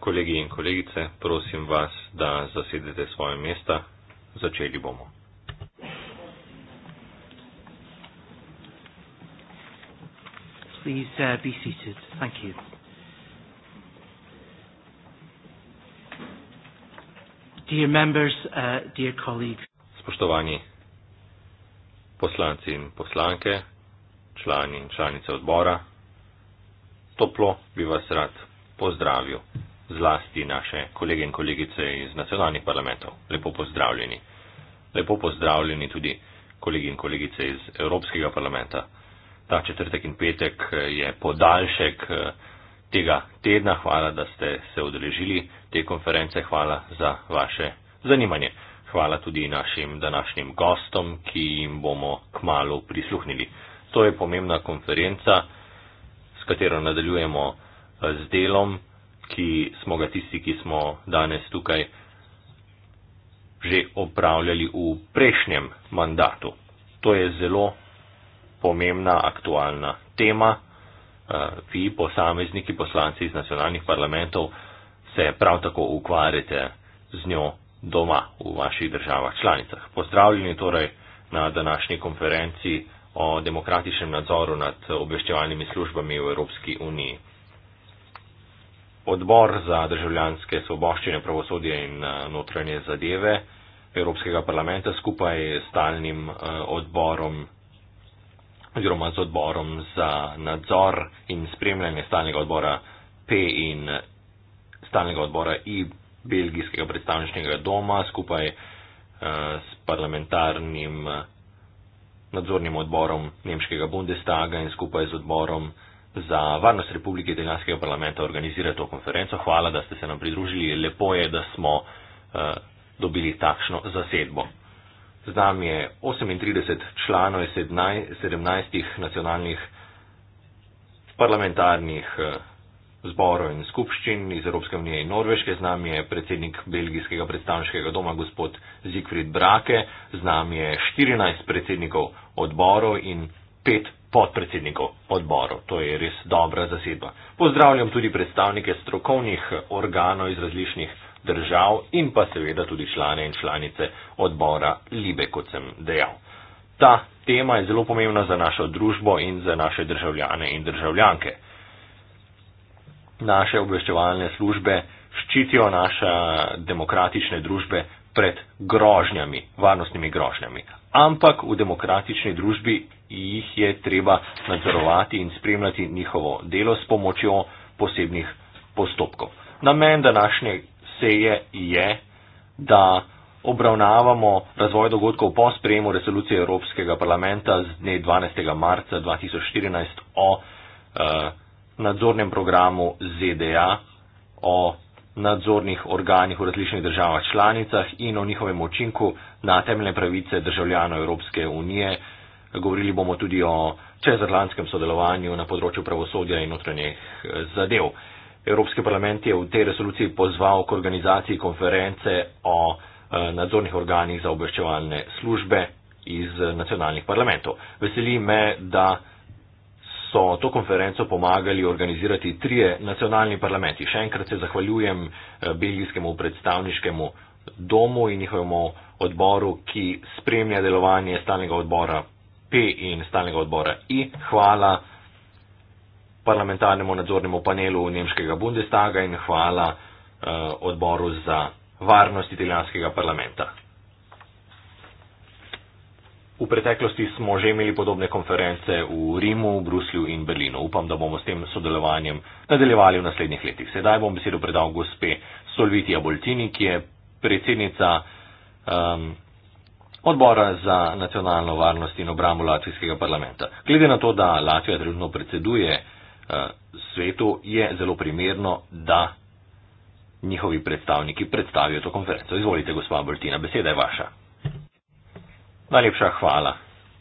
Kolegi in kolegice, prosim vas, da zasedete svoje mesta. Začeli bomo. Please, uh, be Dear members, uh, dear colleagues. Spoštovani poslanci in poslanke, člani in članice odbora, toplo bi vas rad pozdravil, zlasti naše kolege in kolegice iz nacionalnih parlamentov. Lepo pozdravljeni. Lepo pozdravljeni tudi kolegi in kolegice iz Evropskega parlamenta. Ta četrtek in petek je podaljšek eh, tega tedna. Hvala, da ste se odrežili te konference. Hvala za vaše zanimanje. Hvala tudi našim današnjim gostom, ki jim bomo kmalo prisluhnili. To je pomembna konferenca katero nadaljujemo eh, z delom, ki smo ga tisti, ki smo danes tukaj že opravljali v prejšnjem mandatu. To je zelo pomembna aktualna tema. Eh, vi, posamezniki, poslanci iz nacionalnih parlamentov, se prav tako ukvarjate z njo doma v vaših državah članicah. Pozdravljeni torej na današnji konferenci o demokratičnem nadzoru nad obveščevalnimi službami v Evropski uniji. Odbor za državljanske svoboščine, pravosodje in eh, notranje zadeve Evropskega parlamenta skupaj s stalnim eh, odborom oziroma z odborom za nadzor in spremljanje stalnega odbora P in eh, stalnega odbora I belgijskega predstavničnega doma skupaj s parlamentarnim nadzornim odborom Nemškega Bundestaga in skupaj z odborom za varnost Republike Italijanskega parlamenta organizira to konferenco. Hvala, da ste se nam pridružili. Lepo je, da smo uh, dobili takšno zasedbo. Z nami je 38 članov iz 17 nacionalnih parlamentarnih. Uh, zboru in skupščin iz Evropske unije in Norveške. Z nami je predsednik belgijskega predstavniškega doma, gospod Zikrid Brake. Z nami je 14 predsednikov odborov in 5 podpredsednikov odborov. To je res dobra zasedba. Pozdravljam tudi predstavnike strokovnih organov iz različnih držav in pa seveda tudi člane in članice odbora Libe, kot sem dejal. Ta tema je zelo pomembna za našo družbo in za naše državljane in državljanke naše obveščevalne službe ščitijo naše demokratične družbe pred grožnjami, varnostnimi grožnjami. Ampak v demokratični družbi jih je treba nadzorovati in spremljati njihovo delo s pomočjo posebnih postopkov. Namen današnje seje je, da obravnavamo razvoj dogodkov po sprejemu resolucije Evropskega parlamenta z dne 12. marca 2014 o uh, nadzornem programu ZDA, o nadzornih organih v različnih državah članicah in o njihovem učinku na temeljne pravice državljanov Evropske unije. Govorili bomo tudi o čezatlantskem sodelovanju na področju pravosodja in notranjih eh, zadev. Evropski parlament je v tej resoluciji pozval k organizaciji konference o eh, nadzornih organih za obveščevalne službe iz eh, nacionalnih parlamentov. Veseli me, da so to konferenco pomagali organizirati trije nacionalni parlamenti. Še enkrat se zahvaljujem eh, belgijskemu predstavniškemu domu in njihovemu odboru, ki spremlja delovanje stalnega odbora P in stalnega odbora I. Hvala parlamentarnemu nadzornemu panelu Nemškega Bundestaga in hvala eh, odboru za varnost italijanskega parlamenta. V preteklosti smo že imeli podobne konference v Rimu, Bruslju in Berlinu. Upam, da bomo s tem sodelovanjem nadaljevali v naslednjih letih. Sedaj bom besedo predal gospe Solvitija Boltini, ki je predsednica um, odbora za nacionalno varnost in obrambo Latvijskega parlamenta. Glede na to, da Latvija trenutno predseduje uh, svetu, je zelo primerno, da njihovi predstavniki predstavijo to konferenco. Izvolite, gospa Boltina, beseda je vaša. Najlepša hvala,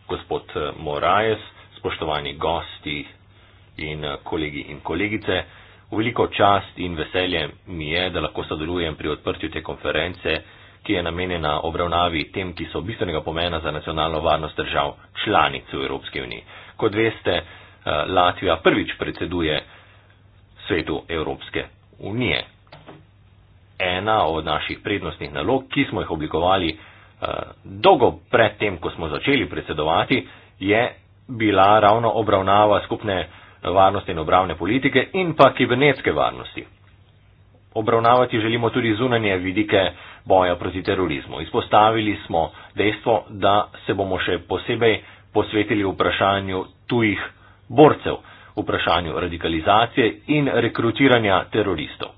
gospod eh, Morajes, spoštovani gosti in eh, kolegi in kolegice. V veliko čast in veselje mi je, da lahko sodelujem pri odprtju te konference, ki je namenjena obravnavi tem, ki so bistvenega pomena za nacionalno varnost držav članic v Evropski uniji. Kot veste, eh, Latvija prvič predseduje svetu Evropske unije. Ena od naših prednostnih nalog, ki smo jih oblikovali, Eh, dolgo pred tem, ko smo začeli predsedovati, je bila ravno obravnava skupne varnosti in obravne politike in pa kibernetske varnosti. Obravnavati želimo tudi zunanje vidike boja proti terorizmu. Izpostavili smo dejstvo, da se bomo še posebej posvetili vprašanju tujih borcev, vprašanju radikalizacije in rekrutiranja teroristov.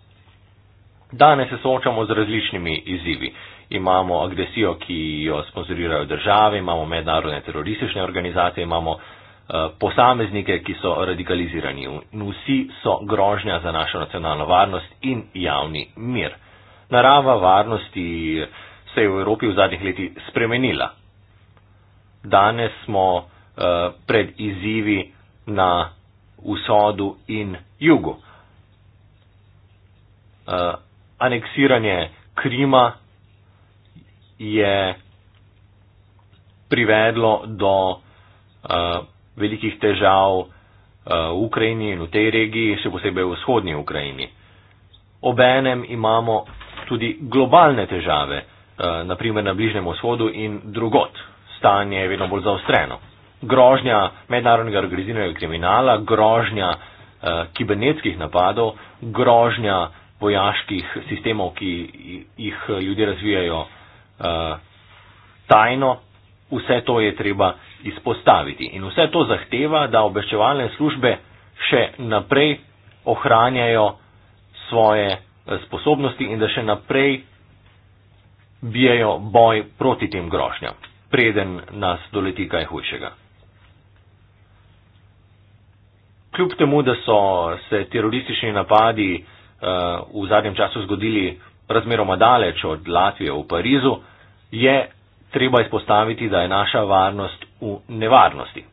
Danes se soočamo z različnimi izzivi imamo agresijo, ki jo sponzorirajo države, imamo mednarodne teroristične organizacije, imamo eh, posameznike, ki so radikalizirani. Vsi so grožnja za našo nacionalno varnost in javni mir. Narava varnosti se je v Evropi v zadnjih leti spremenila. Danes smo uh, pred izzivi na vzhodu in jugu. Uh, aneksiranje Krima je privedlo do uh, velikih težav uh, v Ukrajini in v tej regiji, še posebej v vzhodnji Ukrajini. Obenem imamo tudi globalne težave, uh, eh, naprimer na Bližnjem vzhodu in drugot. Stanje je vedno bolj zaostreno. Grožnja mednarodnega organiziranega kriminala, grožnja uh, kibernetskih napadov, grožnja vojaških sistemov, ki jih ljudje razvijajo uh, tajno, vse to je treba izpostaviti. In vse to zahteva, da obveščevalne službe še naprej ohranjajo svoje eh, sposobnosti in da še naprej bijajo boj proti tem grošnjam, preden nas doleti kaj hujšega. Kljub temu, da so se teroristični napadi uh, v zadnjem času zgodili razmeroma daleč od Latvije v Parizu, je treba izpostaviti, da je naša varnost v nevarnosti.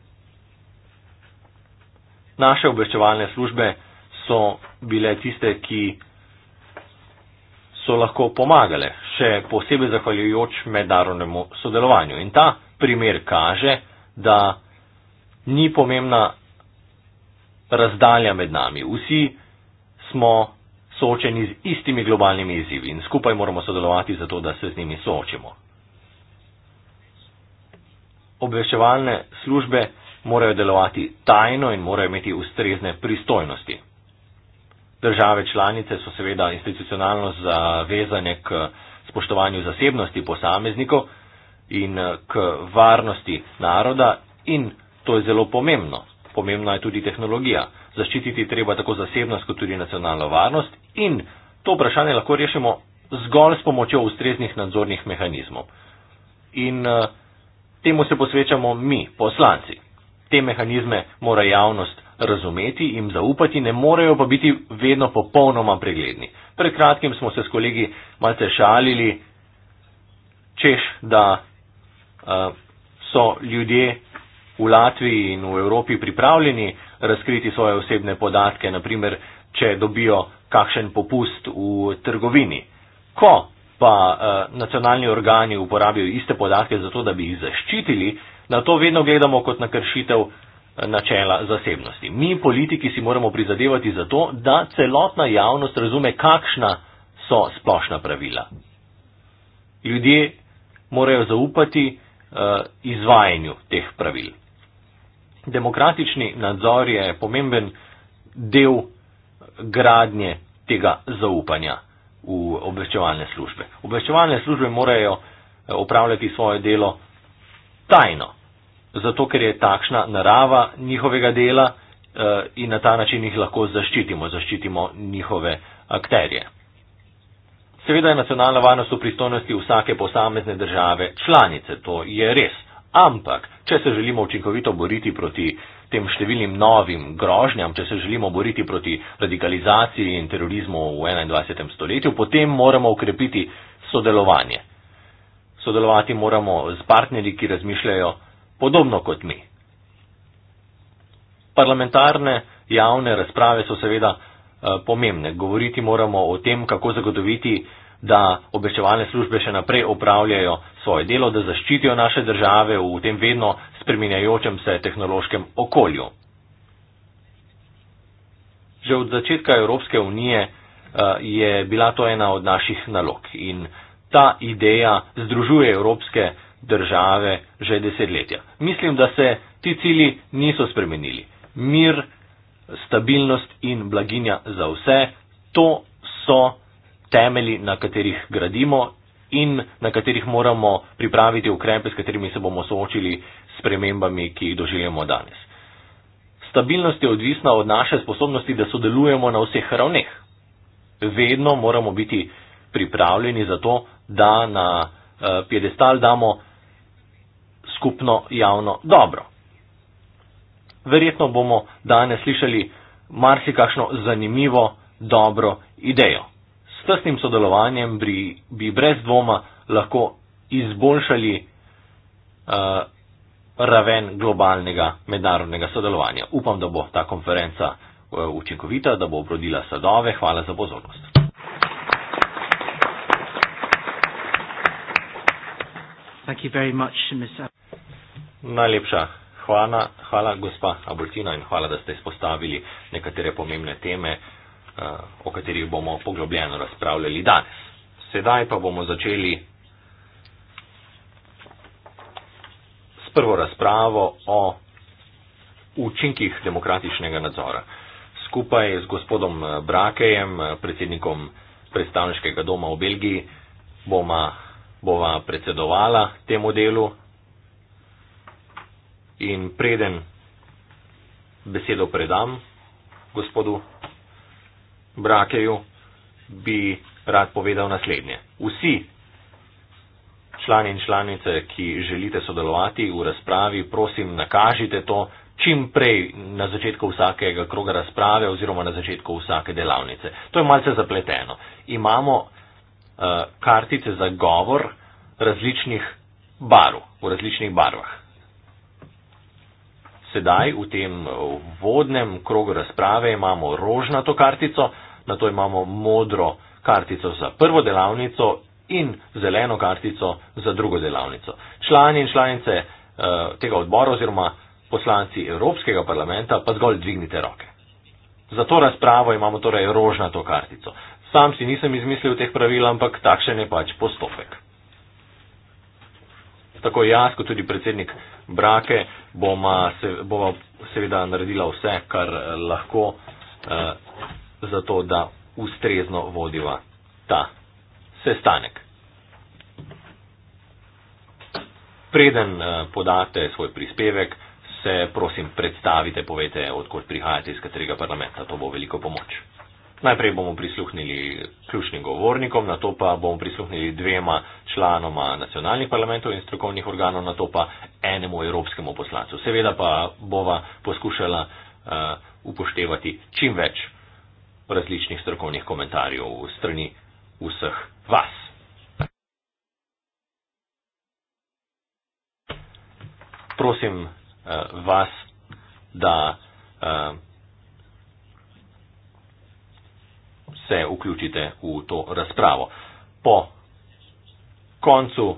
Naše obveščevalne službe so bile tiste, ki so lahko pomagale, še posebej zahvaljujoč mednarodnemu sodelovanju. In ta primer kaže, da ni pomembna razdalja med nami. Vsi smo soočeni z istimi globalnimi izzivi in skupaj moramo sodelovati za to, da se z njimi soočimo. Obveščevalne službe morajo delovati tajno in morajo imeti ustrezne pristojnosti. Države članice so seveda institucionalno zavezane k spoštovanju zasebnosti posameznikov in eh, k varnosti naroda in to je zelo pomembno. Pomembna je tudi tehnologija zaščititi treba tako zasebnost, kot tudi nacionalno varnost in to vprašanje lahko rešimo zgolj s pomočjo ustreznih nadzornih mehanizmov. In eh, temu se posvečamo mi, poslanci. Te mehanizme mora javnost razumeti, jim zaupati, ne morejo pa biti vedno popolnoma pregledni. Pred kratkim smo se s kolegi malce šalili, češ, da uh, so ljudje v Latviji in v Evropi pripravljeni razkriti svoje osebne podatke, naprimer, če dobijo kakšen popust v trgovini. Ko pa eh, nacionalni organi uporabijo iste podatke zato, da bi jih zaščitili, na to vedno gledamo kot na kršitev eh, načela zasebnosti. Mi, politiki, si moramo prizadevati za to, da celotna javnost razume, kakšna so splošna pravila. Ljudje morajo zaupati uh, izvajanju teh pravil demokratični nadzor je pomemben del gradnje tega zaupanja v obveščevalne službe. Obveščevalne službe morajo eh, opravljati svoje delo tajno, zato ker je takšna narava njihovega dela eh, in na ta način jih lahko zaščitimo, zaščitimo njihove akterje. Seveda je nacionalna varnost v pristojnosti vsake posamezne države članice, to je res. Ampak, če se želimo učinkovito boriti proti tem številnim novim grožnjam, če se želimo boriti proti radikalizaciji in terorizmu v 21. stoletju, potem moramo ukrepiti sodelovanje. Sodelovati moramo z partnerji, ki razmišljajo podobno kot mi. Parlamentarne javne razprave so seveda eh, pomembne. Govoriti moramo o tem, kako zagotoviti da obveščevalne službe še naprej opravljajo svoje delo, da zaščitijo naše države v tem vedno spreminjajočem se tehnološkem okolju. Že od začetka Evropske unije eh, je bila to ena od naših nalog in ta ideja združuje evropske države že desetletja. Mislim, da se ti cili niso spremenili. Mir, stabilnost in blaginja za vse, to so temelji, na katerih gradimo in na katerih moramo pripraviti ukrepe, s katerimi se bomo soočili s premembami, ki jih doživljamo danes. Stabilnost je odvisna od naše sposobnosti, da sodelujemo na vseh ravneh. Vedno moramo biti pripravljeni za to, da na eh, piedestal damo skupno javno dobro. Verjetno bomo danes slišali marsikakšno zanimivo, dobro idejo tesnim sodelovanjem bi, bi brez dvoma lahko izboljšali uh, raven globalnega mednarodnega sodelovanja. Upam, da bo ta konferenca eh, učinkovita, da bo obrodila sadove. Hvala za pozornost. Much, Najlepša hvala, hvala gospa Abortina in hvala, da ste izpostavili nekatere pomembne teme. Eh, o katerih bomo poglobljeno razpravljali danes. Sedaj pa bomo začeli s prvo razpravo o učinkih demokratičnega nadzora. Skupaj z gospodom Brakejem, predsednikom predstavniškega doma v Belgiji, bova, bova predsedovala temu delu in preden besedo predam gospodu Brakeju bi rad povedal naslednje. Vsi člani in članice, ki želite sodelovati v razpravi, prosim, nakažite to čim prej na začetku vsakega kroga razprave oziroma na začetku vsake delavnice. To je malce zapleteno. Imamo uh, kartice za govor različnih barv, v različnih barvah. Sedaj v tem eh, vodnem krogu razprave imamo rožnato kartico, na to imamo modro kartico za prvo delavnico in zeleno kartico za drugo delavnico. Člani in članice uh, tega odbora oziroma poslanci Evropskega parlamenta pa zgolj dvignite roke. Za to razpravo imamo torej rožnato kartico. Sam si nisem izmislil teh pravil, ampak takšen je pač postopek tako jaz, kot tudi predsednik Brake, bova, se, bova seveda naredila vse, kar eh, lahko, eh, zato da ustrezno vodiva ta sestanek. Preden eh, podate svoj prispevek, se prosim predstavite, povete, odkot prihajate, iz katerega parlamenta. To bo veliko pomoč. Najprej bomo prisluhnili ključnim govornikom, na to pa bomo prisluhnili dvema članoma nacionalnih parlamentov in strokovnih organov, na to pa enemu evropskemu poslancu. Seveda pa bova poskušala uh, upoštevati čim več različnih strokovnih komentarjev v strani vseh vas. Prosim uh, vas, da. Uh, se vključite v to razpravo. Po koncu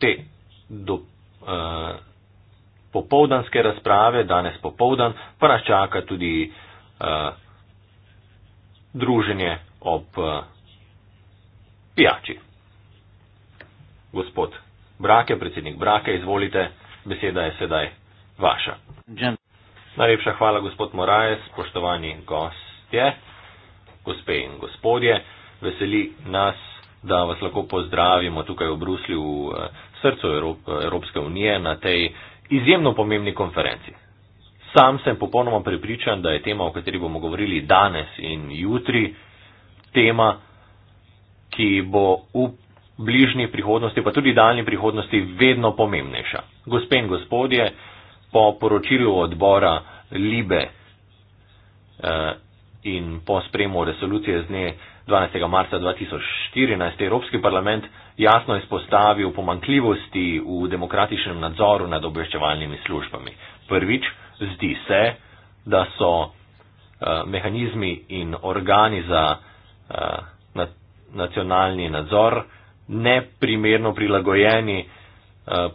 te do, eh, popovdanske razprave, danes popovdan, pa nas čaka tudi eh, druženje ob eh, pijači. Gospod Brake, predsednik Brake, izvolite, beseda je sedaj vaša. Najlepša hvala, gospod Moraes, spoštovani gostje gospe in gospodje. Veseli nas, da vas lahko pozdravimo tukaj v Bruslju, v eh, srcu Evropske unije, na tej izjemno pomembni konferenci. Sam sem popolnoma prepričan, da je tema, o kateri bomo govorili danes in jutri, tema, ki bo v bližnji prihodnosti, pa tudi daljni prihodnosti, vedno pomembnejša. Gospe in gospodje, po poročilu odbora Libe, eh, in po spremu resolucije z dne 12. marca 2014 Evropski parlament jasno izpostavil pomankljivosti v demokratičnem nadzoru nad obveščevalnimi službami. Prvič, zdi se, da so eh, mehanizmi in organi za eh, nacionalni nadzor neprimerno prilagojeni eh,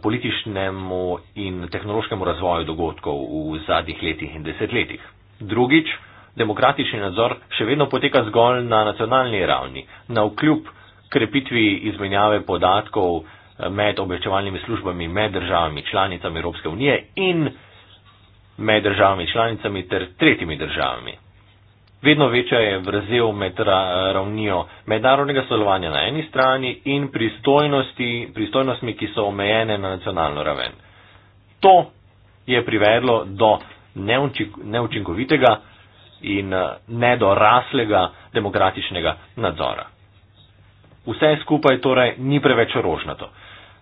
političnemu in tehnološkemu razvoju dogodkov v zadnjih letih in desetletjih. Drugič, demokratični nadzor še vedno poteka zgolj na nacionalni ravni, na vkljub krepitvi izmenjave podatkov eh, med obveščevalnimi službami, med državami članicami Evropske unije in med državami članicami ter tretjimi državami. Vedno večja je vrzel med ravnijo mednarodnega sodelovanja na eni strani in pristojnostmi, ki so omejene na nacionalno raven. To je privedlo do neučinkovitega in eh, nedoraslega demokratičnega nadzora. Vse skupaj torej ni preveč rožnato.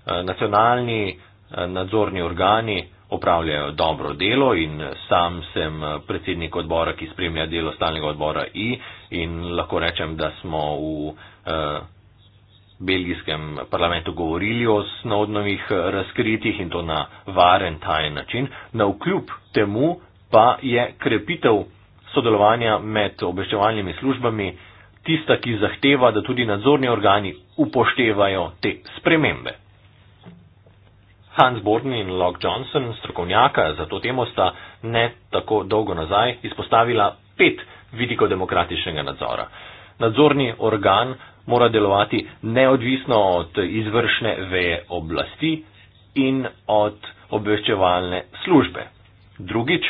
Eh, nacionalni eh, nadzorni organi opravljajo dobro delo in sam sem predsednik odbora, ki spremlja delo stalnega odbora I in lahko rečem, da smo v belgijskem parlamentu govorili o snovnovih razkritih in to na varen tajen način. Na vkljub temu pa je krepitev sodelovanja med obveščevalnimi službami tista, ki zahteva, da tudi nadzorni organi upoštevajo te spremembe. Hans Born in Locke Johnson, strokovnjaka za to temo, sta ne tako dolgo nazaj izpostavila pet vidikov demokratičnega nadzora. Nadzorni organ mora delovati neodvisno od izvršne veje oblasti in od obveščevalne službe. Drugič,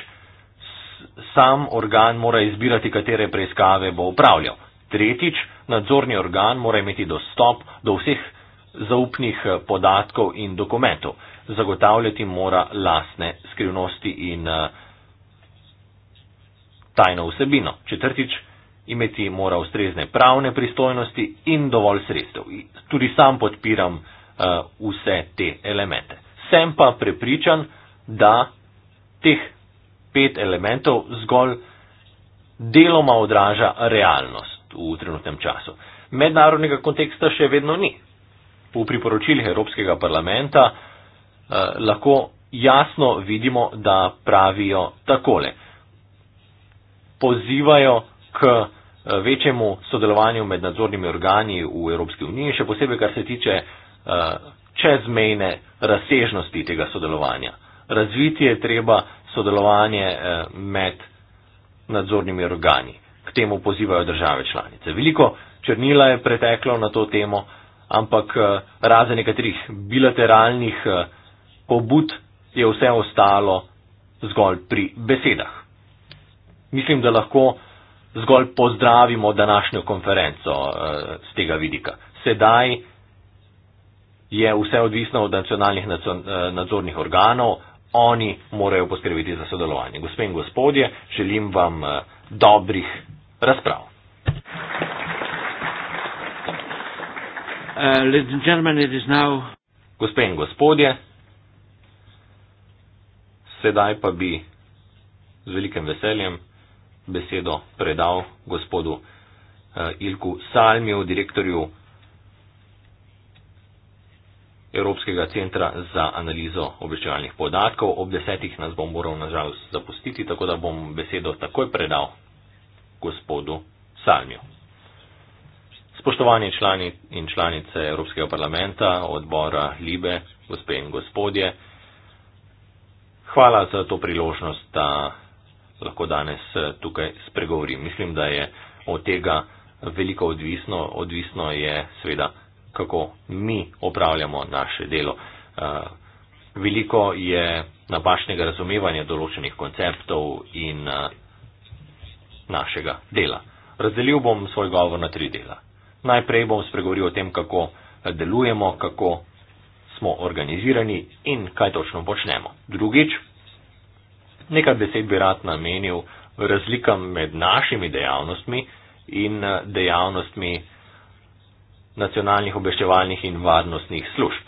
sam organ mora izbirati, katere preiskave bo upravljal. Tretjič, nadzorni organ mora imeti dostop do vseh zaupnih eh, podatkov in dokumentov. Zagotavljati mora lasne skrivnosti in eh, tajno vsebino. Četrtič, imeti mora ustrezne pravne pristojnosti in dovolj sredstev. Tudi sam podpiram eh, vse te elemente. Sem pa prepričan, da teh pet elementov zgolj deloma odraža realnost v trenutnem času. Mednarodnega konteksta še vedno ni. V priporočilih Evropskega parlamenta eh, lahko jasno vidimo, da pravijo takole. Pozivajo k eh, večjemu sodelovanju med nadzornimi organi v Evropski uniji, še posebej kar se tiče eh, čezmejne razsežnosti tega sodelovanja. Razviti je treba sodelovanje eh, med nadzornimi organi. K temu pozivajo države članice. Veliko črnila je preteklo na to temo, ampak eh, razen nekaterih bilateralnih eh, pobud je vse ostalo zgolj pri besedah. Mislim, da lahko zgolj pozdravimo današnjo konferenco z tega vidika. Sedaj je vse odvisno od nacionalnih nadzornih organov, oni morajo poskrbeti za sodelovanje. Gospe in gospodje, želim vam eh, dobrih razprav. Uh, now... Gospe in gospodje, sedaj pa bi z velikim veseljem besedo predal gospodu uh, Ilku Salmiju, direktorju. Evropskega centra za analizo obveščevalnih podatkov. Ob desetih nas bom moral nažalost zapustiti, tako da bom besedo takoj predal gospodu Salmiju. Spoštovani člani in članice Evropskega parlamenta, odbora Libe, gospe in gospodje, hvala za to priložnost, da lahko danes tukaj spregovorim. Mislim, da je od tega veliko odvisno. Odvisno je seveda kako mi opravljamo naše delo. Eh, veliko je napačnega razumevanja določenih konceptov in eh, našega dela. Razdelil bom svoj govor na tri dela. Najprej bom spregovoril o tem, kako eh, delujemo, kako smo organizirani in kaj točno počnemo. Drugič, nekaj besed bi rad namenil razlikam med našimi dejavnostmi in dejavnostmi, nacionalnih obveščevalnih in varnostnih služb.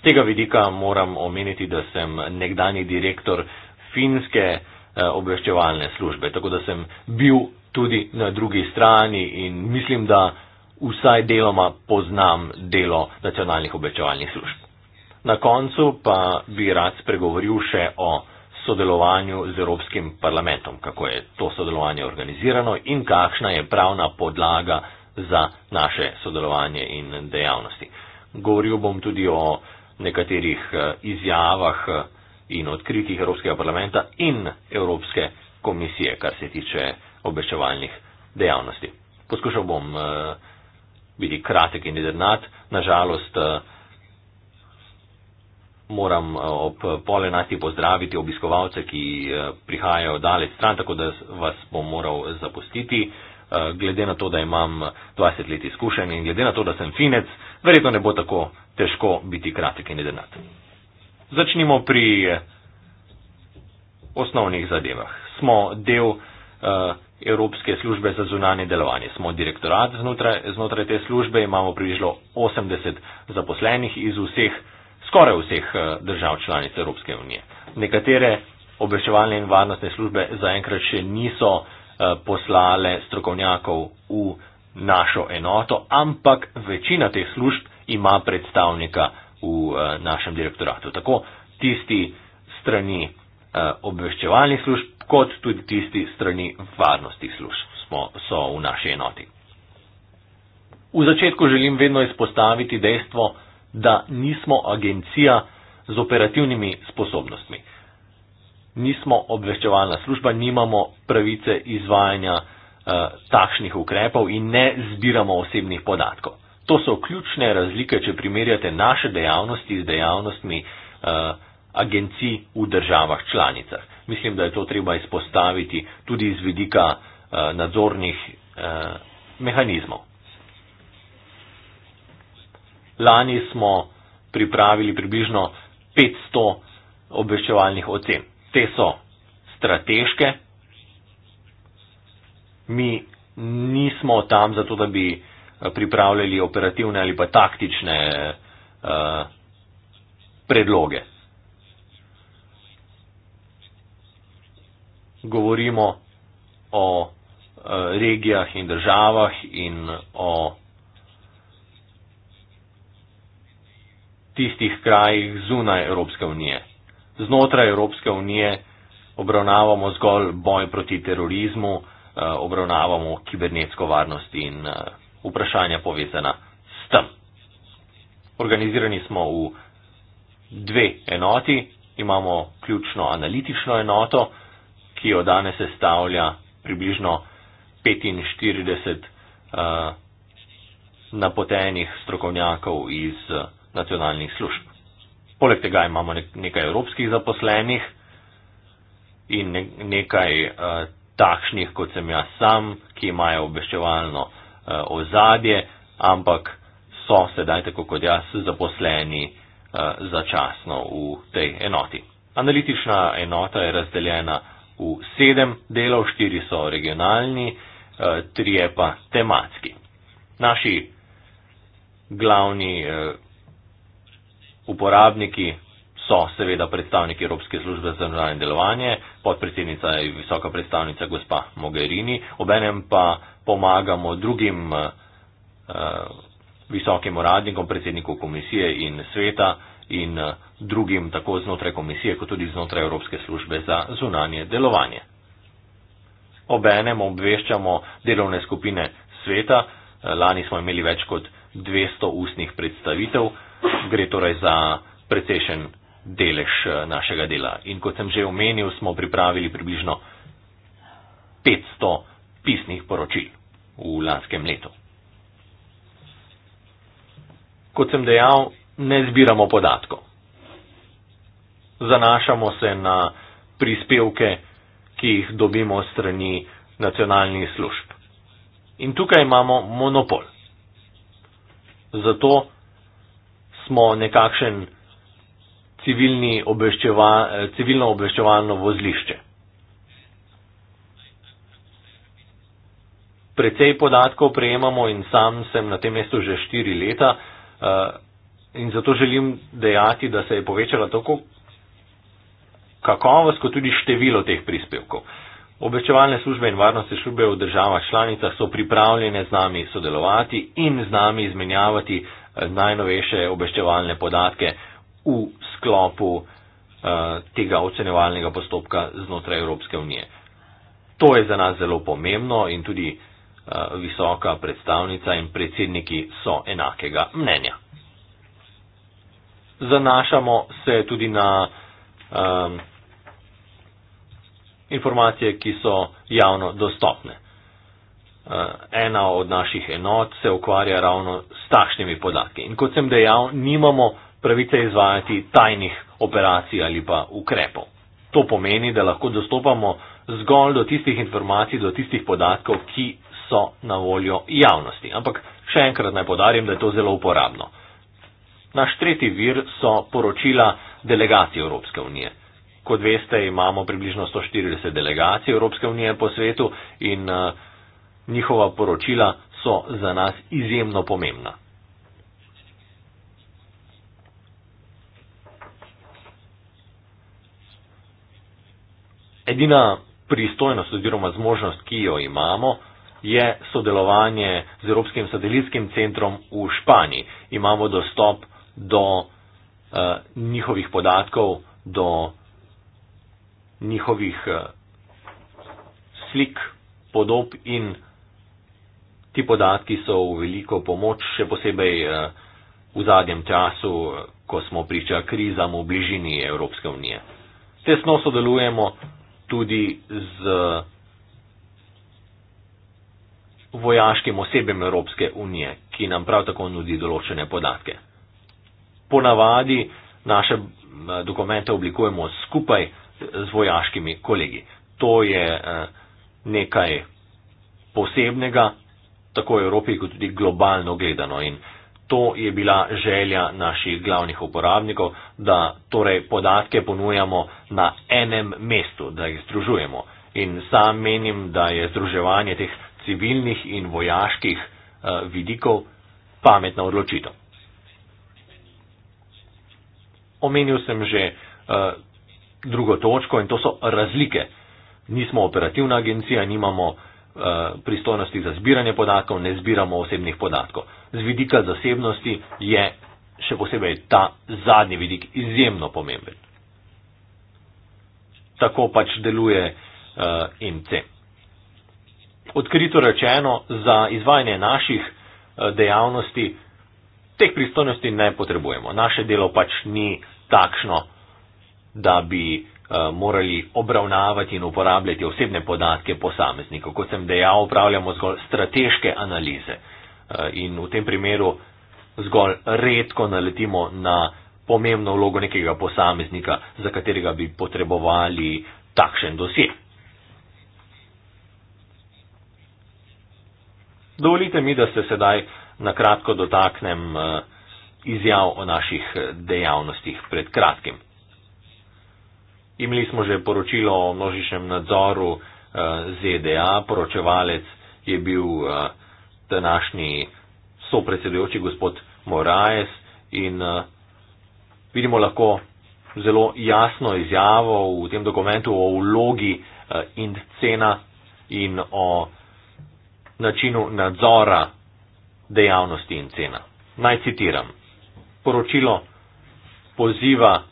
Z tega vidika moram omeniti, da sem nekdani direktor finske eh, obveščevalne službe, tako da sem bil tudi na drugi strani in mislim, da vsaj deloma poznam delo nacionalnih obveščevalnih služb. Na koncu pa bi rad spregovoril še o sodelovanju z Evropskim parlamentom, kako je to sodelovanje organizirano in kakšna je pravna podlaga za naše sodelovanje in dejavnosti. Govoril bom tudi o nekaterih eh, izjavah eh, in odkritjih Evropskega parlamenta in Evropske komisije, kar se tiče obveščevalnih dejavnosti. Poskušal bom eh, biti kratek in jedrnat. Nažalost, moram ob pol enajsti pozdraviti obiskovalce, ki prihajajo dalec stran, tako da vas bom moral zapustiti. Eh, glede na to, da imam 20 let izkušenj in glede na to, da sem finec, verjetno ne bo tako težko biti kratek in jedenat. Začnimo pri osnovnih zadevah. Smo del uh, Evropske službe za zunanje delovanje. Smo direktorat znotraj, znotraj te službe, imamo približno 80 zaposlenih iz vseh, skoraj vseh eh, držav članic Evropske unije. Nekatere obveščevalne in varnostne službe zaenkrat še niso uh, Eh, poslale strokovnjakov v našo enoto, ampak večina teh služb ima predstavnika v eh, našem direktoratu. Tako tisti strani eh, obveščevalnih služb, kot tudi tisti strani varnostnih služb smo, so v naši enoti. V začetku želim vedno izpostaviti dejstvo, da nismo agencija z operativnimi sposobnostmi. Uh, nismo obveščevalna služba, nimamo pravice izvajanja uh, takšnih ukrepov in ne zbiramo osebnih podatkov. To so ključne razlike, če primerjate naše dejavnosti z dejavnostmi uh, agencij v državah članicah. Mislim, da je to treba izpostaviti tudi iz vidika uh, nadzornih uh, mehanizmov. Lani smo pripravili približno 500 obveščevalnih ocen. Te so strateške. Mi nismo tam zato, da bi eh, pripravljali operativne ali pa taktične uh, predloge. Govorimo o uh, regijah in državah in o tistih krajih zunaj Evropske unije znotraj Evropske unije obravnavamo zgolj boj proti terorizmu, eh, obravnavamo kibernetsko varnost in eh, vprašanja povezana s tem. Organizirani smo v dve enoti, imamo ključno analitično enoto, ki jo danes sestavlja približno 45 eh, napotenih strokovnjakov iz nacionalnih služb. Poleg tega imamo nekaj evropskih zaposlenih in nekaj eh, takšnih, kot sem jaz sam, ki imajo obveščevalno eh, ozadje, ampak so sedaj, tako kot jaz, zaposleni eh, začasno v tej enoti. Analitična enota je razdeljena v sedem delov, štiri so regionalni, trije pa tematski. Naši glavni uporabniki so seveda predstavniki Evropske službe za zunanje delovanje, podpredsednica je visoka predstavnica gospa Mogherini, obenem pa pomagamo drugim uh, visokim uradnikom, predsedniku komisije in sveta in eh, drugim tako znotraj komisije kot tudi znotraj Evropske službe za zunanje delovanje. Obenem obveščamo delovne skupine sveta, eh, lani smo imeli več kot 200 ustnih predstavitev, gre torej za precejšen delež eh, našega dela. In kot sem že omenil, smo pripravili približno 500 pisnih poročil v lanskem letu. Kot sem dejal, ne zbiramo podatkov. Zanašamo se na prispevke, ki jih dobimo strani nacionalnih služb. In tukaj imamo monopol. Zato smo nekakšen obveščeva, civilno obveščevalno vozlišče. Precej podatkov prejemamo in sam sem na tem mestu že štiri leta eh, in zato želim dejati, da se je povečala tako kakovost, kot tudi število teh prispevkov. Obveščevalne službe in varnostne službe v državah članicah so pripravljene z nami sodelovati in z nami izmenjavati najnovejše obveščevalne podatke v sklopu eh, tega ocenevalnega postopka znotraj Evropske unije. To je za nas zelo pomembno in tudi eh, visoka predstavnica in predsedniki so enakega mnenja. Zanašamo se tudi na um, informacije, ki so javno dostopne. Eh, ena od naših enot se ukvarja ravno s takšnimi podatki. In kot sem dejal, nimamo pravice izvajati tajnih operacij ali pa ukrepov. To pomeni, da lahko dostopamo zgolj do tistih informacij, do tistih podatkov, ki so na voljo javnosti. Ampak še enkrat naj podarim, da je to zelo uporabno. Naš tretji vir so poročila delegacij Evropske unije. Kot veste, imamo približno 140 delegacij Evropske unije po svetu in uh, Njihova poročila so za nas izjemno pomembna. Edina pristojnost oziroma zmožnost, ki jo imamo, je sodelovanje z Evropskim satelitskim centrom v Španiji. Imamo dostop do uh, njihovih podatkov, do njihovih uh, slik, podob in podob. Ti podatki so v veliko pomoč, še posebej eh, v zadnjem času, ko smo priča krizam v bližini Evropske unije. Tesno sodelujemo tudi z vojaškim osebjem Evropske unije, ki nam prav tako nudi določene podatke. Ponavadi naše eh, dokumente oblikujemo skupaj z vojaškimi kolegi. To je eh, nekaj posebnega, tako v Evropi, kot tudi globalno gledano. In to je bila želja naših glavnih uporabnikov, da torej podatke ponujamo na enem mestu, da jih združujemo. In sam menim, da je združevanje teh civilnih in vojaških uh, vidikov pametna odločitev. Omenil sem že uh, drugo točko in to so razlike. Nismo operativna agencija, nimamo uh, Eh, pristojnosti za zbiranje podatkov, ne zbiramo osebnih podatkov. Z vidika zasebnosti je še posebej ta zadnji vidik izjemno pomemben. Tako pač deluje uh, eh, IMC. Odkrito rečeno, za izvajanje naših uh, dejavnosti teh pristojnosti ne potrebujemo. Naše delo pač ni takšno, da bi uh, Eh, morali obravnavati in uporabljati osebne podatke posameznikov. Kot sem dejal, upravljamo zgolj strateške analize eh, in v tem primeru zgolj redko naletimo na pomembno vlogo nekega posameznika, za katerega bi potrebovali takšen dosje. Dovolite mi, da se sedaj na kratko dotaknem eh, izjav o naših dejavnostih pred kratkim. Imeli smo že poročilo o množičnem nadzoru eh, ZDA, poročevalec je bil eh, današnji sopredsedujoči gospod Moraes in eh, vidimo lahko zelo jasno izjavo v tem dokumentu o vlogi in cena in o načinu nadzora dejavnosti in cena. Naj citiram. Poročilo poziva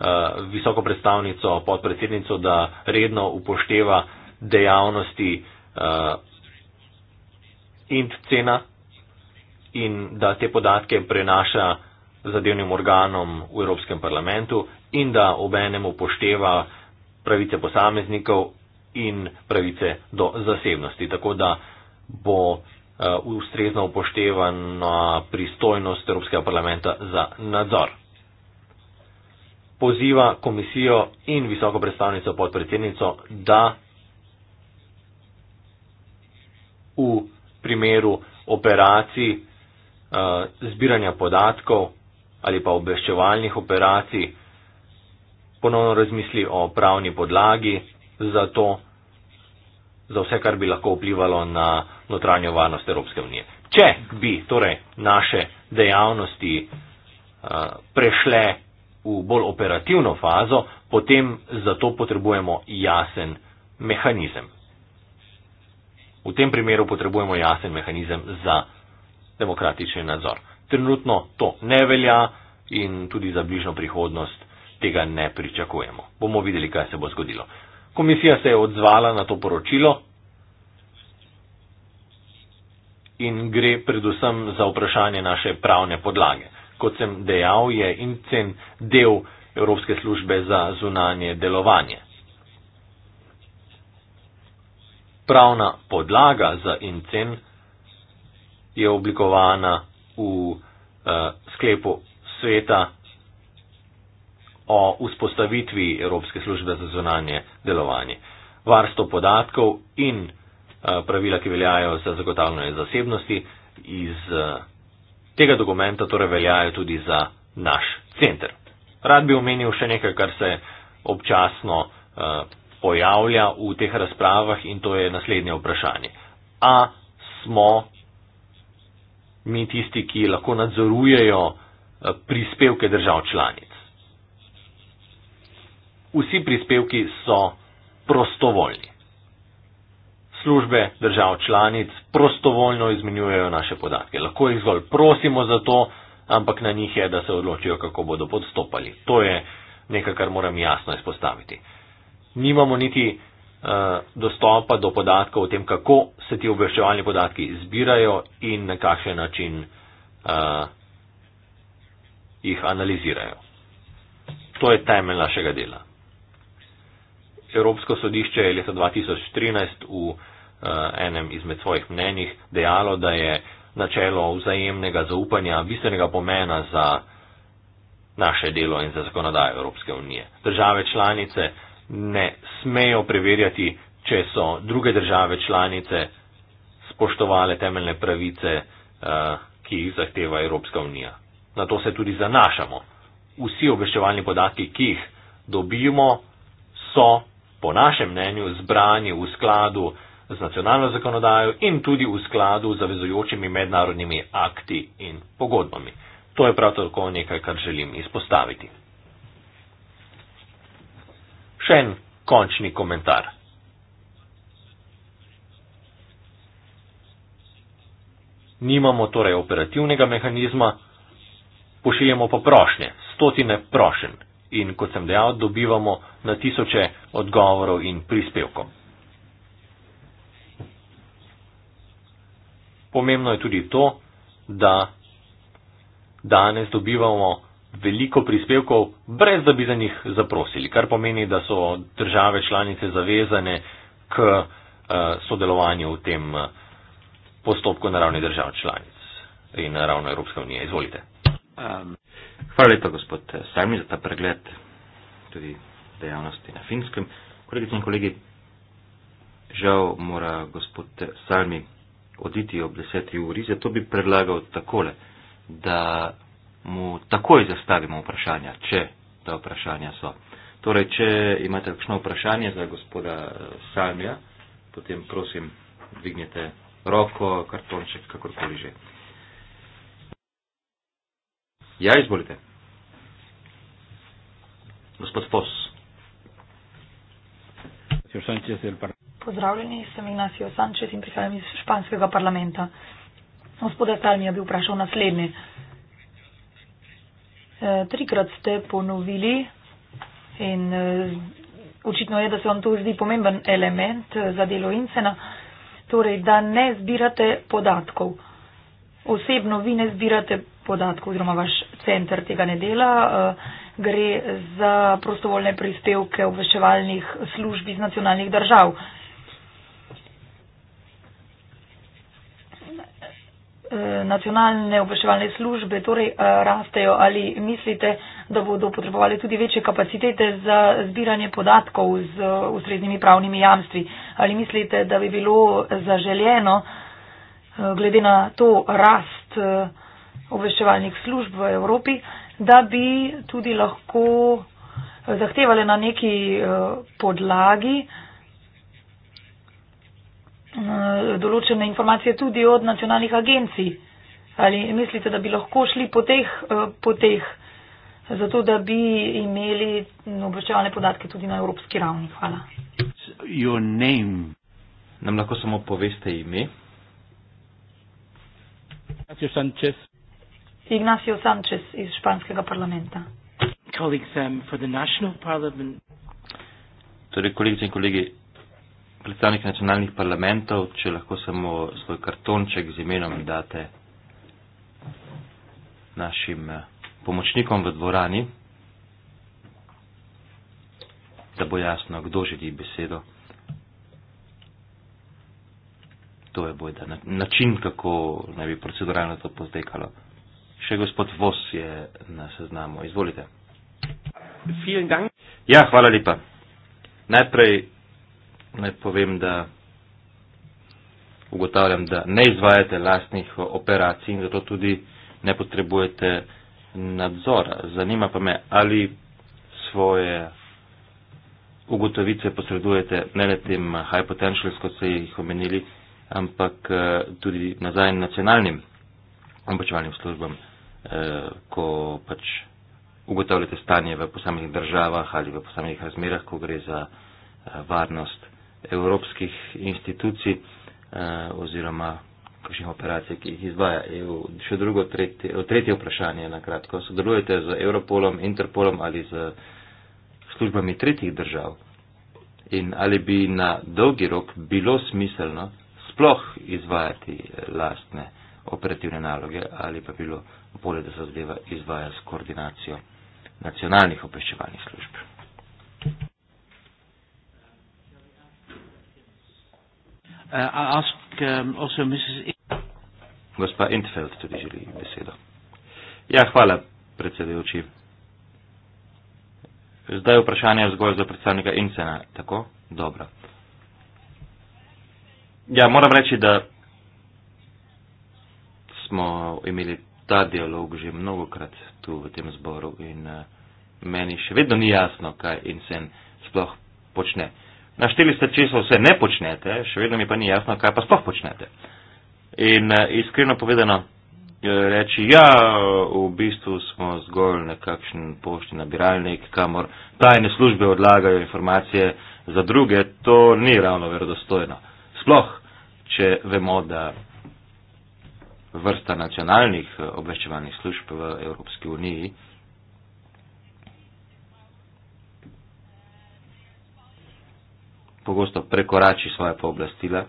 Eh, visoko predstavnico, podpredsednico, da redno upošteva dejavnosti uh, int cena in da te podatke prenaša zadevnim organom v Evropskem parlamentu in da obenem upošteva pravice posameznikov in pravice do zasebnosti, tako da bo uh, ustrezno upoštevana pristojnost Evropskega parlamenta za nadzor poziva komisijo in visoko predstavnico podpredsednico, da v primeru operacij eh, zbiranja podatkov ali pa obveščevalnih operacij ponovno razmisli o pravni podlagi za to, za vse, kar bi lahko vplivalo na notranjo varnost Evropske unije. Če bi torej naše dejavnosti uh, prešle v bolj operativno fazo, potem za to potrebujemo jasen mehanizem. V tem primeru potrebujemo jasen mehanizem za demokratični nadzor. Trenutno to ne velja in tudi za bližno prihodnost tega ne pričakujemo. Bomo videli, kaj se bo zgodilo. Komisija se je odzvala na to poročilo in gre predvsem za vprašanje naše pravne podlage kot sem dejal, je Incen del Evropske službe za zunanje delovanje. Pravna podlaga za Incen je oblikovana v eh, sklepu sveta o vzpostavitvi Evropske službe za zunanje delovanje. Varstvo podatkov in eh, pravila, ki veljajo za zagotavljanje zasebnosti iz eh, tega dokumenta torej veljajo tudi za naš center. Rad bi omenil še nekaj, kar se občasno uh, pojavlja v teh razpravah in to je naslednje vprašanje. A smo mi tisti, ki lahko nadzorujejo uh, prispevke držav članic? Vsi prispevki so prostovoljni službe držav članic prostovoljno izmenjujejo naše podatke. Lahko jih zgolj prosimo za to, ampak na njih je, da se odločijo, kako bodo podstopali. To je nekaj, kar moram jasno izpostaviti. Nimamo niti uh, dostopa do podatkov o tem, kako se ti obveščevalni podatki zbirajo in na kakšen način uh, jih analizirajo. To je temelj našega dela. Evropsko sodišče je leta 2013 v eh, enem izmed svojih mnenjih dejalo, da je načelo vzajemnega zaupanja bistvenega pomena za naše delo in za zakonodajo Evropske unije. Države članice ne smejo preverjati, če so druge države članice spoštovale temeljne pravice, eh, ki jih zahteva Evropska unija. Na to se tudi zanašamo. Vsi obveščevalni podatki, ki jih dobimo, so po našem mnenju, zbrani v skladu z nacionalno zakonodajo in tudi v skladu z zavezujočimi mednarodnimi akti in pogodbami. To je prav tako nekaj, kar želim izpostaviti. Še en končni komentar. Nimamo torej operativnega mehanizma, pošiljamo pa prošnje, stotine prošenj in kot sem dejal, dobivamo na tisoče odgovorov in prispevkov. Pomembno je tudi to, da danes dobivamo veliko prispevkov, brez da bi za njih zaprosili, kar pomeni, da so države članice zavezane k eh, sodelovanju v tem eh, postopku na ravni držav članic in na ravni Evropske unije. Izvolite. Um. Hvala lepa, gospod Sami, za ta pregled tudi dejavnosti na finskem. Kolegice in kolegi, žal mora gospod Sami oditi ob 10. uri, zato bi predlagal takole, da mu takoj zastavimo vprašanja, če ta vprašanja so. Torej, če imate kakšno vprašanje za gospoda Salmija, potem prosim, dvignite roko, kartonček, kakorkoli že. Ja, izvolite gospod Fos. Pozdravljeni, sem Ignacio Sanchez in prihajam iz španskega parlamenta. Gospod Atalmija bi vprašal naslednje. E, trikrat ste ponovili in e, očitno je, da se vam to zdi pomemben element e, za delo Incena, torej da ne zbirate podatkov. Osebno vi ne zbirate podatkov oziroma vaš center tega ne dela. E, gre za prostovoljne prispevke obveščevalnih služb iz nacionalnih držav. Nacionalne obveščevalne službe torej eh, rastejo ali mislite, da bodo potrebovali tudi večje kapacitete za zbiranje podatkov z eh, ustreznimi pravnimi jamstvi? Ali mislite, da bi bilo zaželjeno eh, glede na to rast obveščevalnih služb v Evropi? da bi tudi lahko zahtevali na neki eh, podlagi eh, določene informacije tudi od nacionalnih agencij. Ali mislite, da bi lahko šli po teh eh, poteh, zato da bi imeli obveščevalne podatke tudi na evropski ravni? Hvala. Nam lahko samo poveste ime. Sanchez Ignacio Sanchez iz španskega parlamenta. Um, torej, kolegice in kolegi, predstavniki nacionalnih parlamentov, če lahko samo svoj kartonček z imenom date našim eh, pomočnikom v dvorani, da bo jasno, kdo želi besedo. To je bojda način, kako naj bi proceduralno to potekalo. Še gospod Vos je na seznamu. Izvolite. Ja, hvala lepa. Najprej naj povem, da ugotavljam, da ne izvajate lastnih operacij in zato tudi ne potrebujete nadzora. Zanima pa me, ali svoje ugotovitve posredujete ne le tem high potentials, kot ste jih omenili, ampak eh, tudi nazaj nacionalnim obačevalnim službam. Eh, ko pač ugotavljate stanje v posameznih državah ali v posameznih razmerah, ko gre za eh, varnost evropskih institucij eh, oziroma kakšnih operacij, ki jih izvaja EU. Še drugo, tretje, tretje vprašanje na kratko. Sodelujete z Europolom, Interpolom ali z službami tretjih držav? In ali bi na dolgi rok bilo smiselno sploh izvajati lastne operativne naloge ali pa bilo poleg da se zadeva izvaja s koordinacijo nacionalnih obveščevalnih služb. Uh, ask, um, Gospa Entfeld tudi želi besedo. Ja, hvala, predsedujoči. Zdaj vprašanje zgolj za predstavnika Incena, tako? Dobro. Ja, moram reči, da smo imeli ta dialog že mnogokrat tu v tem zboru in uh, meni še vedno ni jasno, kaj Insen sploh počne. Našteli ste, če se vse ne počnete, še vedno mi pa ni jasno, kaj pa sploh počnete. In uh, iskreno povedano, eh, reči, ja, v bistvu smo zgolj nekakšen pošti nabiralnik, kamor tajne službe odlagajo informacije za druge, to ni ravno verodostojno. Sploh, če vemo, da vrsta nacionalnih eh, obveščevalnih služb v Evropski uniji. Pogosto prekorači svoje pooblastila.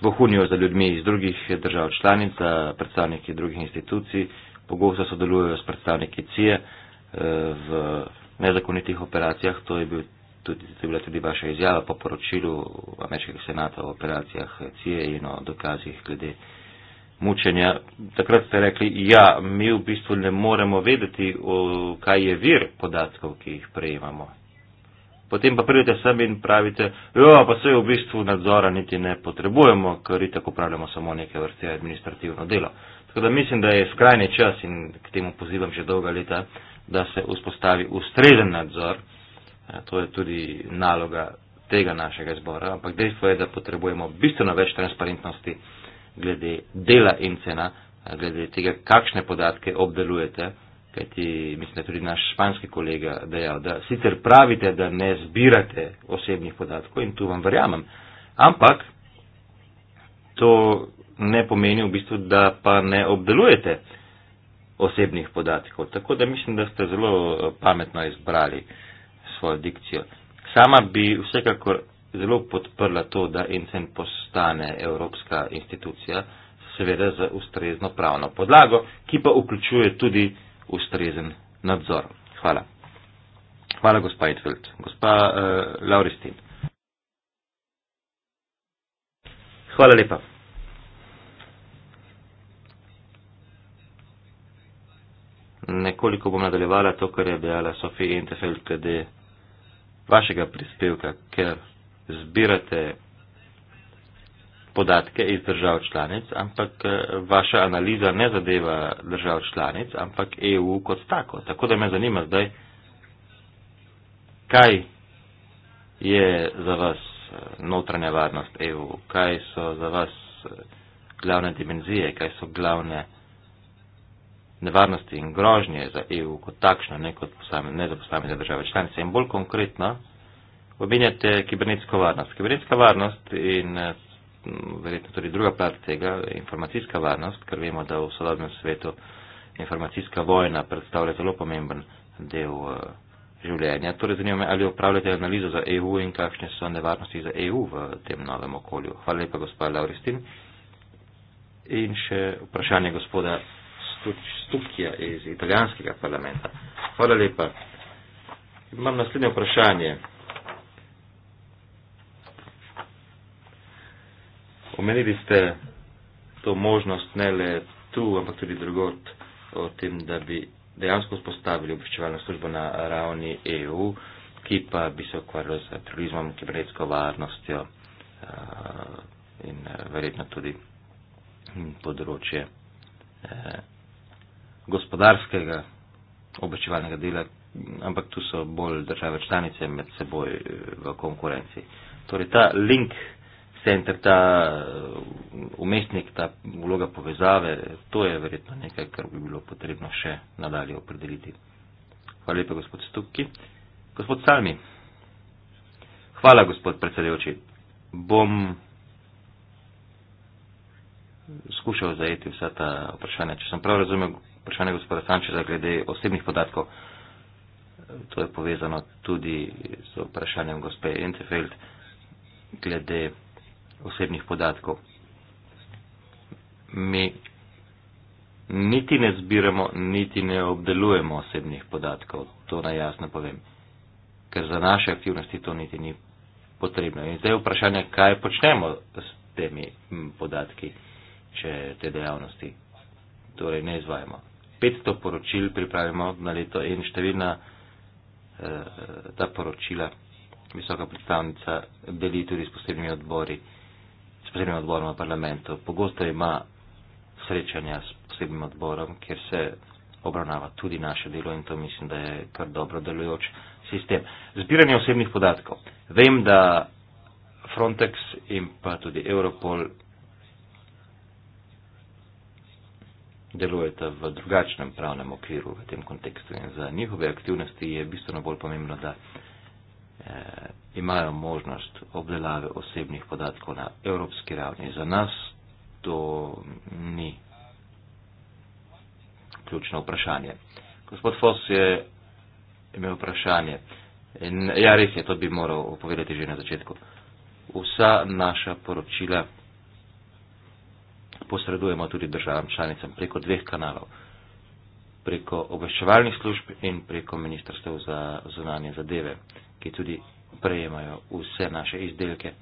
Vohunijo za ljudmi iz drugih držav članic, predstavniki drugih institucij, pogosto sodelujejo s predstavniki CIA e, eh, v nezakonitih operacijah. To je bil tudi, to je bila tudi vaša izjava po poročilu ameriškega senata o operacijah CIA in o dokazih glede mučenja. Takrat ste rekli, ja, mi v bistvu ne moremo vedeti, kaj je vir podatkov, ki jih prejemamo. Potem pa pridete sem in pravite, jo, ja, pa se v bistvu nadzora niti ne potrebujemo, ker itak upravljamo samo neke vrste administrativno delo. Tako da mislim, da je skrajni čas in k temu pozivam že dolga leta, da se vzpostavi ustrezen nadzor To je tudi naloga tega našega zbora, ampak dejstvo je, da potrebujemo bistveno več transparentnosti glede dela in cena, glede tega, kakšne podatke obdelujete, kajti mislim, da je tudi naš španski kolega dejal, da sicer pravite, da ne zbirate osebnih podatkov in tu vam verjamem, ampak to ne pomeni v bistvu, da pa ne obdelujete osebnih podatkov. Tako da mislim, da ste zelo eh, pametno izbrali svojo dikcijo. Sama bi vsekakor zelo podprla to, da Incen postane evropska institucija, seveda z ustrezno pravno podlago, ki pa vključuje tudi ustrezen nadzor. Hvala. Hvala, gospa Itfeld. Gospa uh, Lauristin. Hvala lepa. Nekoliko bom nadaljevala to, kar je dejala Sofija Intefeld, glede vašega prispevka, ker zbirate podatke iz držav članic, ampak eh, vaša analiza ne zadeva držav članic, ampak EU kot tako. Tako da me zanima zdaj, kaj je za vas eh, notranja varnost EU, kaj so za vas eh, glavne dimenzije, kaj so glavne nevarnosti in grožnje za EU kot takšno, ne, kot posamez, ne za posamezne države članice. In bolj konkretno, omenjate kibernetsko varnost. Kibernetska varnost in eh, verjetno tudi druga plat tega, informacijska varnost, ker vemo, da v sodobnem svetu informacijska vojna predstavlja zelo pomemben del eh, življenja. Torej zanima me, ali upravljate analizo za EU in kakšne so nevarnosti za EU v tem novem okolju. Hvala lepa, gospod Lauristin. In še vprašanje gospoda Stukija iz italijanskega parlamenta. Hvala lepa. Imam naslednje vprašanje. Omenili ste to možnost ne le tu, ampak tudi drugot o tem, da bi dejansko spostavili obveščevalno službo na ravni EU, ki pa bi se ukvarjala z terorizmom, kibernetsko varnostjo eh, in eh, verjetno tudi področje eh, gospodarskega obveščevalnega dela, ampak tu so bolj države članice med seboj eh, v konkurenci. Torej ta link center, ta eh, umestnik, ta vloga povezave, to je verjetno nekaj, kar bi bilo potrebno še nadalje opredeliti. Hvala lepa, gospod Stupki. Gospod Salmi. Hvala, gospod predsedujoči. Bom skušal zajeti vsa ta vprašanja. Če sem prav razumel, vprašanje gospoda Sančeza glede osebnih podatkov. To je povezano tudi z vprašanjem gospe Entefeld glede osebnih podatkov. Mi niti ne zbiramo, niti ne obdelujemo osebnih podatkov, to naj jasno povem, ker za naše aktivnosti to niti ni potrebno. In zdaj je vprašanje, kaj počnemo s temi podatki, če te dejavnosti torej ne izvajamo. 500 poročil pripravimo na leto in številna eh, ta poročila visoka predstavnica deli tudi s posebnimi odbori, s posebnim odborom v parlamentu. Pogosto ima srečanja s posebnim odborom, kjer se obravnava tudi naše delo in to mislim, da je kar dobro delujoč sistem. Zbiranje osebnih podatkov. Vem, da Frontex in pa tudi Europol delujeta v drugačnem pravnem okviru v tem kontekstu in za njihove aktivnosti je bistveno bolj pomembno, da eh, imajo možnost obdelave osebnih podatkov na evropski ravni. Za nas to ni ključno vprašanje. Gospod Foss je imel vprašanje. In, ja, res je, to bi moral povedati že na začetku. Vsa naša poročila posredujemo tudi državam članicam preko dveh kanalov, preko obveščevalnih služb in preko ministrstev za zunanje zadeve, ki tudi prejemajo vse naše izdelke, eh,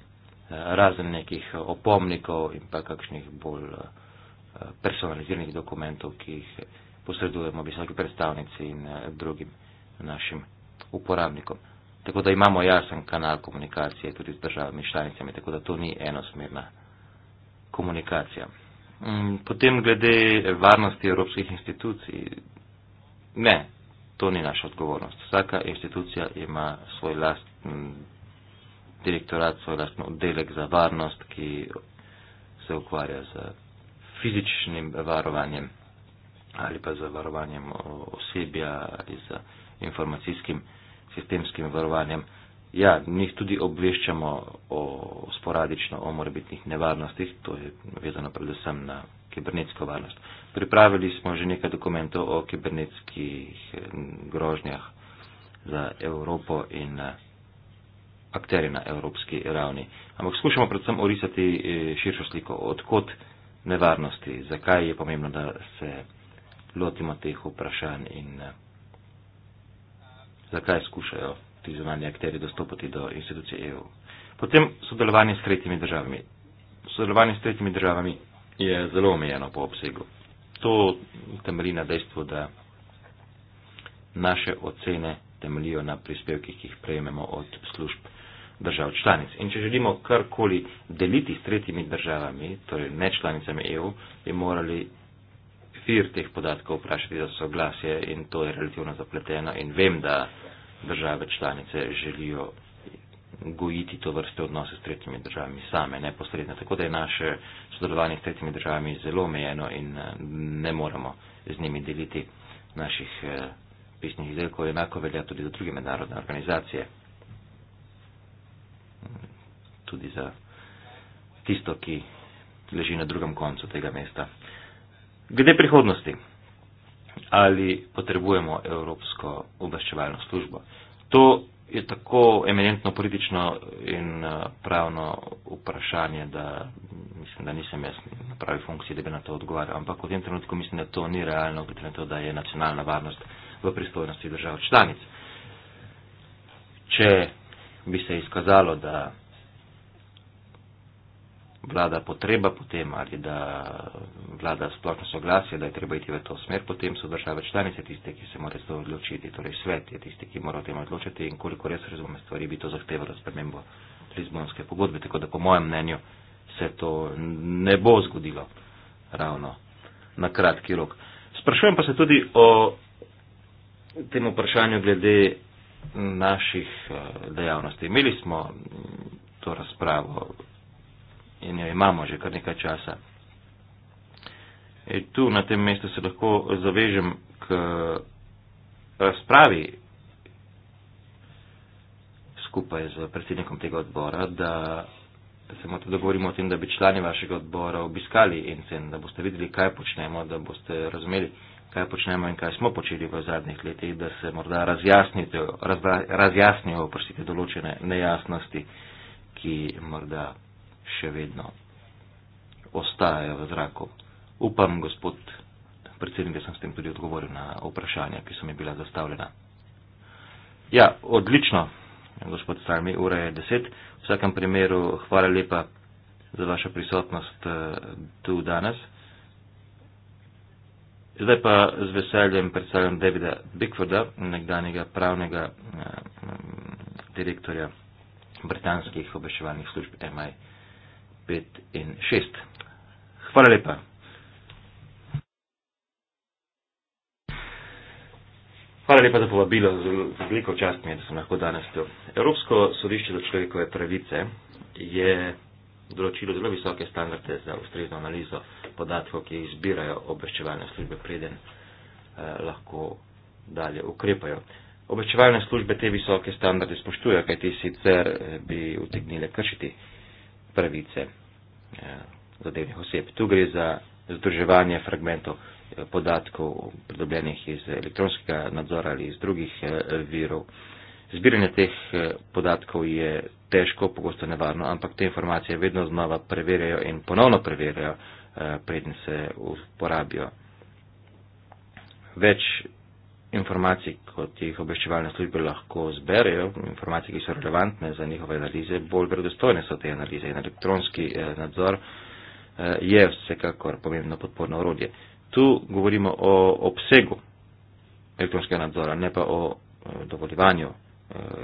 razen nekih eh, opomnikov in pa kakšnih bolj eh, personaliziranih dokumentov, ki jih posredujemo visoki predstavnici in drugim našim uporabnikom. Tako da imamo jasen kanal komunikacije tudi z državami članicami, tako da to ni enosmerna komunikacija. Mm, potem glede varnosti evropskih institucij. Ne, to ni naša odgovornost. Vsaka institucija ima svoj lasten direktorat, svoj lasten oddelek za varnost, ki se ukvarja z fizičnim varovanjem ali pa z varovanjem osebja ali z informacijskim sistemskim varovanjem. Ja, njih tudi obveščamo o, sporadično o morebitnih nevarnostih, to je vezano predvsem na kibernetsko varnost. Pripravili smo že nekaj dokumentov o kibernetskih eh, grožnjah za Evropo in eh, akteri na evropski ravni. Ampak skušamo predvsem orisati eh, širšo sliko, odkot nevarnosti, zakaj je pomembno, da se lotimo teh vprašanj in zakaj skušajo ti zunanji akteri dostopati do institucije EU. Potem sodelovanje s tretjimi državami. Sodelovanje s tretjimi državami je zelo omejeno po obsegu. To temelji na dejstvu, da naše ocene temelijo na prispevkih, ki jih prejmemo od služb držav članic. In če želimo karkoli deliti s tretjimi državami, torej ne članicami EU, bi morali vir teh podatkov vprašati za soglasje in to je relativno zapleteno in vem, da države članice želijo gojiti to vrste odnose s tretjimi državami same, neposredno. Tako da je naše sodelovanje s tretjimi državami zelo omejeno in eh, ne moramo z njimi deliti naših eh, pisnih izdelkov. Enako velja tudi za druge mednarodne organizacije. Tudi za tisto, ki leži na drugem koncu tega mesta. Glede prihodnosti ali potrebujemo Evropsko obveščevalno službo. To je tako eminentno politično in eh, pravno vprašanje, da mislim, da nisem jaz na pravi funkciji, da bi na to odgovarjal. Ampak v tem trenutku mislim, da to ni realno, glede na to, da je nacionalna varnost v pristojnosti držav članic. Če bi se izkazalo, da vlada potreba potem ali da vlada splošno soglasje, da je treba iti v to smer, potem so države članice tiste, ki se morajo to odločiti, torej svet je tisti, ki mora o tem odločiti in koliko res razume stvari, bi to zahtevalo spremembo Lizbonske pogodbe. Tako da po mojem mnenju se to ne bo zgodilo ravno na kratki rok. Sprašujem pa se tudi o tem vprašanju glede naših eh, dejavnosti. Imeli smo mm, to razpravo in jo imamo že kar nekaj časa. E tu na tem mestu se lahko zavežem k razpravi skupaj z predsednikom tega odbora, da se morate dogovoriti o tem, da bi člani vašega odbora obiskali Encen, da boste videli, kaj počnemo, da boste razumeli, kaj počnemo in kaj smo počeli v zadnjih letih, da se morda razjasnijo, razjasnijo, oprostite, določene nejasnosti, ki morda še vedno ostajajo v zraku. Upam, gospod predsednik, da sem s tem tudi odgovoril na vprašanja, ki so mi bila zastavljena. Ja, odlično, gospod Sami, ura je deset. V vsakem primeru, hvala lepa za vašo prisotnost eh, tu danes. Zdaj pa z veseljem predstavljam Davida Bickforda, nekdanjega pravnega eh, direktorja britanskih obveščevalnih služb MI. 5 in 6. Hvala lepa. Hvala lepa za povabilo, za veliko čast mi je, da sem lahko danes tu. Evropsko sodišče za človekove pravice je določilo zelo visoke standarde za ustrezno analizo podatkov, ki jih zbirajo obveščevalne službe, preden eh, lahko dalje ukrepajo. Obveščevalne službe te visoke standarde spoštujejo, kajti sicer eh, bi utegnile kršiti eh, pravice eh, zadevnih oseb. Tu gre za združevanje fragmentov eh, podatkov pridobljenih iz elektronskega nadzora ali iz drugih eh, virov. Zbiranje teh podatkov je težko, pogosto nevarno, ampak te informacije vedno znova preverjajo in ponovno preverjajo, preden se uporabijo. Več informacij, kot jih obveščevalne službe lahko zberejo, informacije, ki so relevantne za njihove analize, bolj verodostojne so te analize in elektronski eh, nadzor eh, je vsekakor pomembno podporno orodje. Tu govorimo o obsegu elektronskega nadzora, ne pa o eh, dovoljevanju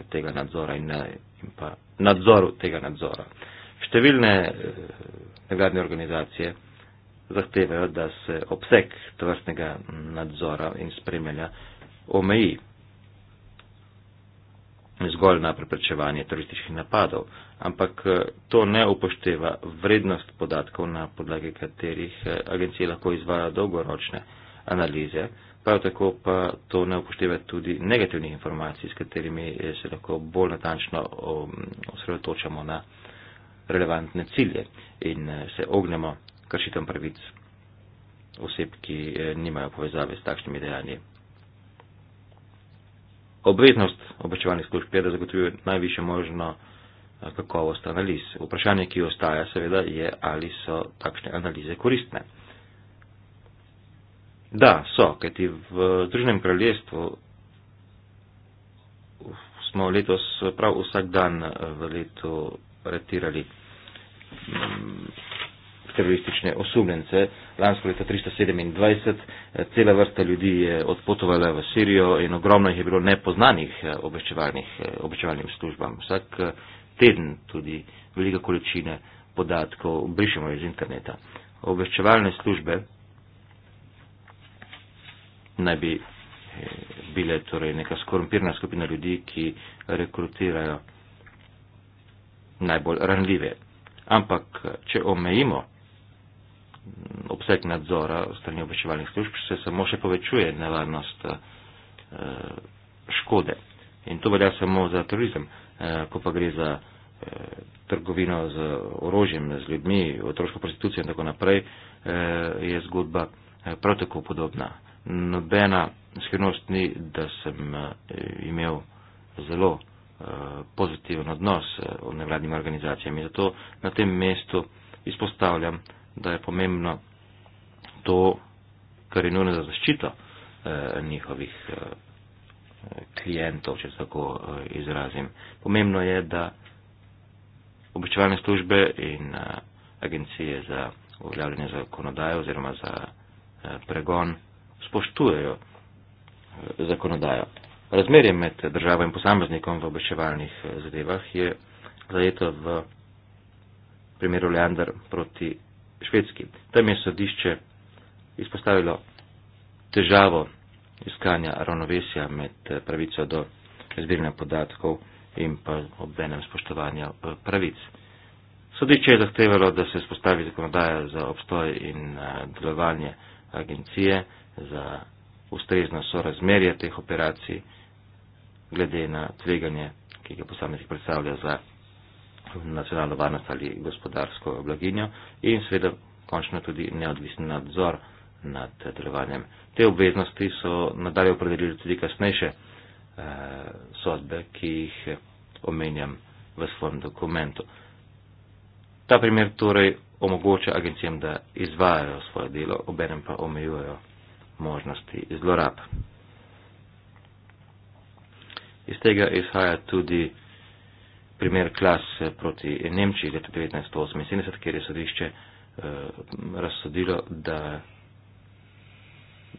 tega nadzora in, ne, in pa nadzoru tega nadzora. Številne nevladne organizacije zahtevajo, da se obseg tovrstnega nadzora in spremljanja omeji zgolj na preprečevanje terorističnih napadov, ampak eh, to ne upošteva vrednost podatkov, na podlagi katerih eh, agencije lahko izvaja dolgoročne analize, prav tako pa to ne upošteva tudi negativnih informacij, s katerimi eh, se lahko bolj natančno osredotočamo na relevantne cilje in se ognemo kršitem pravic oseb, ki nimajo povezave s takšnimi dejanji. Obveznost obveščevalnih služb je, da zagotovijo najviše možno eh, kakovost analiz. Vprašanje, ki ostaja, seveda, je, ali so takšne analize koristne. Da, so, kajti v Združenem kraljestvu smo letos prav vsak dan eh, v letu retirali mm, teroristične osumljence. Lansko leto 327 eh, cela vrsta ljudi je odpotovala v Sirijo in ogromno jih je bilo nepoznanih eh, eh, obveščevalnim službam. Vsak teden tudi velika količina podatkov brišemo iz interneta. Obveščevalne službe naj bi bile torej neka skorumpirna skupina ljudi, ki rekrutirajo najbolj ranljive. Ampak, če omejimo obseg nadzora v strani obveščevalnih služb se samo še povečuje nevarnost eh, škode. In to velja samo za turizem. Eh, ko pa gre za eh, trgovino z orožjem, z ljudmi, otroško prostitucijo in tako naprej, je zgodba prav tako podobna. Nobena skrivnost ni, da sem imel zelo pozitiven odnos od nevladnim organizacijam. Zato na tem mestu izpostavljam, da je pomembno to, kar je nujno za zaščito eh, njihovih eh, klientov, če tako eh, izrazim. Pomembno je, da običevalne službe in eh, agencije za uveljavljanje zakonodaje oziroma za eh, pregon spoštujejo eh, zakonodajo. Razmerje med državo in posameznikom v obveščevalnih eh, zadevah je zajeto v primeru Leander proti Švedski. Tam je sodišče izpostavilo težavo iskanja ravnovesja med eh, pravico do zbiranja podatkov in pa obenem spoštovanja eh, pravic. Sodišče je zahtevalo, da se spostavi zakonodaja za obstoj in eh, delovanje agencije, za ustrezno sorazmerje teh operacij, glede na tveganje, ki ga posameznik predstavlja za nacionalno varnost ali gospodarsko blaginjo in seveda končno tudi neodvisen nadzor nad delovanjem. Te obveznosti so nadalje opredelili tudi kasnejše eh, sodbe, ki jih omenjam v svojem dokumentu. Ta primer torej omogoča agencijam, da izvajajo svoje delo, obenem pa omejujejo možnosti zlorab. Iz tega izhaja tudi primer klas eh, proti Nemčiji leta 1978, kjer je sodišče eh, razsodilo, da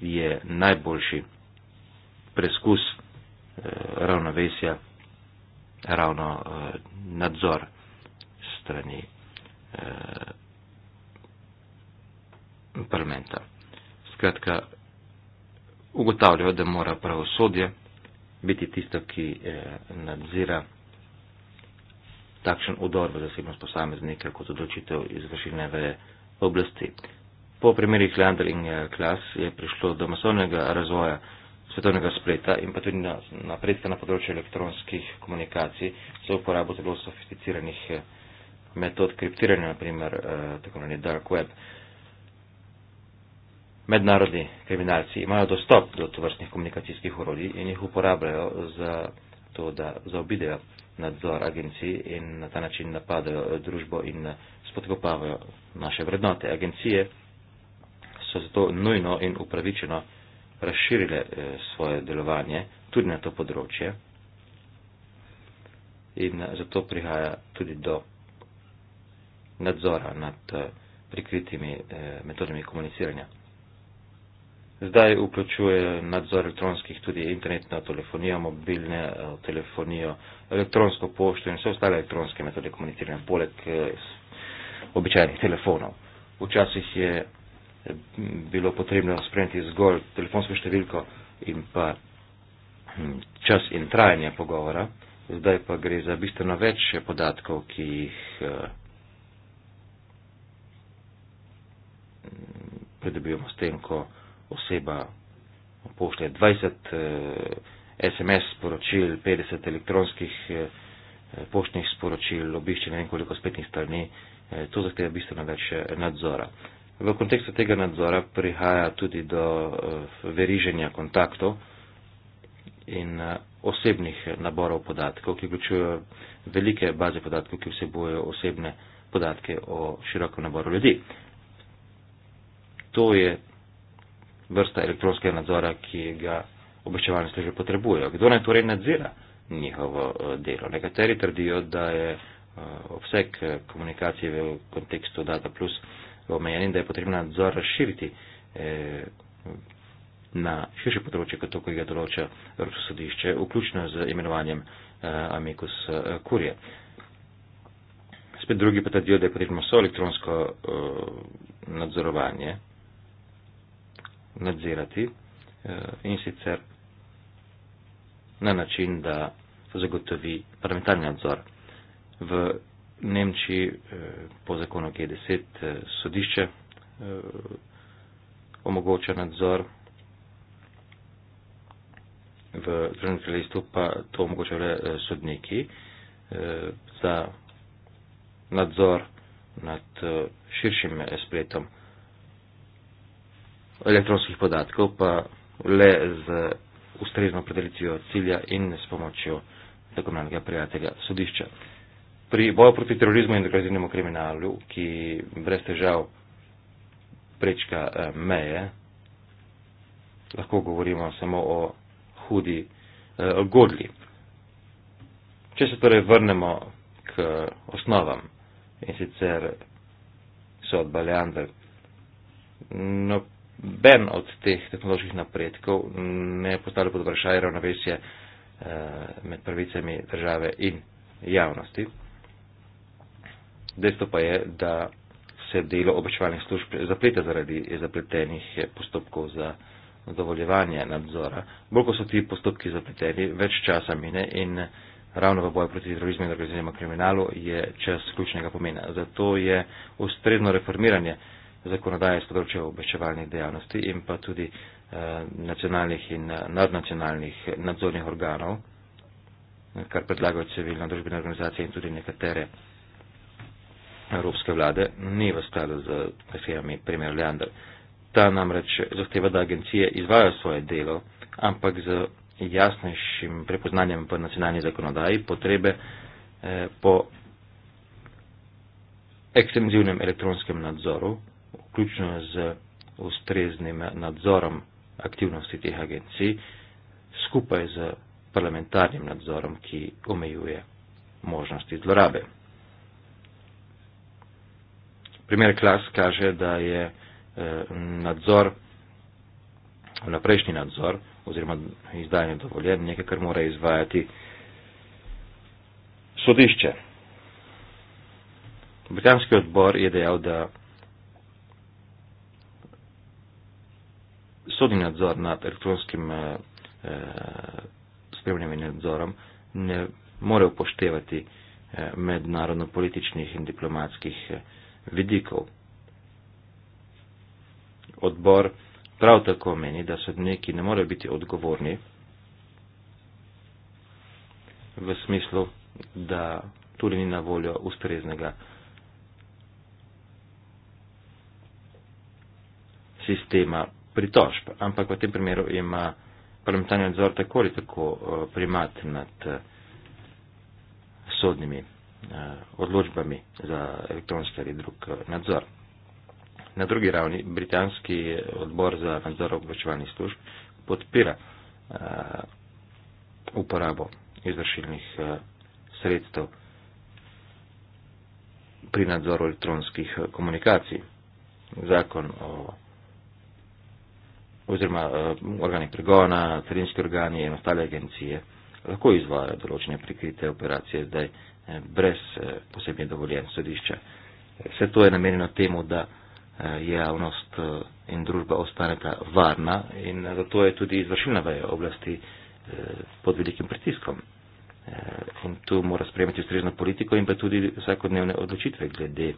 je najboljši preskus eh, ravnovesja ravno eh, nadzor strani eh, parlamenta. Skratka, ugotavljajo, da mora pravosodje biti tisto, ki eh, nadzira takšen udor v zasebnost posameznika kot odločitev izvršilne veje oblasti. Po primerih Leander in eh, Klas je prišlo do masovnega razvoja svetovnega spleta in pa tudi napredka na področju elektronskih komunikacij za uporabo zelo sofisticiranih eh, metod kriptiranja, naprimer eh, tako na dark web. Mednarodni kriminalci imajo dostop do tovrstnih komunikacijskih orodij in jih uporabljajo za to, da zaobidejo nadzor agencij in na ta način napadajo družbo in eh, spodkopavajo naše vrednote. Agencije so zato nujno in upravičeno razširile eh, svoje delovanje tudi na to področje in eh, zato prihaja tudi do nadzora nad prikritimi metodami komuniciranja. Zdaj vključuje nadzor elektronskih tudi internetna telefonija, mobilne eh, telefonijo, elektronsko pošto in vse ostale elektronske metode komuniciranja, poleg eh, običajnih telefonov. Včasih je eh, bilo potrebno sprejeti zgolj telefonsko številko in pa hm, čas in trajanje pogovora, zdaj pa gre za bistveno več podatkov, ki jih hm, pridobivamo s tem, ko oseba pošlje 20 eh, SMS sporočil, 50 elektronskih eh, poštnih sporočil, obišče ne vem koliko spetnih strani, eh, to zahteva bistveno več nadzora. V kontekstu tega nadzora prihaja tudi do veriženja kontaktov in osebnih naborov podatkov, ki vključujejo velike baze podatkov, ki vsebojo osebne podatke o širokem naboru ljudi. To je vrsta elektronskega nadzora, ki ga obveščevalne službe potrebujejo. Kdo naj torej nadzira njihovo eh, delo? Nekateri trdijo, da je eh, obseg eh, komunikacije v kontekstu Data Plus omejen in da je potrebno nadzor razširiti na širše področje, kot to, ki ga določa Evropsko sodišče, vključno z imenovanjem Amikus Kurje. Spet drugi pa trdijo, da je potrebno vso elektronsko nadzorovanje nadzirati eh, in sicer na način, da zagotovi parlamentarni nadzor. V Nemčiji eh, po zakonu G10 eh, sodišče omogoča nadzor, v Združenem kraljestvu pa to omogočajo le sodniki za nadzor nad širšim spletom elektronskih podatkov pa le z ustrezno predelitvijo cilja in s pomočjo tako imenega prijatelja sodišča. Pri boju proti terorizmu in dokazivnemu kriminalu, ki brez težav prečka eh, meje, lahko govorimo samo o hudi eh, godli. Če se torej vrnemo k osnovam in sicer sodba Leander, no, noben od teh tehnoloških napredkov ne postavlja pod vprašaj ravnovesje eh, med pravicami države in javnosti. Dejstvo pa je, da se delo obveščevalnih služb zapleta zaradi zapletenih postopkov za zadovoljevanje nadzora. Bolj ko so ti postopki zapleteni, več časa mine in ravno v boju proti terorizmu in organiziranemu kriminalu je čas ključnega pomena. Zato je ustrezno reformiranje zakonodaje z področja obveščevalnih dejavnosti in pa tudi eh, nacionalnih in eh, nadnacionalnih nadzornih organov, kar predlagajo civilna družbena organizacija in tudi nekatere evropske vlade, ni v skladu z schemami premjera Leander. Ta namreč zahteva, da agencije izvajo svoje delo, ampak z jasnejšim prepoznanjem po nacionalni zakonodaji potrebe eh, po ekstenzivnem elektronskem nadzoru vključno z ustreznim nadzorom aktivnosti teh agencij, skupaj z parlamentarnim nadzorom, ki omejuje možnosti zlorabe. Primer klas kaže, da je eh, nadzor, naprejšnji nadzor oziroma izdajanje dovoljenja nekaj, kar mora izvajati sodišče. Britanski odbor je dejal, da sodni nadzor nad elektronskim eh, eh, spremljanjem in nadzorom ne more upoštevati eh, mednarodno-političnih in diplomatskih eh, vidikov. Odbor prav tako meni, da sodniki ne morejo biti odgovorni v smislu, da tudi ni na voljo ustreznega sistema pritožb, ampak v tem primeru ima parlamentarni nadzor tako ali tako eh, primat nad eh, sodnimi eh, odločbami za elektronski ali drug nadzor. Na drugi ravni britanski odbor za nadzor obveščevalnih služb podpira uporabo izvršilnih sredstev pri nadzoru elektronskih komunikacij. Zakon o oziroma uh, organi pregona, carinski organi in ostale agencije lahko izvajo določene prikrite operacije zdaj eh, brez eh, posebne dovoljen sodišča. Vse to je namenjeno temu, da eh, javnost eh, in družba ostaneta varna in eh, zato je tudi izvršilna veja oblasti eh, pod velikim pritiskom. Eh, in tu mora sprejemati ustrezno politiko in pa tudi vsakodnevne odločitve glede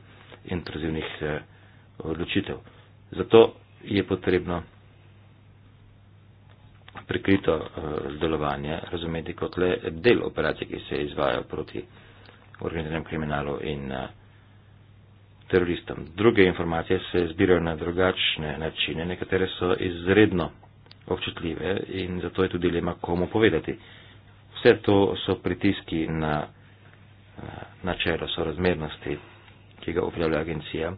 intruzivnih eh, odločitev. Zato je potrebno prikrito zdelovanje, eh, razumeti kot le del operacij, ki se izvajo proti organiziranem kriminalu in eh, teroristom. Druge informacije se zbirajo na drugačne načine, nekatere so izredno občutljive in zato je tudi dilema, komu povedati. Vse to so pritiski na eh, načelo sorazmernosti, ki ga upravlja agencija,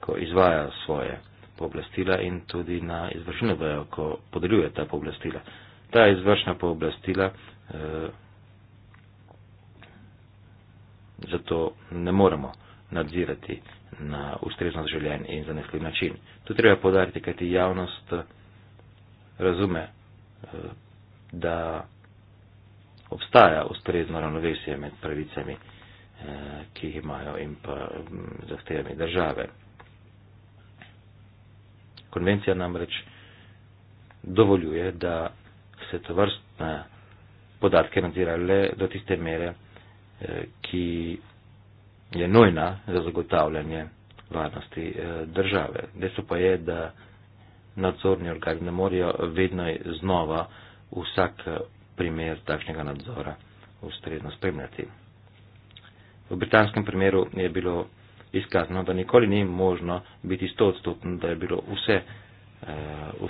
ko izvaja svoje pooblastila in tudi na izvršno vejo, ko podeljuje ta pooblastila. Ta izvršna pooblastila eh, zato ne moremo nadzirati na ustrezno zaželjen in zanesljiv način. To treba podariti, kajti javnost eh, razume, eh, da obstaja ustrezno ravnovesje med pravicami, eh, ki jih imajo in pa hm, zahtevami države. Konvencija namreč dovoljuje, da se to vrstne podatke nadzira le do tiste mere, eh, ki je nojna za zagotavljanje varnosti eh, države. Deso pa je, da nadzorni organi ne morejo vedno znova vsak eh, primer takšnega nadzora ustrezno spremljati. V britanskem primeru je bilo izkazano, da nikoli ni možno biti sto odstotno, da je bilo vse uh,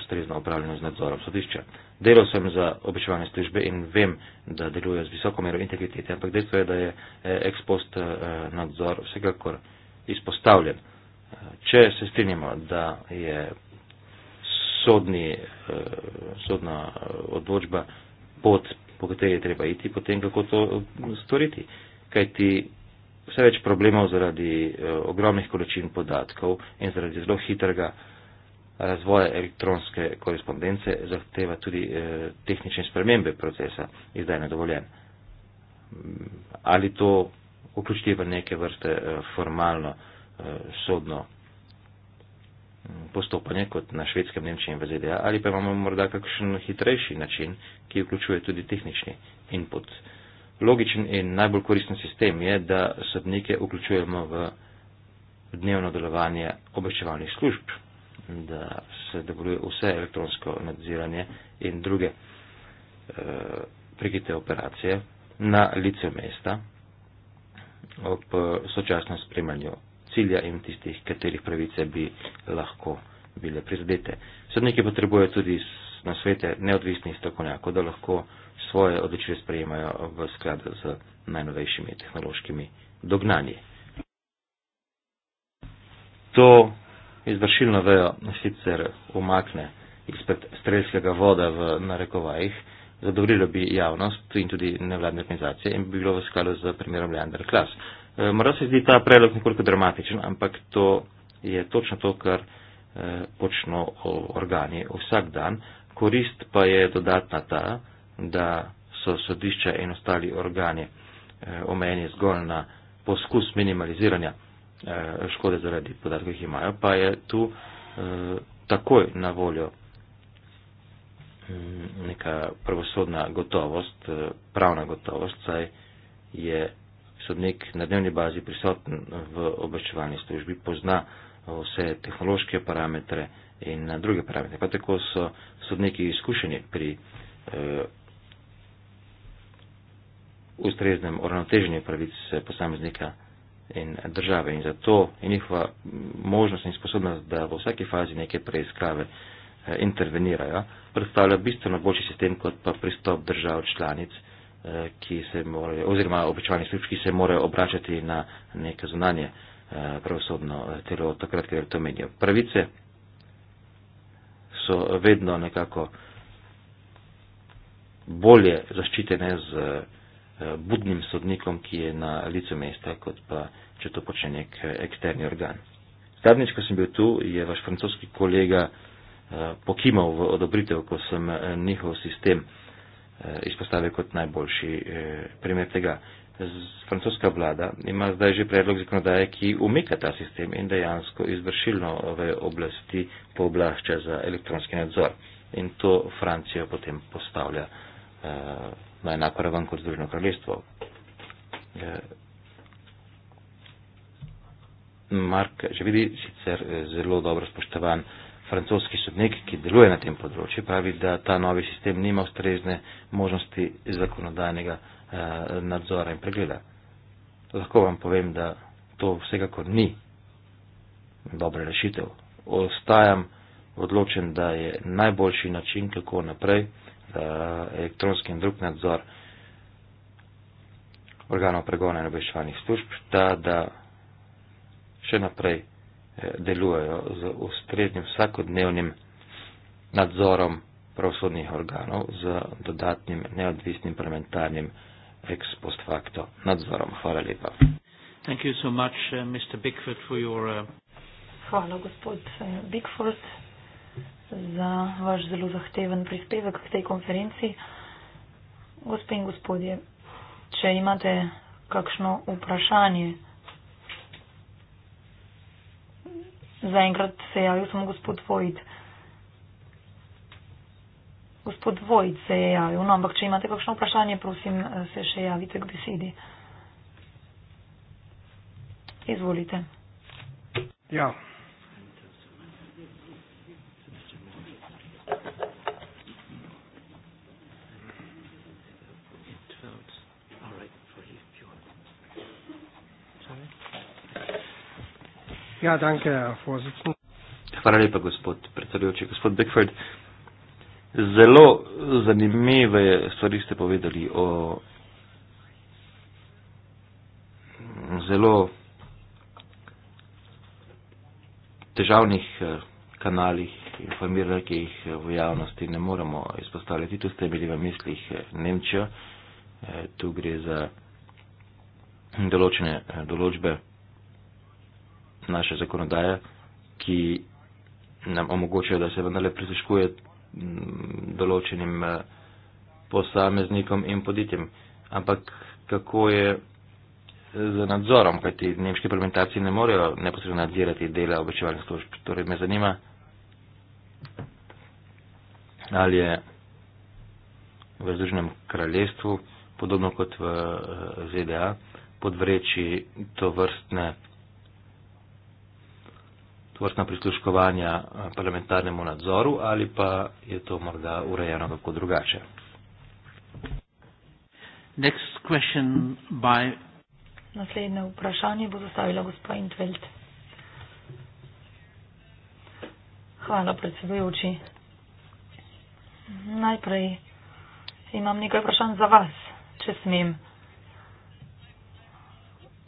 ustrezno upravljeno z nadzorom sodišča. Delal sem za običevanje službe in vem, da deluje z visoko mero integritete, ampak dejstvo je, da je uh, ex post uh, nadzor vsekakor izpostavljen. Uh, če se strinjamo, da je sodni, uh, sodna odločba pot, po kateri je treba iti, potem kako to storiti. Kaj ti vse več problemov zaradi uh, ogromnih količin podatkov in zaradi zelo hitrega razvoja elektronske korespondence zahteva tudi uh, tehnične spremembe procesa izdajanja dovoljen. Mm, ali to vključiti v neke vrste uh, formalno uh, sodno mm, postopanje kot na švedskem, nemčem in v ZDA ali pa imamo morda kakšen hitrejši način, ki vključuje tudi tehnični input. Uh, logičen in najbolj koristen sistem je, da sodnike vključujemo v dnevno delovanje obveščevalnih služb, da se deluje vse elektronsko nadziranje in druge e, prikite operacije na lice mesta ob sočasnem spremljanju cilja in tistih, katerih pravice bi lahko bile prizadete. Sodniki potrebujejo tudi na svete neodvisnih strokovnjakov, da lahko svoje odločitve sprejemajo v skladu z najnovejšimi tehnološkimi dognanji. To izvršilno vejo sicer umakne izpred strelskega voda v narekovajih, zadovoljilo bi javnost in tudi nevladne organizacije in bi bilo v skladu z primerom Leander Klas. E, Morda se zdi ta predlog nekoliko dramatičen, ampak to je točno to, kar e, počno organi vsak dan. Korist pa je dodatna ta, da so sodišča in ostali organi eh, omejeni zgolj na poskus minimaliziranja eh, škode zaradi podatkov, ki jih imajo, pa je tu eh, takoj na voljo mm, neka pravosodna gotovost, pravna gotovost, saj je sodnik na dnevni bazi prisoten v obveščevalni službi, pozna vse tehnološke parametre in druge parametre. Pa tako so sodniki izkušeni pri eh, ustreznem uravnoteženju pravic posameznika in države in zato je njihova možnost in sposobnost, da v vsaki fazi neke preiskave eh, intervenirajo, predstavlja bistveno boljši sistem kot pa pristop držav članic, eh, ki se morajo, oziroma običajni služb, ki se morajo obračati na neke zunanje eh, pravosodno telo, takrat, ker to menijo. Pravice so vedno nekako bolje zaščitene z budnim sodnikom, ki je na licu mesta, kot pa če to počne nek eh, eksterni organ. Zadnjič, ko sem bil tu, je vaš francoski kolega eh, pokimal v odobritev, ko sem eh, njihov sistem izpostavil kot najboljši primer tega. Francoska vlada ima zdaj že predlog zakonodaje, ki umika ta sistem in dejansko izvršilno ove oblasti pooblašča za elektronski nadzor. In to Francijo potem postavlja na enako raven kot Združeno kraljestvo. Eh, Mark že vidi sicer eh, zelo dobro spoštovan francoski sodnik, ki deluje na tem področju, pravi, da ta novi sistem nima ustrezne možnosti zakonodajnega eh, nadzora in pregleda. Lahko vam povem, da to vsekakor ni dobra rešitev. Ostajam odločen, da je najboljši način, kako naprej, Eh, elektronski in drug nadzor organov pregona in obveščevalnih služb, ta, da še naprej eh, delujejo z ustrednim vsakodnevnim nadzorom pravosodnih organov z dodatnim neodvisnim parlamentarnim ex post facto nadzorom. Hvala lepa. Thank you so much, uh, eh, Mr. Bickford, for your. Uh... Hvala, gospod uh, Bickford za vaš zelo zahteven prispevek k tej konferenci. Gospe in gospodje, če imate kakšno vprašanje, zaenkrat se je javil samo gospod Vojt. Gospod Vojt se je javil, no, ampak če imate kakšno vprašanje, prosim, eh, se še javite k besedi. Izvolite. Ja, Ja, danke, vorsitzende. Hvala lepa, gospod predsedujoči, gospod Beckford. Zelo zanimive stvari ste povedali o zelo težavnih eh, kanalih informiranja, ki jih eh, v javnosti ne moremo izpostavljati. Tu ste imeli v mislih eh, Nemčijo, tu gre za določene določbe naše zakonodaje, ki nam omogočajo, da se vendarle prisluškuje mm, določenim eh, posameznikom in podjetjem. Ampak kako je z nadzorom, kajti nemški parlamentarci ne morejo neposredno nadzirati dela obveščevalnih služb. Torej me zanima, ali je v Združenem kraljestvu, podobno kot v eh, ZDA, podvreči to vrstne vrstna prisluškovanja eh, parlamentarnemu nadzoru ali pa je to morda urejeno kako drugače. Next question by... Naslednje vprašanje bo zastavila gospa Intveld. Hvala, predsedujoči. Najprej imam nekaj vprašanj za vas, če smem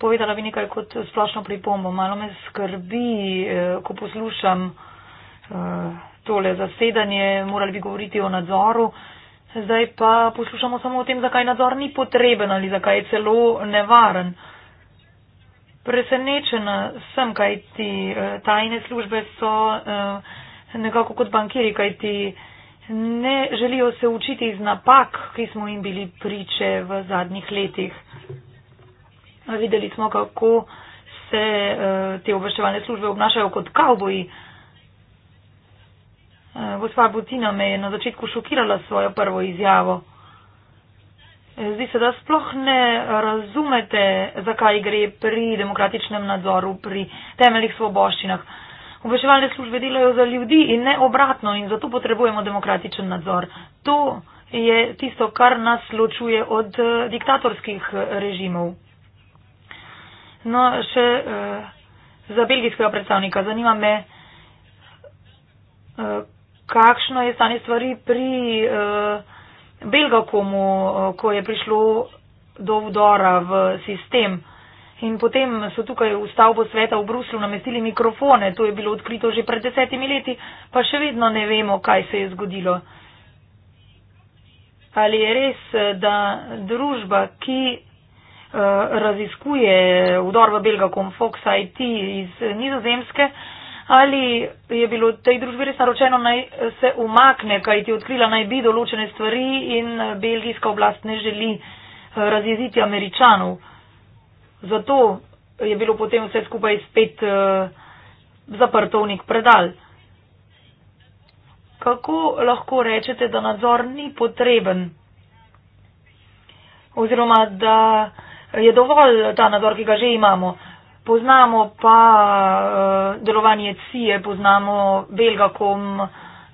povedala bi nekaj kot splošno pripombo. Malo me skrbi, eh, ko poslušam eh, tole zasedanje, morali bi govoriti o nadzoru. Zdaj pa poslušamo samo o tem, zakaj nadzor ni potreben ali zakaj je celo nevaren. Presenečena sem, kaj ti eh, tajne službe so nekako kot bankiri, kaj ti ne želijo se učiti iz napak, ki smo jim bili priče v zadnjih letih. Videli smo, kako se eh, te obveščevalne službe obnašajo kot kavboji. Eh, gospa Butina me je na začetku šokirala svojo prvo izjavo. Eh, zdi se, da sploh ne razumete, zakaj gre pri demokratičnem nadzoru, pri temeljih svoboščinah. Obveščevalne službe delajo za ljudi in ne obratno in zato potrebujemo demokratičen nadzor. To je tisto, kar nas ločuje od diktatorskih režimov. No, še uh, za belgijskega predstavnika. Zanima me, uh, kakšno je stanje stvari pri uh, Belgakomu, uh, ko je prišlo do vdora v sistem. In potem so tukaj v stavbo sveta v Bruslu namestili mikrofone, to je bilo odkrito že pred desetimi leti, pa še vedno ne vemo, kaj se je zgodilo. Ali je res, da družba, ki Eh, raziskuje vdor v Belgakom Fox IT iz Nizozemske, ali je bilo tej družbi res naročeno naj se umakne, kaj ti odkrila naj bi določene stvari in belgijska oblast ne želi eh, razjeziti američanov. Zato je bilo potem vse skupaj spet eh, zaprtovnik predal. Kako lahko rečete, da nadzor ni potreben? Oziroma, da je dovolj ta nadzor, ki ga že imamo. Poznamo pa eh, delovanje CIE, poznamo Belgakom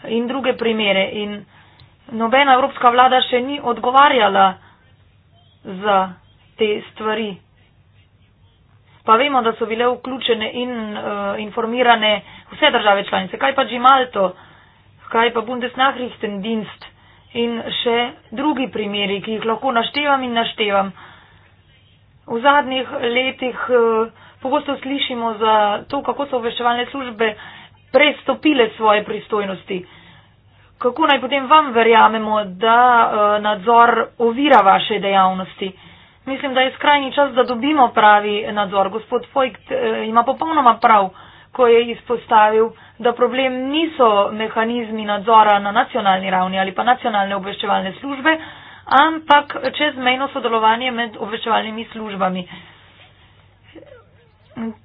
in druge primere. In nobena evropska vlada še ni odgovarjala za te stvari. Pa vemo, da so bile vključene in uh, informirane vse države članice. Kaj pa Džimalto, kaj pa Bundesnachrichtendienst in še drugi primeri, ki jih lahko naštevam in naštevam. V zadnjih letih eh, pogosto slišimo za to, kako so obveščevalne službe prestopile svoje pristojnosti. Kako naj potem vam verjamemo, da eh, nadzor ovira vaše dejavnosti? Mislim, da je skrajni čas, da dobimo pravi nadzor. Gospod Fojkt eh, ima popolnoma prav, ko je izpostavil, da problem niso mehanizmi nadzora na nacionalni ravni ali pa nacionalne obveščevalne službe, ampak čezmejno sodelovanje med obveščevalnimi službami.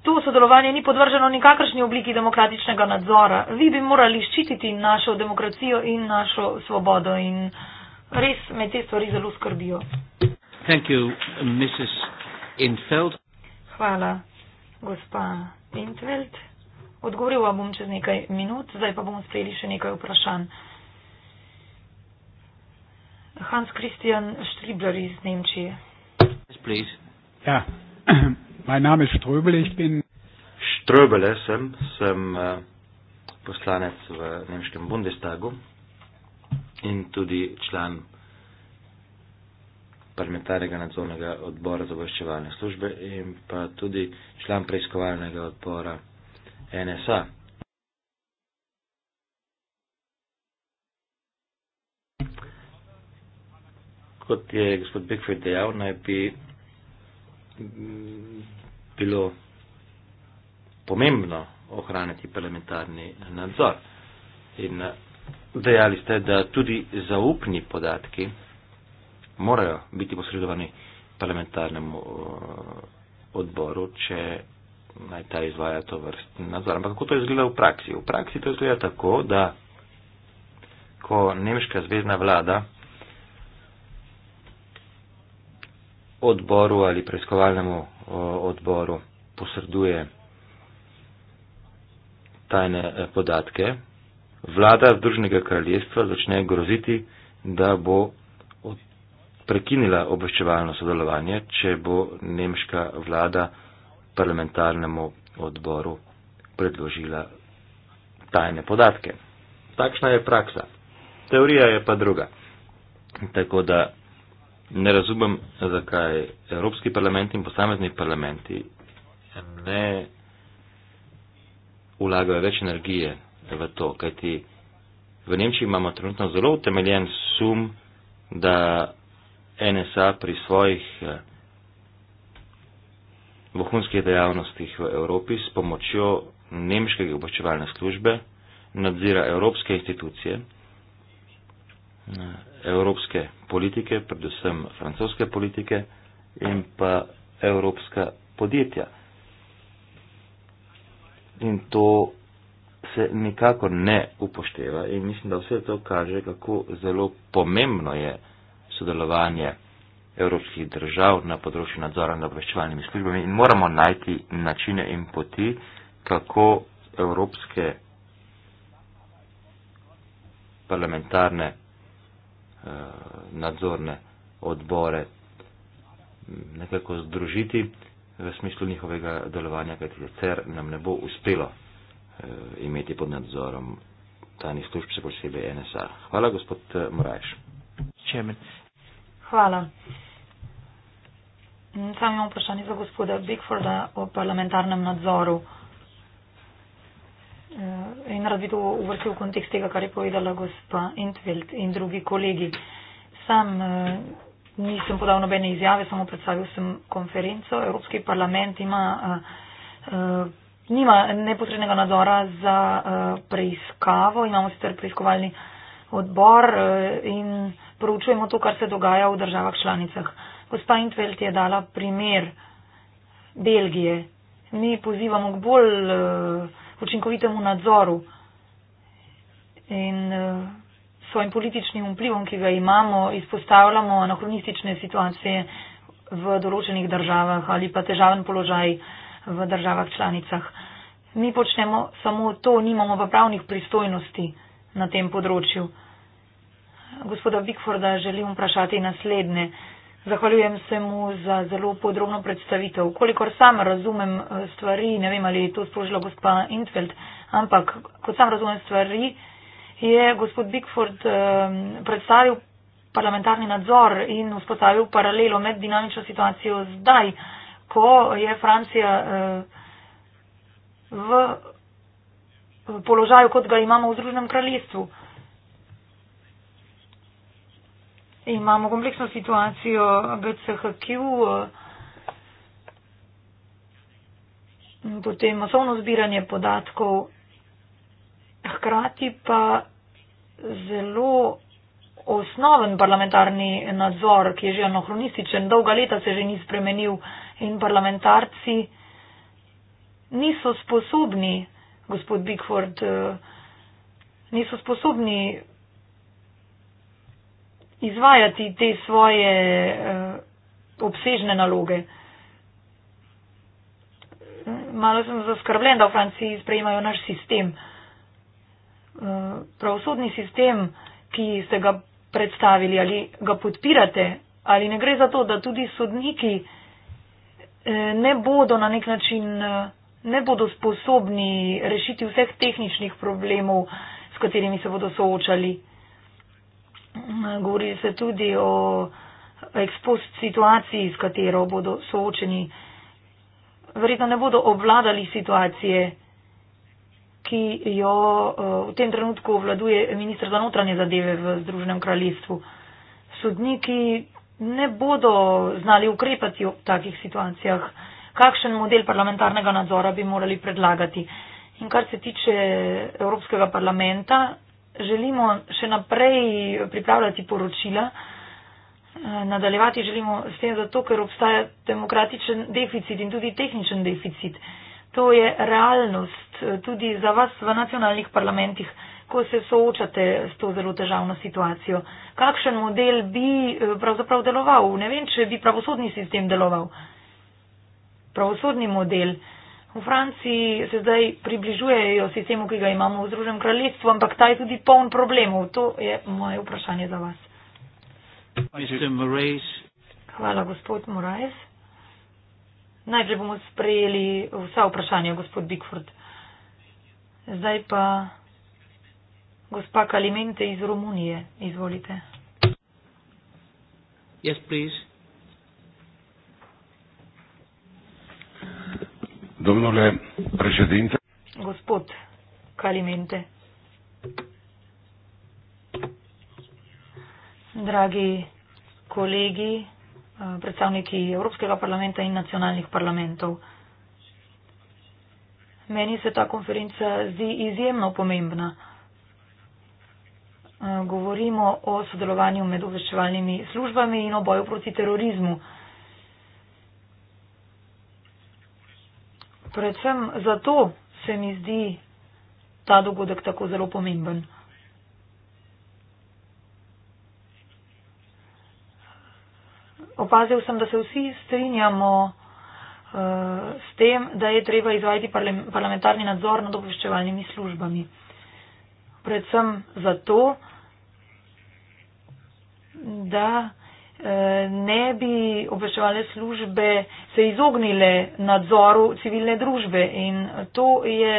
To sodelovanje ni podvrženo nikakršni obliki demokratičnega nadzora. Vi bi morali ščititi našo demokracijo in našo svobodo in res me te stvari zelo skrbijo. Thank you, Mrs. Infeld. Hvala, gospa Intveld. Odgovoril vam bom čez nekaj minut, zdaj pa bomo sprejeli še nekaj vprašanj. Hans Christian Striebler aus Nemtschee. Yes, please. Ja, mein Name ist Ströbel, ich bin. Ströbel, eh, sem, sem uh, poslanec v Nemškem Bundestagu in tudi član parlamentarnega nadzornega odbora za obveščevalne službe in pa tudi član preiskovalnega odbora NSA. kot je gospod Bigford dejal, naj bi mm, bilo pomembno ohraniti parlamentarni nadzor. In eh, dejali ste, da tudi zaupni podatki morajo biti posredovani parlamentarnemu eh, odboru, če naj ta izvaja to vrstni nadzor. Ampak kako to izgleda v praksi? V praksi to izgleda tako, da ko nemška zvezdna vlada odboru ali preiskovalnemu odboru posreduje tajne e, podatke, vlada Združenega kraljestva začne groziti, da bo prekinila obveščevalno sodelovanje, če bo nemška vlada parlamentarnemu odboru predložila tajne podatke. Takšna je praksa. Teorija je pa druga. Tako da ne razumem, zakaj Evropski parlament in posamezni parlamenti ne vlagajo več energije v to, kajti v Nemčiji imamo trenutno zelo utemeljen sum, da NSA pri svojih eh, vohunskih dejavnostih v Evropi s pomočjo nemške obveščevalne službe nadzira evropske institucije, eh, evropske politike, predvsem francoske politike in pa evropska podjetja. In to se nikako ne upošteva in mislim, da vse to kaže, kako zelo pomembno je sodelovanje evropskih držav na področju nadzora nad obveščevalnimi službami in moramo najti načine in poti, kako evropske parlamentarne Eh, nadzorne odbore mm, nekako združiti v smislu njihovega delovanja, kajti sicer nam ne bo uspelo eh, imeti pod nadzorom tajnih služb, še posebej NSA. Hvala, gospod eh, Morajš. Čemen. Hvala. Sam imam vprašanje za gospoda Bigforda o parlamentarnem nadzoru. Uh, Eh, in rad bi to uvrstil v kontekst tega, kar je povedala gospa Entveld in drugi kolegi. Sam eh, nisem podal nobene izjave, samo predstavil sem konferenco. Evropski parlament ima, eh, nima neposrednega nadzora za preiskavo, imamo sicer preiskovalni odbor in poročujemo to, kar se dogaja v državah članicah. Gospa Intveld je dala primer Belgije. Mi pozivamo k bolj uh, učinkovitemu nadzoru in eh, svojim političnim vplivom, ki ga imamo, izpostavljamo anahronistične situacije v določenih državah ali pa težaven položaj v državah članicah. Mi počnemo samo to, nimamo pa pravnih pristojnosti na tem področju. Gospoda Bigforda želim vprašati naslednje. Zahvaljujem se mu za zelo podrobno predstavitev. Kolikor sam razumem eh, stvari, ne vem, ali je to sprožila gospa Intfeld, ampak kot sam razumem stvari, je gospod Bigford eh, predstavil parlamentarni nadzor in vzpostavil paralelo med dinamično situacijo zdaj, ko je Francija eh, v položaju, kot ga imamo v Združenem kraljestvu. imamo kompleksno situacijo BCHQ, eh, potem masovno zbiranje podatkov, hkrati pa zelo osnoven parlamentarni nadzor, ki je že anohronističen, dolga leta se že ni spremenil in parlamentarci niso sposobni, gospod Bigford, eh, niso sposobni izvajati te svoje uh, obsežne naloge. Malo sem zaskrbljen, da v Franciji sprejemajo naš sistem, eh, pravosodni sistem, ki ste ga predstavili ali ga podpirate, ali ne gre za to, da tudi sodniki eh, ne bodo na nek način, ne bodo sposobni rešiti vseh tehničnih problemov, s katerimi se bodo soočali govori se tudi o ekspost situaciji, s katero bodo soočeni. Verjetno ne bodo obvladali situacije, ki jo eh, v tem trenutku obvladuje ministr za notranje zadeve v Združenem kraljestvu. Sodniki ne bodo znali ukrepati v takih situacijah, kakšen model parlamentarnega nadzora bi morali predlagati. In kar se tiče Evropskega parlamenta, želimo še naprej pripravljati poročila, eh, nadaljevati želimo s tem zato, ker obstaja demokratičen deficit in tudi tehničen deficit. To je realnost eh, tudi za vas v nacionalnih parlamentih, ko se soočate s to zelo težavno situacijo. Kakšen model bi eh, pravzaprav deloval? Ne vem, če bi pravosodni sistem deloval. Pravosodni model. V Franciji se zdaj približujejo sistemu, ki ga imamo v Združenem kraljestvu, ampak ta je tudi poln problemov. To je moje vprašanje za vas. Hvala, gospod Moraes. Najprej bomo sprejeli vsa vprašanja, gospod Bigford. Zdaj pa gospa Kalimente iz Romunije. Izvolite. Yes, please. Domnule președinte. Gospod Calimente. Dragi kolegi, predstavniki Evropskega parlamenta in nacionalnih parlamentov. Meni se ta konferenca zdi izjemno pomembna. Govorimo o sodelovanju med obveščevalnimi službami in o boju proti terorizmu. predvsem zato se mi zdi ta dogodek tako zelo pomemben. Opazil sem, da se vsi strinjamo uh, s tem, da je treba izvajati parlamentarni nadzor nad obveščevalnimi službami. Predvsem zato, da. Eh, ne bi obveščevalne službe se izognile nadzoru civilne družbe. In to je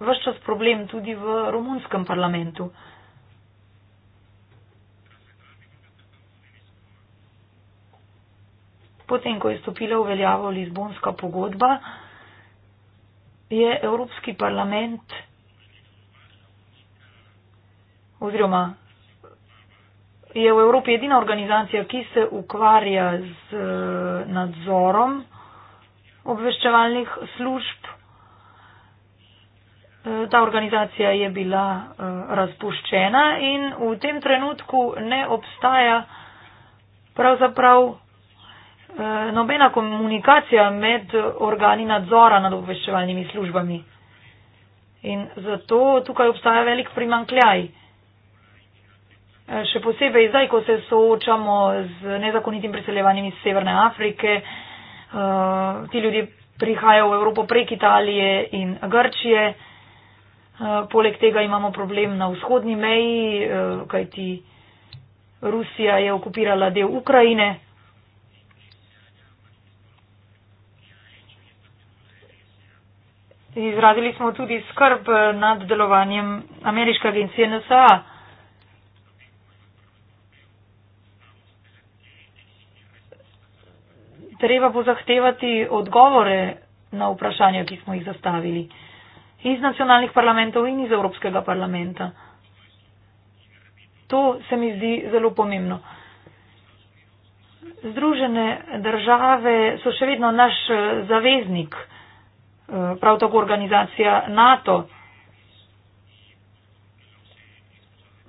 vse čas problem tudi v romunskem parlamentu. Potem, ko je stopila v veljavo Lizbonska pogodba, je Evropski parlament oziroma je v Evropi edina organizacija, ki se ukvarja z eh, nadzorom obveščevalnih služb. Eh, ta organizacija je bila eh, razpuščena in v tem trenutku ne obstaja pravzaprav nobena komunikacija med organi nadzora nad obveščevalnimi službami. In zato tukaj obstaja velik primankljaj še posebej zdaj, ko se soočamo z nezakonitim priseljevanjem iz Severne Afrike. Eh, ti ljudje prihajajo v Evropo prek Italije in Grčije. Eh, poleg tega imamo problem na vzhodni meji, eh, kajti Rusija je okupirala del Ukrajine. Izrazili smo tudi skrb nad delovanjem ameriške agencije NSA. treba bo zahtevati odgovore na vprašanja, ki smo jih zastavili iz nacionalnih parlamentov in iz Evropskega parlamenta. To se mi zdi zelo pomembno. Združene države so še vedno naš eh, zaveznik, eh, prav tako organizacija NATO.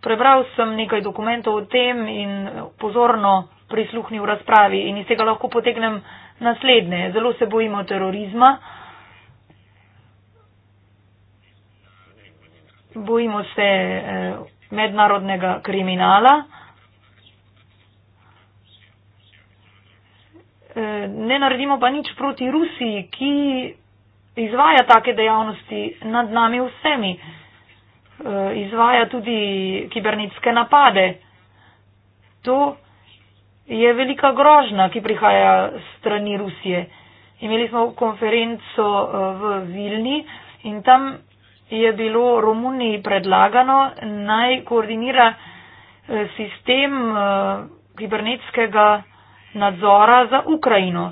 Prebral sem nekaj dokumentov o tem in pozorno prisluhnil razpravi in iz tega lahko potegnem naslednje. Zelo se bojimo terorizma. Bojimo se eh, mednarodnega kriminala. Eh, ne naredimo pa nič proti Rusiji, ki izvaja take dejavnosti nad nami vsemi. Eh, izvaja tudi kibernetske napade. To je velika grožna, ki prihaja strani Rusije. Imeli smo konferenco eh, v Vilni in tam je bilo Romuniji predlagano naj koordinira eh, sistem eh, kibernetskega nadzora za Ukrajino.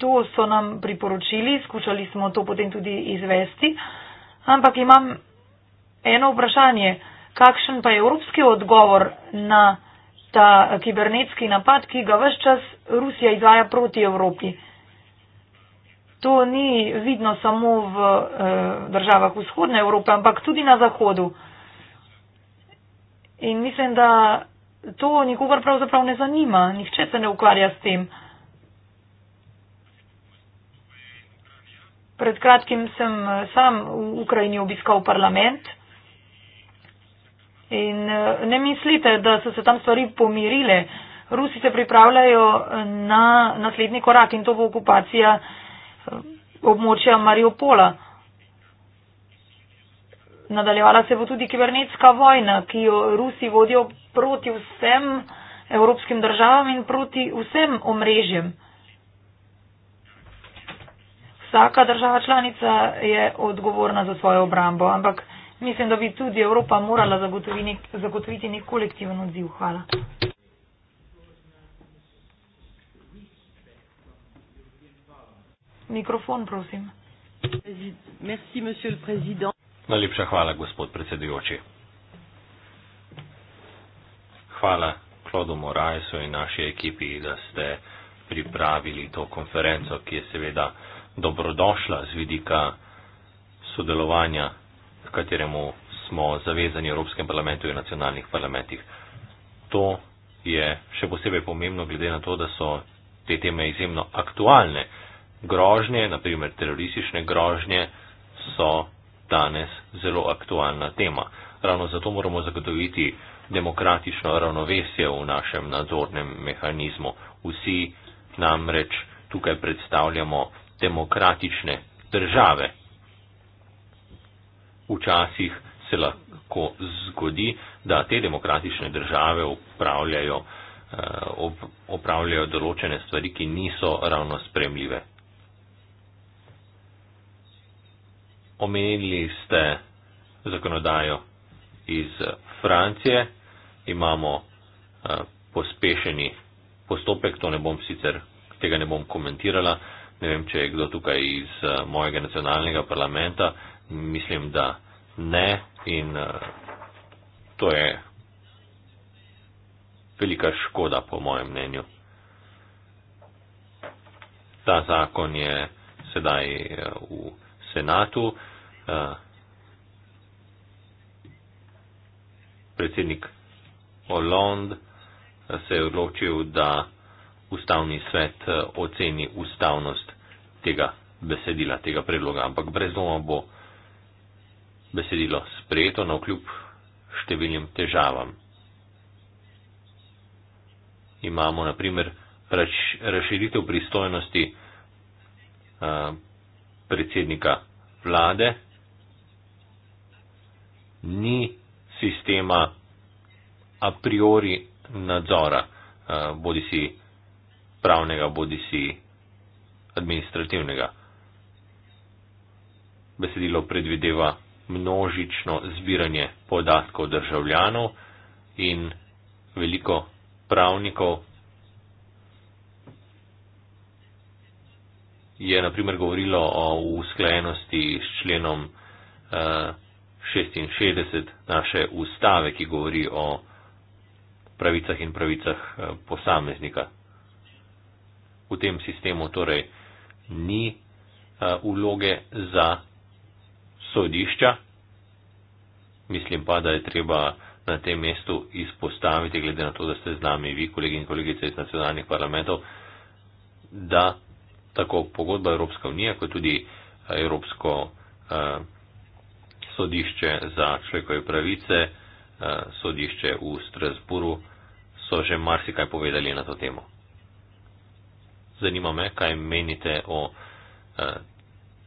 To so nam priporočili, skušali smo to potem tudi izvesti, ampak imam eno vprašanje kakšen pa je evropski odgovor na ta kibernetski napad, ki ga vse čas Rusija izvaja proti Evropi. To ni vidno samo v eh, državah vzhodne Evrope, ampak tudi na zahodu. In mislim, da to nikogar pravzaprav ne zanima, nihče se ne ukvarja s tem. Pred kratkim sem eh, sam v Ukrajini obiskal parlament. In eh, ne mislite, da so se tam stvari pomirile. Rusi se pripravljajo na naslednji korak in to bo okupacija eh, območja Mariupola. Nadaljevala se bo tudi kibernetska vojna, ki jo Rusi vodijo proti vsem evropskim državam in proti vsem omrežjem. Vsaka država članica je odgovorna za svojo obrambo, ampak Mislim, da bi tudi Evropa morala zagotoviti nek, zagotoviti nek kolektiven odziv. Hvala. Mikrofon, prosim. Merci, monsieur le président. Najlepša hvala, gospod predsedujoči. Hvala Klodu Morajsu in naši ekipi, da ste pripravili to konferenco, ki je seveda dobrodošla z vidika sodelovanja kateremu smo zavezani v Evropskem parlamentu in nacionalnih parlamentih. To je še posebej pomembno, glede na to, da so te teme izjemno aktualne. Grožnje, naprimer teroristične grožnje, so danes zelo aktualna tema. Ravno zato moramo zagotoviti demokratično ravnovesje v našem nadzornem mehanizmu. Vsi namreč tukaj predstavljamo demokratične države, včasih se lahko zgodi, da te demokratične države upravljajo, upravljajo eh, določene stvari, ki niso ravno spremljive. Omenili ste zakonodajo iz Francije, imamo eh, pospešeni postopek, to ne bom sicer, tega ne bom komentirala, ne vem, če je kdo tukaj iz eh, mojega nacionalnega parlamenta, mislim, da ne in uh, to je velika škoda, po mojem mnenju. Ta zakon je sedaj uh, v senatu. Uh, predsednik Hollande se je odločil, da ustavni svet uh, oceni ustavnost tega besedila, tega predloga, ampak brez doma bo besedilo sprejeto na vkljub številnim težavam. Imamo naprimer rač, razširitev pristojnosti uh, predsednika vlade, ni sistema a priori nadzora, uh, bodi si pravnega, bodi si administrativnega. Besedilo predvideva množično zbiranje podatkov državljanov in veliko pravnikov je naprimer govorilo o usklajenosti s členom 66 eh, naše ustave, ki govori o pravicah in pravicah eh, posameznika. V tem sistemu torej ni uh, eh, uloge za sodišča. Mislim pa, da je treba na tem mestu izpostaviti, glede na to, da ste z nami vi, kolegi in kolegice iz nacionalnih parlamentov, da tako pogodba Evropska unija, kot tudi eh, Evropsko eh, sodišče za človekove pravice, eh, sodišče v Strasburu, so že marsikaj povedali na to temo. Zanima me, kaj menite o eh,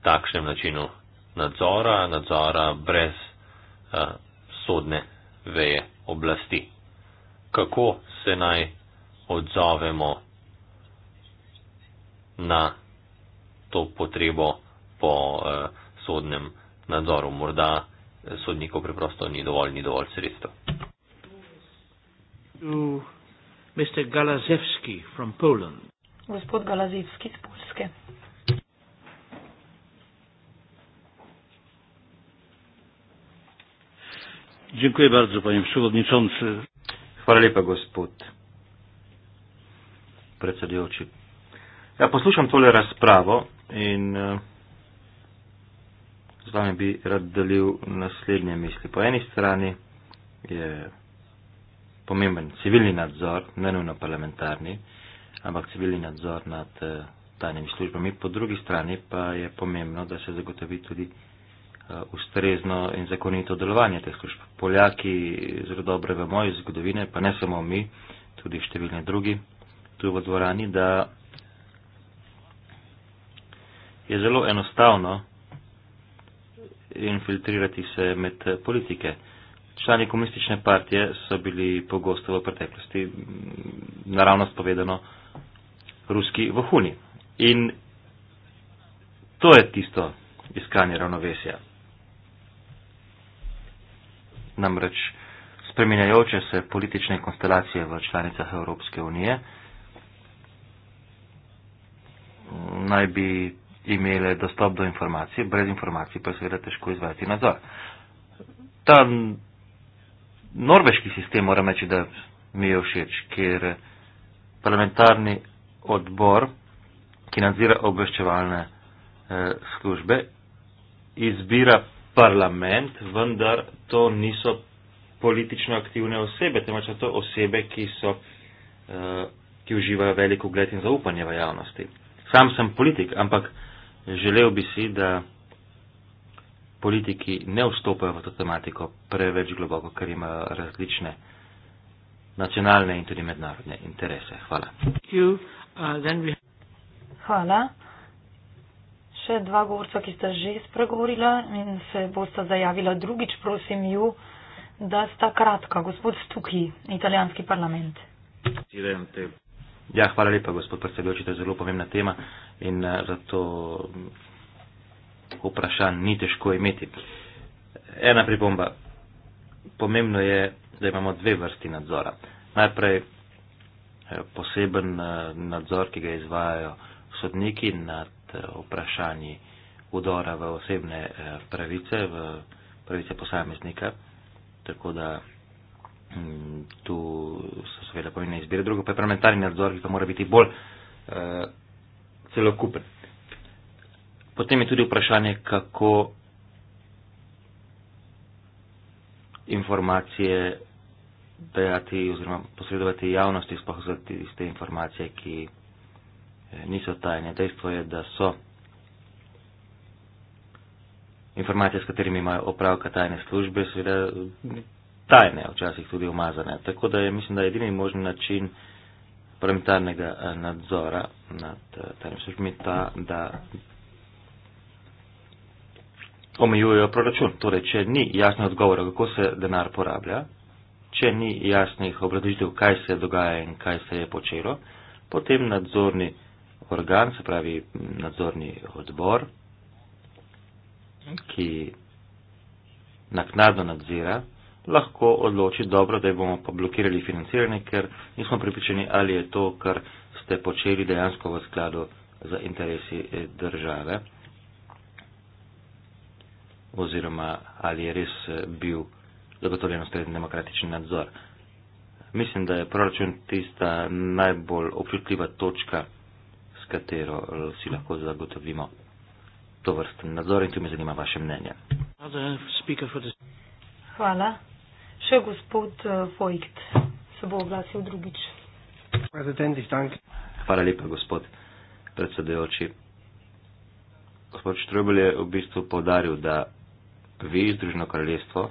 takšnem načinu nadzora, nadzora brez uh, sodne veje oblasti. Kako se naj odzovemo na to potrebo po uh, sodnem nadzoru? Morda sodnikov preprosto ni dovolj, ni dovolj sredstev. Mr. Galazevski from Poland. Gospod Galazevski iz Polske. Dziękuję bardzo, panie przewodniczący. Chwała lepa, gospod predsedujący. Ja posłucham tole rozprawę i eh, z wami by rad delił następne myśli. Po jednej stronie je pomemben civilni nadzor, ne nujno parlamentarni, ampak civilni nadzor nad eh, tajnimi službami. Po drugi strani pa je pomembno, da se zagotovi tudi Eh, ustrezno in zakonito delovanje teh služb. Poljaki zelo dobro vemo iz zgodovine, pa ne samo mi, tudi številni drugi tu v dvorani, da je zelo enostavno infiltrirati se med politike. Člani komunistične partije so bili pogosto v preteklosti, mm, naravnost povedano, ruski vohuni. In to je tisto iskanje ravnovesja namreč spreminjajoče se politične konstelacije v članicah Evropske unije naj bi imele dostop do informacij, brez informacij pa je seveda težko izvajati nadzor. Ta norveški sistem, moram reči, da mi je všeč, ker parlamentarni odbor, ki nadzira obveščevalne eh, službe, izbira parlament, vendar to niso politično aktivne osebe, temveč so to osebe, ki, so, eh, ki uživajo veliko gled in zaupanje v javnosti. Sam sem politik, ampak želel bi si, da politiki ne vstopajo v to tematiko preveč globoko, ker imajo različne nacionalne in tudi mednarodne interese. Hvala. Uh, Hvala še dva govorca, ki sta že spregovorila in se bosta zajavila drugič, prosim ju, da sta kratka. Gospod Stuki, italijanski parlament. Ja, hvala lepa, gospod predsedujoči, to je zelo pomembna tema in eh, zato vprašanj ni težko imeti. Ena pripomba. Pomembno je, da imamo dve vrsti nadzora. Najprej eh, poseben eh, nadzor, ki ga izvajajo sodniki nad vprašanji udora v osebne eh, pravice, v pravice posameznika. Tako da mm, tu so seveda pomembne izbire. Drugo pa je parlamentarni nadzor, ki pa mora biti bolj uh, celokupen. Potem je tudi vprašanje, kako informacije dajati oziroma posredovati javnosti, spohozati iz te informacije, ki niso tajne. Dejstvo je, da so informacije, s katerimi imajo opravka tajne službe, seveda tajne, včasih tudi umazane. Tako da je, mislim, da je edini možen način parlamentarnega eh, nadzora nad eh, tajnim službami ta, da omejujejo proračun. Torej, če ni jasnih odgovorov, kako se denar porablja, če ni jasnih obrazložitev, kaj se dogaja in kaj se je počelo, potem nadzorni organ, se pravi nadzorni odbor, ki naknadno nadzira, lahko odloči dobro, da bomo pa blokirali financiranje, ker nismo pripričani, ali je to, kar ste počeli dejansko v skladu za interesi eh, države oziroma ali je res eh, bil zagotovljen ustrezen demokratični nadzor. Mislim, da je proračun tista najbolj občutljiva točka katero eh, si lahko zagotovimo to vrsten nadzor in tu me zanima vaše mnenje. Hvala. Še gospod eh, Vojkt se bo oglasil drugič. Hvala lepa, gospod predsedujoči. Gospod Štrobel je v bistvu povdaril, da vi, Združeno kraljestvo,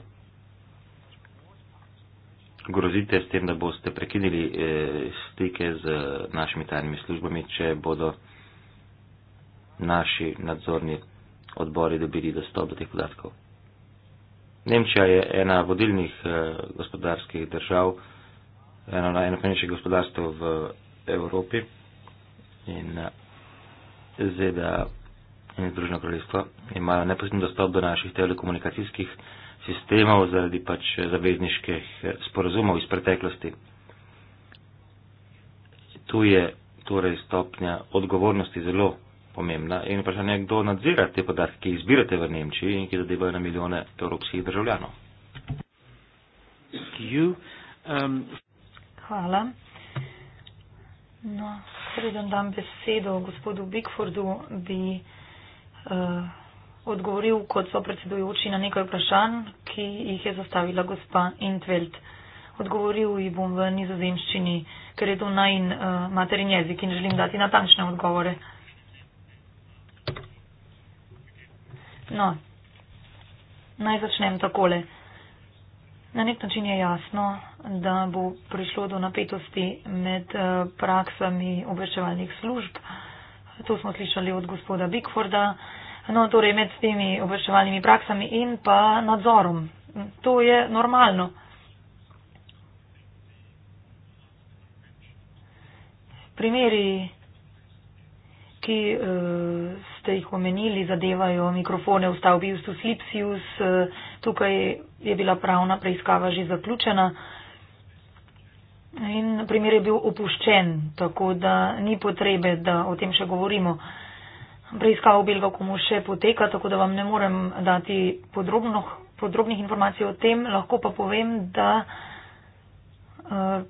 grozite s tem, da boste prekinili eh, stike z našimi tajnimi službami, če bodo naši nadzorni odbori dobili dostop do teh podatkov. Nemčija je ena vodilnih eh, gospodarskih držav, eno najenopenjših gospodarstv v Evropi in eh, ZDA in Združeno kraljestvo imajo neposredni dostop do naših telekomunikacijskih eh, sistemov, zaradi pač zavezniških sporazumov iz preteklosti. Tu je torej stopnja odgovornosti zelo pomembna in vprašanje, kdo nadzira te podatke, ki jih zbirate v Nemčiji in ki zadevajo na milijone evropskih državljanov. Um, Hvala. No, predem dam besedo gospodu Bigfordu, bi uh, odgovoril kot so predsedujoči na nekaj vprašanj, ki jih je zastavila gospa Intveld. Odgovoril ji bom v nizozemščini, ker je to naj in uh, eh, materin jezik in želim dati natančne odgovore. No, naj začnem takole. Na nek način je jasno, da bo prišlo do napetosti med uh, praksami obveščevalnih služb. To smo slišali od gospoda Bigforda. Uh, No, torej med temi obveščevalnimi praksami in pa nadzorom. To je normalno. Primeri, ki uh, ste jih omenili, zadevajo mikrofone v stavbi Justus Lipsius. Uh, tukaj je bila pravna preiskava že zaključena. In primer je bil opuščen, tako da ni potrebe, da o tem še govorimo. Uh, preiskava v Belgakomu še poteka, tako da vam ne morem dati podrobno, podrobnih informacij o tem. Lahko pa povem, da uh,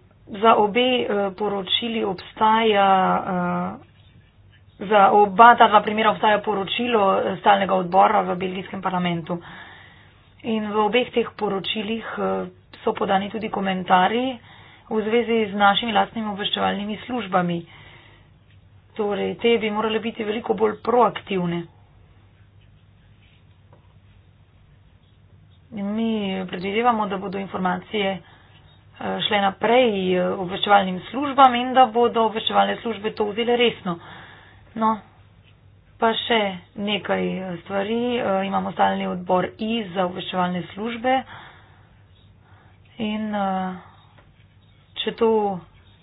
za obe uh, poročili obstaja. Uh, Za oba ta dva primera obstaja poročilo stalnega odbora v belgijskem parlamentu. In v obeh teh poročilih so podani tudi komentarji v zvezi z našimi lastnimi obveščevalnimi službami. Torej, te bi morale biti veliko bolj proaktivne. Mi predvidevamo, da bodo informacije eh, šle naprej eh, obveščevalnim službam in da bodo obveščevalne službe to vzele resno. No, pa še nekaj eh, stvari. Imamo stalni odbor I za obveščevalne službe. In če to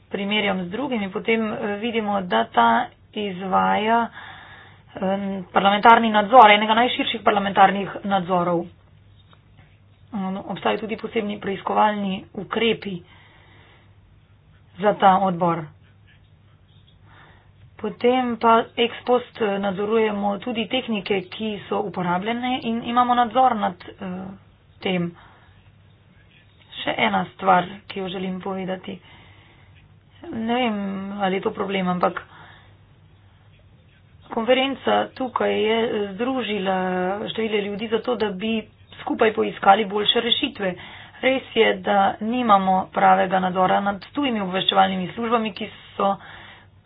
primerjam z drugimi, potem eh, vidimo, da ta izvaja eh, parlamentarni nadzor, enega najširših parlamentarnih nadzorov. Obstajajo tudi posebni preiskovalni ukrepi za ta odbor. Potem pa ex post eh, nadzorujemo tudi tehnike, ki so uporabljene in imamo nadzor nad uh, tem. Še ena stvar, ki jo želim povedati. Uh, ne vem, ali je to problem, ampak konferenca tukaj je združila številne ljudi zato, da bi skupaj poiskali boljše rešitve. Res je, da nimamo pravega nadzora nad tujimi obveščevalnimi službami, ki so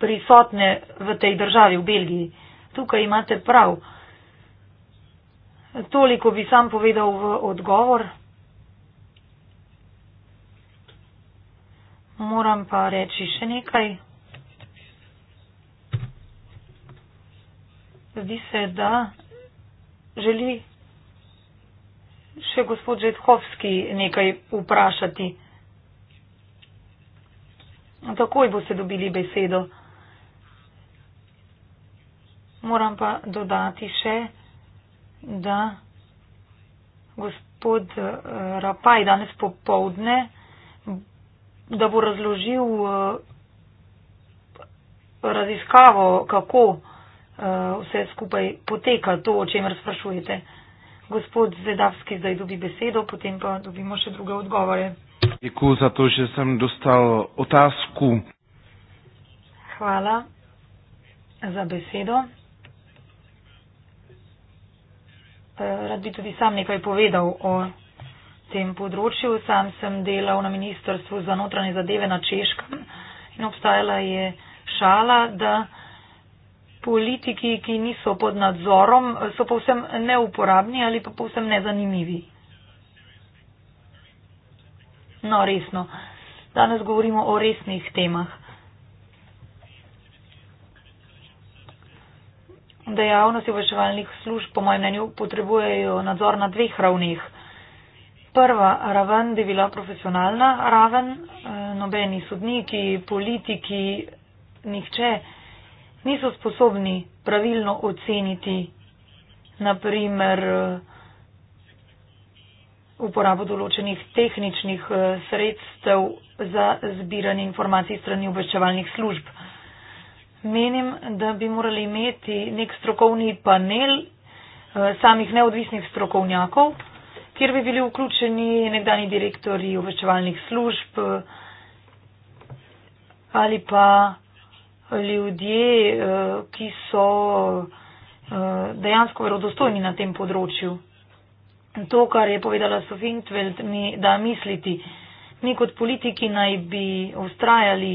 prisotne v tej državi, v Belgiji. Tukaj imate prav. Toliko bi sam povedal v odgovor. moram pa reči še nekaj. Zdi se, da želi še gospod Žetkovski nekaj vprašati. Takoj boste dobili besedo. Moram pa dodati še, da gospod eh, Rapaj danes popovdne da bo razložil eh, raziskavo, kako eh, vse skupaj poteka, to, o čem razprašujete. Gospod Zedavski zdaj dobi besedo, potem pa dobimo še druge odgovore. Eko, zato, že sem dostal otasku. Hvala za besedo. Eh, rad bi tudi sam nekaj povedal o tem področju. Sam sem delal na Ministrstvu za notranje zadeve na Češkem in obstajala je šala, da politiki, ki niso pod nadzorom, so povsem neuporabni ali pa povsem nezanimivi. No, resno. Danes govorimo o resnih temah. Dejavnosti obveščevalnih služb, po mojem mnenju, potrebujejo nadzor na dveh ravneh prva raven bi bila profesionalna raven, eh, nobeni sodniki, politiki, nihče niso sposobni pravilno oceniti, naprimer, eh, uporabo določenih tehničnih eh, sredstev za zbiranje informacij strani obveščevalnih služb. Menim, da bi morali imeti nek strokovni panel samih neodvisnih strokovnjakov, kjer bi bili vključeni nekdani direktori obveščevalnih služb ali pa ljudje, eh, ki so eh, dejansko verodostojni na tem področju. To, kar je povedala Sofintveld, mi da misliti. Mi kot politiki naj bi ustrajali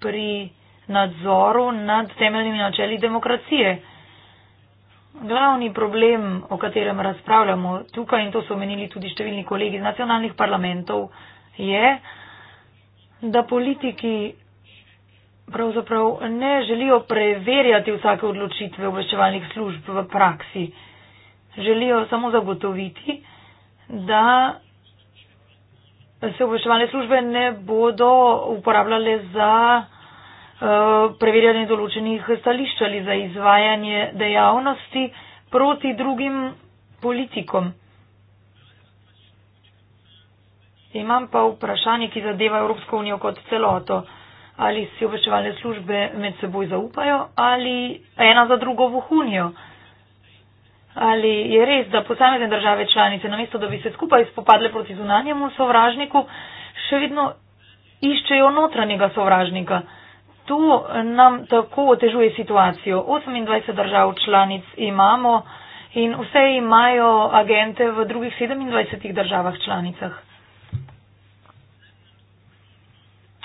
pri nadzoru nad temeljnimi načeli demokracije glavni problem, o katerem razpravljamo tukaj in to so omenili tudi številni kolegi iz nacionalnih parlamentov, je, da politiki pravzaprav ne želijo preverjati vsake odločitve obveščevalnih služb v praksi. Želijo samo zagotoviti, da se obveščevalne službe ne bodo uporabljale za Eh, preverjanje določenih stališč ali za izvajanje dejavnosti proti drugim politikom. Imam pa vprašanje, ki zadeva Evropsko unijo kot celoto. Ali si obveščevalne službe med seboj zaupajo ali ena za drugo vohunijo? Ali je res, da posamezne države članice, namesto da bi se skupaj spopadle proti zunanjemu sovražniku, še vedno iščejo notranjega sovražnika? to nam tako otežuje situacijo. 28 držav članic imamo in vse imajo agente v drugih 27 državah članicah.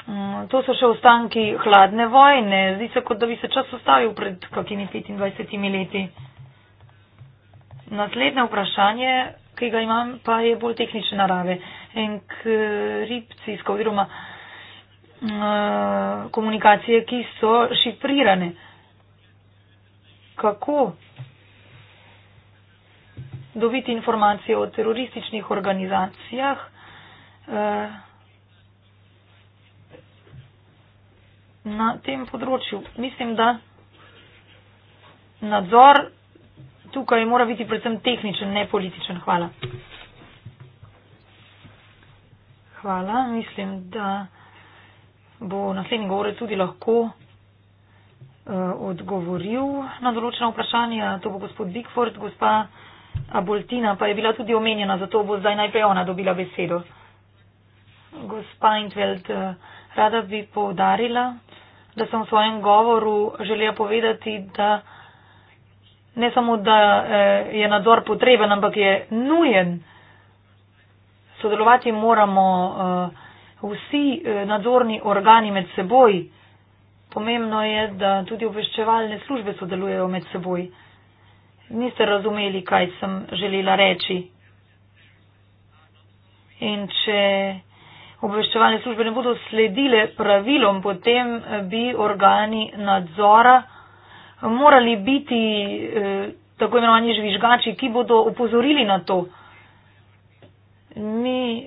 Mm, to so še ostanki hladne vojne. Zdi se, kot da bi se čas ustavil pred kakimi 25 leti. Naslednje vprašanje, ki ga imam, pa je bolj tehnične narave. Enkripcijsko, oziroma. Eh, komunikacije, ki so šifrirane. Kako dobiti informacije o terorističnih organizacijah? Eh, na tem področju mislim, da nadzor tukaj mora biti predvsem tehničen, ne političen. Hvala. Hvala. Mislim, da bo v naslednji govor tudi lahko uh, odgovoril na določena vprašanja. To bo gospod Bigford, gospa Aboltina pa je bila tudi omenjena, zato bo zdaj najprej ona dobila besedo. Gospa Intveld, eh, rada bi povdarila, da sem v svojem govoru želela povedati, da ne samo, da eh, je nadzor potreben, ampak je nujen. Sodelovati moramo. Uh, vsi eh, nadzorni organi med seboj. Pomembno je, da tudi obveščevalne službe sodelujejo med seboj. Niste razumeli, kaj sem želela reči. In če obveščevalne službe ne bodo sledile pravilom, potem eh, bi organi nadzora eh, morali biti tako imenovani žvižgači, ki bodo upozorili na to. Mi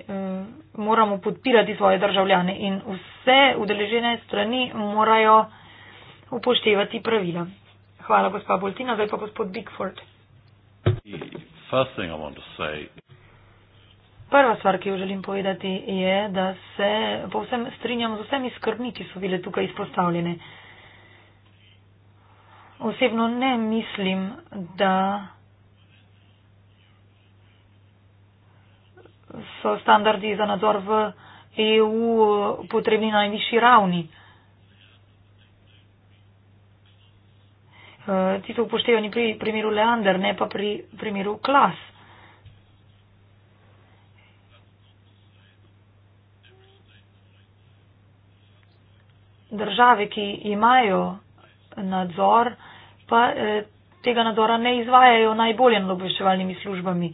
moramo podpirati svoje državljane in vse udeležene strani morajo upoštevati pravila. Hvala, gospa Boltina. Zdaj pa gospod Bigford. Prva stvar, ki jo želim povedati, je, da se povsem strinjam z vsemi skrbmi, ki so bile tukaj izpostavljene. Osebno ne mislim, da. so standardi za nadzor v EU eh, potrebni na najvišji ravni. Eh, ti so upoštevani pri primeru Leander, ne pa pri primeru Klas. Države, ki imajo nadzor, pa eh, tega nadzora ne izvajajo najbolje nad obveščevalnimi službami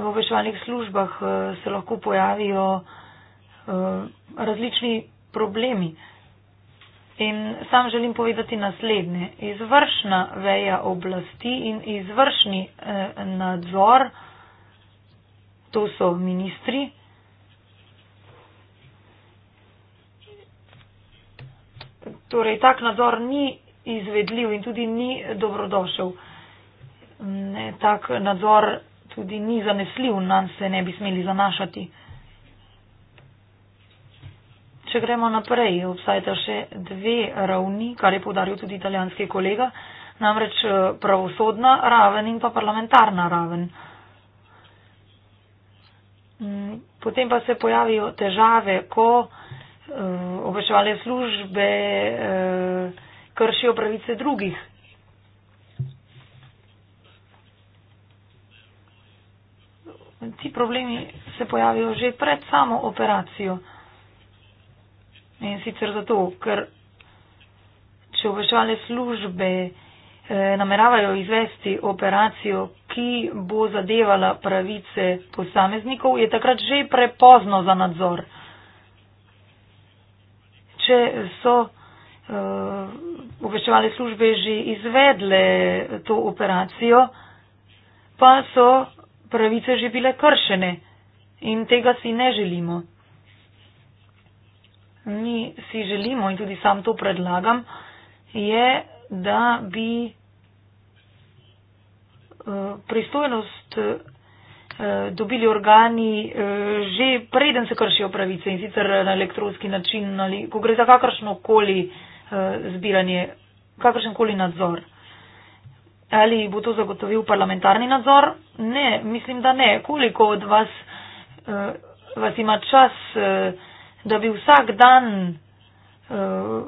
v obveščevalnih službah eh, se lahko pojavijo eh, različni problemi. In sam želim povedati naslednje. Izvršna veja oblasti in izvršni eh, nadzor, to so ministri, torej tak nadzor ni izvedljiv in tudi ni dobrodošel. Mm, tak nadzor tudi ni zanesljiv, nam se ne bi smeli zanašati. Če gremo naprej, obstajata še dve ravni, kar je povdaril tudi italijanski kolega, namreč eh, pravosodna raven in pa parlamentarna raven. Mm, potem pa se pojavijo težave, ko eh, obveščevalne službe eh, kršijo pravice drugih ti problemi se pojavijo že pred samo operacijo. In sicer zato, ker če obveščevalne službe eh, nameravajo izvesti operacijo, ki bo zadevala pravice posameznikov, je takrat že prepozno za nadzor. Če so eh, obveščevalne službe že izvedle to operacijo, pa so pravice že bile kršene in tega si ne želimo. Mi si želimo in tudi sam to predlagam, je, da bi eh, pristojnost eh, dobili organi eh, že preden se kršijo pravice in sicer na elektronski način ali ko gre za kakršno koli zbiranje, kakršen koli nadzor ali bo to zagotovil parlamentarni nadzor? Ne, mislim, da ne. Koliko od vas, uh, vas ima čas, uh, da bi vsak dan uh,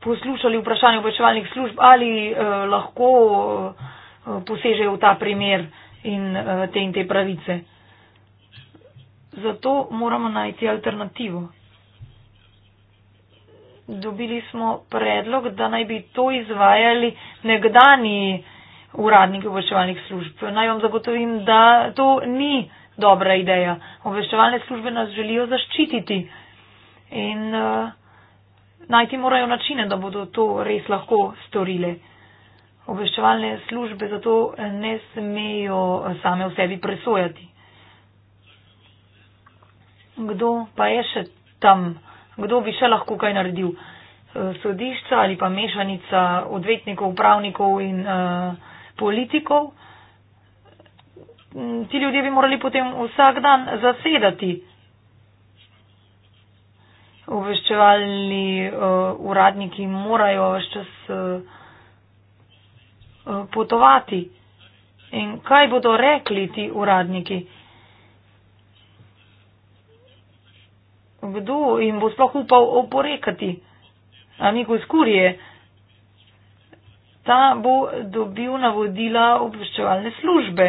poslušali vprašanje obveščevalnih služb, ali uh, lahko uh, posežejo v ta primer in uh, te in te pravice? Zato moramo najti alternativo dobili smo predlog, da naj bi to izvajali nekdani uradniki obveščevalnih služb. Naj vam zagotovim, da to ni dobra ideja. Obveščevalne službe nas želijo zaščititi in uh, najti morajo načine, da bodo to res lahko storile. Obveščevalne službe zato ne smejo same v sebi presojati. Kdo pa je še tam? kdo bi še lahko kaj naredil. Eh, sodišča ali pa mešanica odvetnikov, upravnikov in uh, politikov. Mm, ti ljudje bi morali potem vsak dan zasedati obveščevalni uh, uradniki, morajo vse čas uh, potovati. In kaj bodo rekli ti uradniki? kdo jim bo sploh upal oporekati. Amigo Skurje, ta bo dobil navodila obveščevalne službe.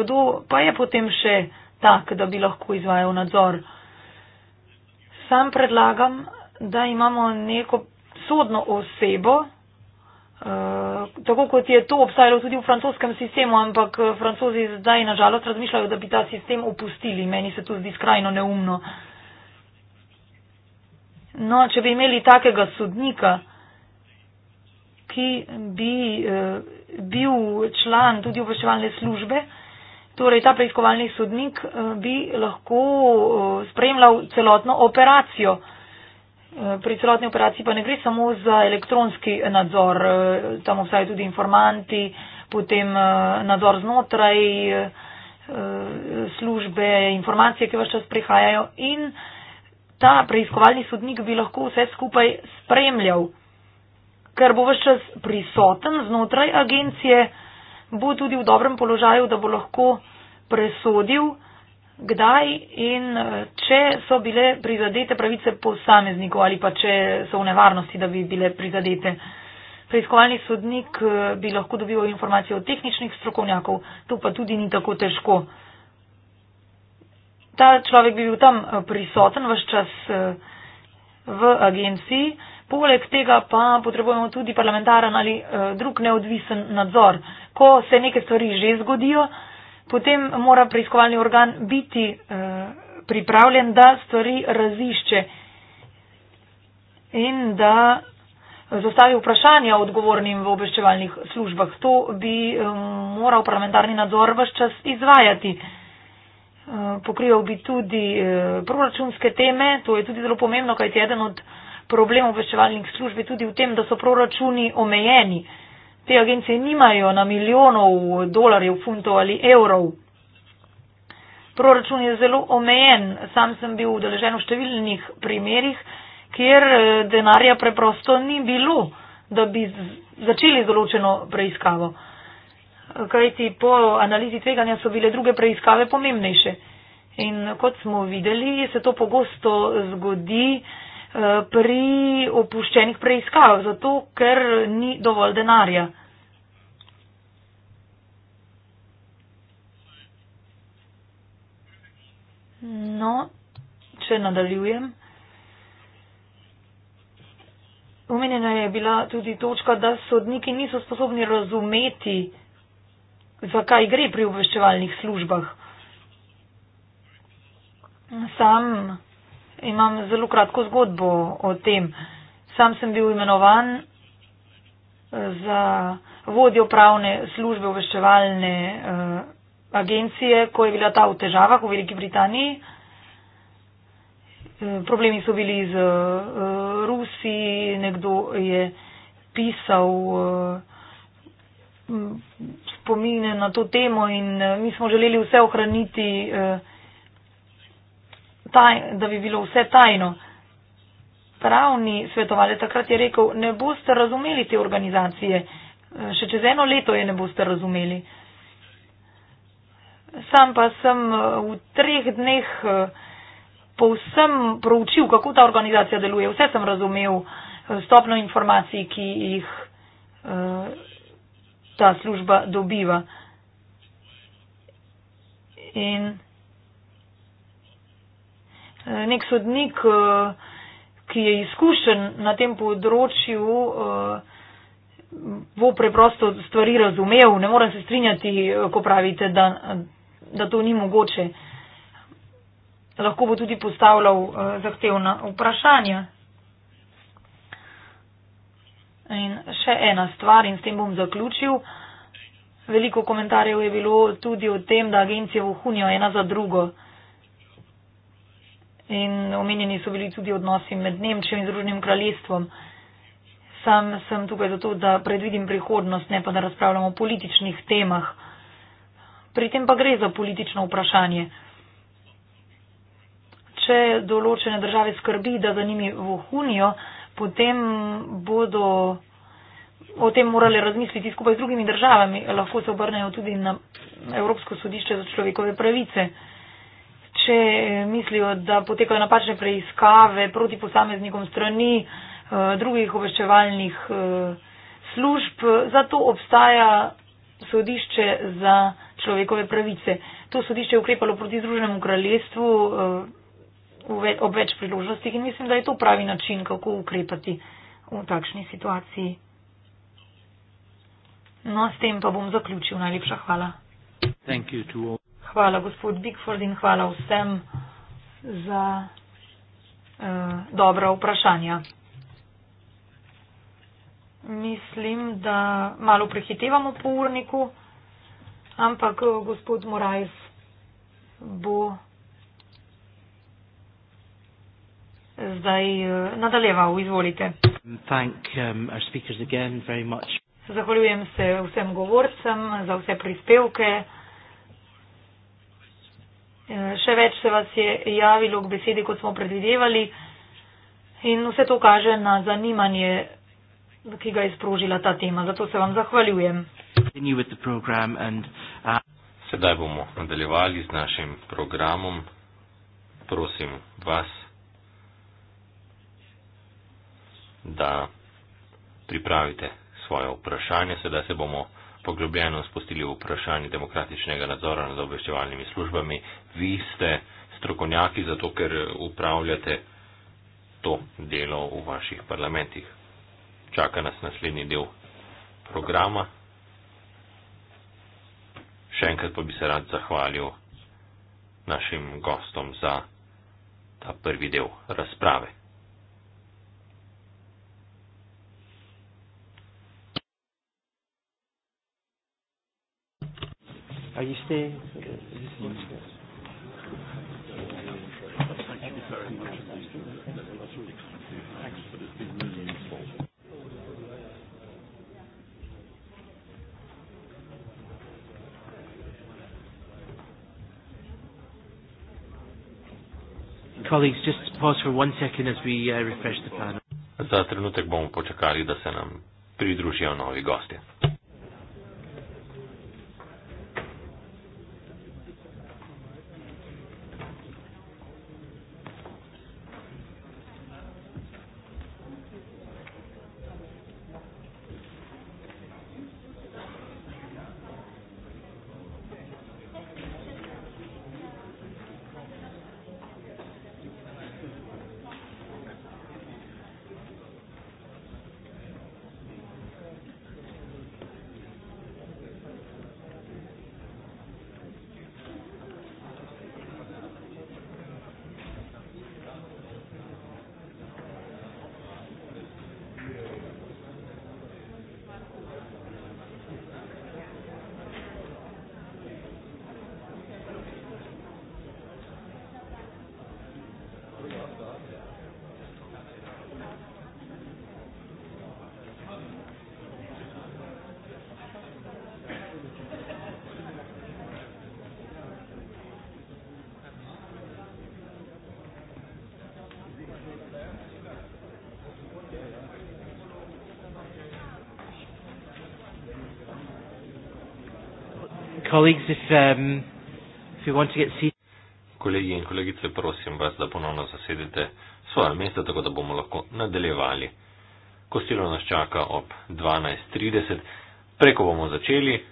Kdo pa je potem še tak, da bi lahko izvajal nadzor? Sam predlagam, da imamo neko sodno osebo, eh, tako kot je to obstajalo tudi v francoskem sistemu, ampak eh, francozi zdaj nažalost razmišljajo, da bi ta sistem opustili. Meni se to zdi skrajno neumno. No, če bi imeli takega sodnika, ki bi eh, bil član tudi obveščevalne službe, torej ta preiskovalni sodnik eh, bi lahko eh, spremljal celotno operacijo. Pri celotni operaciji pa ne gre samo za elektronski nadzor, tam obstajajo tudi informanti, potem nadzor znotraj službe, informacije, ki vse čas prihajajo in ta preiskovalni sodnik bi lahko vse skupaj spremljal, ker bo vse čas prisoten znotraj agencije, bo tudi v dobrem položaju, da bo lahko presodil, kdaj in eh, če so bile prizadete pravice posameznikov ali pa če so v nevarnosti, da bi bile prizadete. Preiskovalni sodnik eh, bi lahko dobival informacije od tehničnih strokovnjakov, to pa tudi ni tako težko ta človek bi bil tam eh, prisoten vse čas eh, v agenciji. Poleg tega pa potrebujemo tudi parlamentaren ali eh, drug neodvisen nadzor. Ko se neke stvari že zgodijo, potem mora preiskovalni organ biti pripravljen, da stvari razišče in da zastavi vprašanja odgovornim v obveščevalnih službah. To bi moral parlamentarni nadzor vse čas izvajati pokrival bi tudi eh, proračunske teme, to je tudi zelo pomembno, kajti eden od problemov obveščevalnih služb je tudi v tem, da so proračuni omejeni. Te agencije nimajo na milijonov dolarjev, funtov ali evrov. Proračun je zelo omejen. Sam sem bil udeležen v številnih primerih, kjer eh, denarja preprosto ni bilo, da bi začeli določeno preiskavo kajti po analizi tveganja so bile druge preiskave pomembnejše. In kot smo videli, se to pogosto zgodi eh, pri opuščenih preiskavah, zato ker ni dovolj denarja. No, če nadaljujem. Omenjena je bila tudi točka, da sodniki niso sposobni razumeti, zakaj gre pri obveščevalnih službah. Sam imam zelo kratko zgodbo o tem. Sam sem bil imenovan eh, za vodjo pravne službe obveščevalne eh, agencije, ko je bila ta v težavah v Veliki Britaniji. Eh, problemi so bili z uh, Rusi, nekdo je pisal uh, spomine na to temo in eh, mi smo želeli vse ohraniti, eh, taj, da bi bilo vse tajno. Pravni svetovalec takrat je rekel, ne boste razumeli te organizacije, eh, še čez eno leto je ne boste razumeli. Sam pa sem v treh dneh povsem proučil, kako ta organizacija deluje. Vse sem razumel, stopno informacij, ki jih ta služba dobiva. In eh, nek sodnik, eh, ki je izkušen na tem področju, eh, bo preprosto stvari razumev. Ne morem se strinjati, ko pravite, da, da to ni mogoče. Lahko bo tudi postavljal zahtevna vprašanja. In še ena stvar in s tem bom zaključil. Veliko komentarjev je bilo tudi o tem, da agencije vohunijo ena za drugo. In omenjeni so bili tudi odnosi med Nemčijo in Združenim kraljestvom. Sam sem tukaj zato, da predvidim prihodnost, ne pa da razpravljamo o političnih temah. Pri tem pa gre za politično vprašanje. Če določene države skrbi, da za njimi vohunijo, potem bodo o tem morali razmisliti skupaj z drugimi državami. Lahko se obrnejo tudi na Evropsko sodišče za človekove pravice. Če mislijo, da potekajo napačne preiskave proti posameznikom strani eh, drugih obveščevalnih eh, služb, zato obstaja sodišče za človekove pravice. To sodišče je ukrepalo proti Združenemu kraljestvu eh, ve, ob več priložnostih in mislim, da je to pravi način, kako ukrepati v takšni situaciji. No, s tem pa bom zaključil. Najlepša hvala. Hvala, gospod Bigford, in hvala vsem za eh, dobra vprašanja. Mislim, da malo prehitevamo po urniku, ampak eh, gospod Morajs bo zdaj eh, nadaljeval. Izvolite. Thank, um, again, Zahvaljujem se vsem govorcem za vse prispevke. Eh, še več se vas je javilo k besedi, kot smo predvidevali. In vse to kaže na zanimanje, ki ga je sprožila ta tema. Zato se vam zahvaljujem. Uh, Sedaj bomo nadaljevali z našim programom. Prosim vas, da pripravite svoje vprašanje. Sedaj se bomo poglobljeno spustili v vprašanje demokratičnega nadzora nad obveščevalnimi službami. Vi ste strokovnjaki zato, ker upravljate to delo v vaših parlamentih. Čaka nas naslednji del programa. Še enkrat pa bi se rad zahvalil našim gostom za ta prvi del razprave. Are you staying? Colleagues, just pause for one second as we uh, refresh the panel. Za trenutek bomo počakali, da se nam pridružijo novi gosti. colleagues, if um, if you want to get seated. Kolegi in kolegice, prosim vas, da ponovno zasedete svoje mesto, tako da bomo lahko nadaljevali. Kostilo nas čaka ob 12.30. Preko bomo začeli,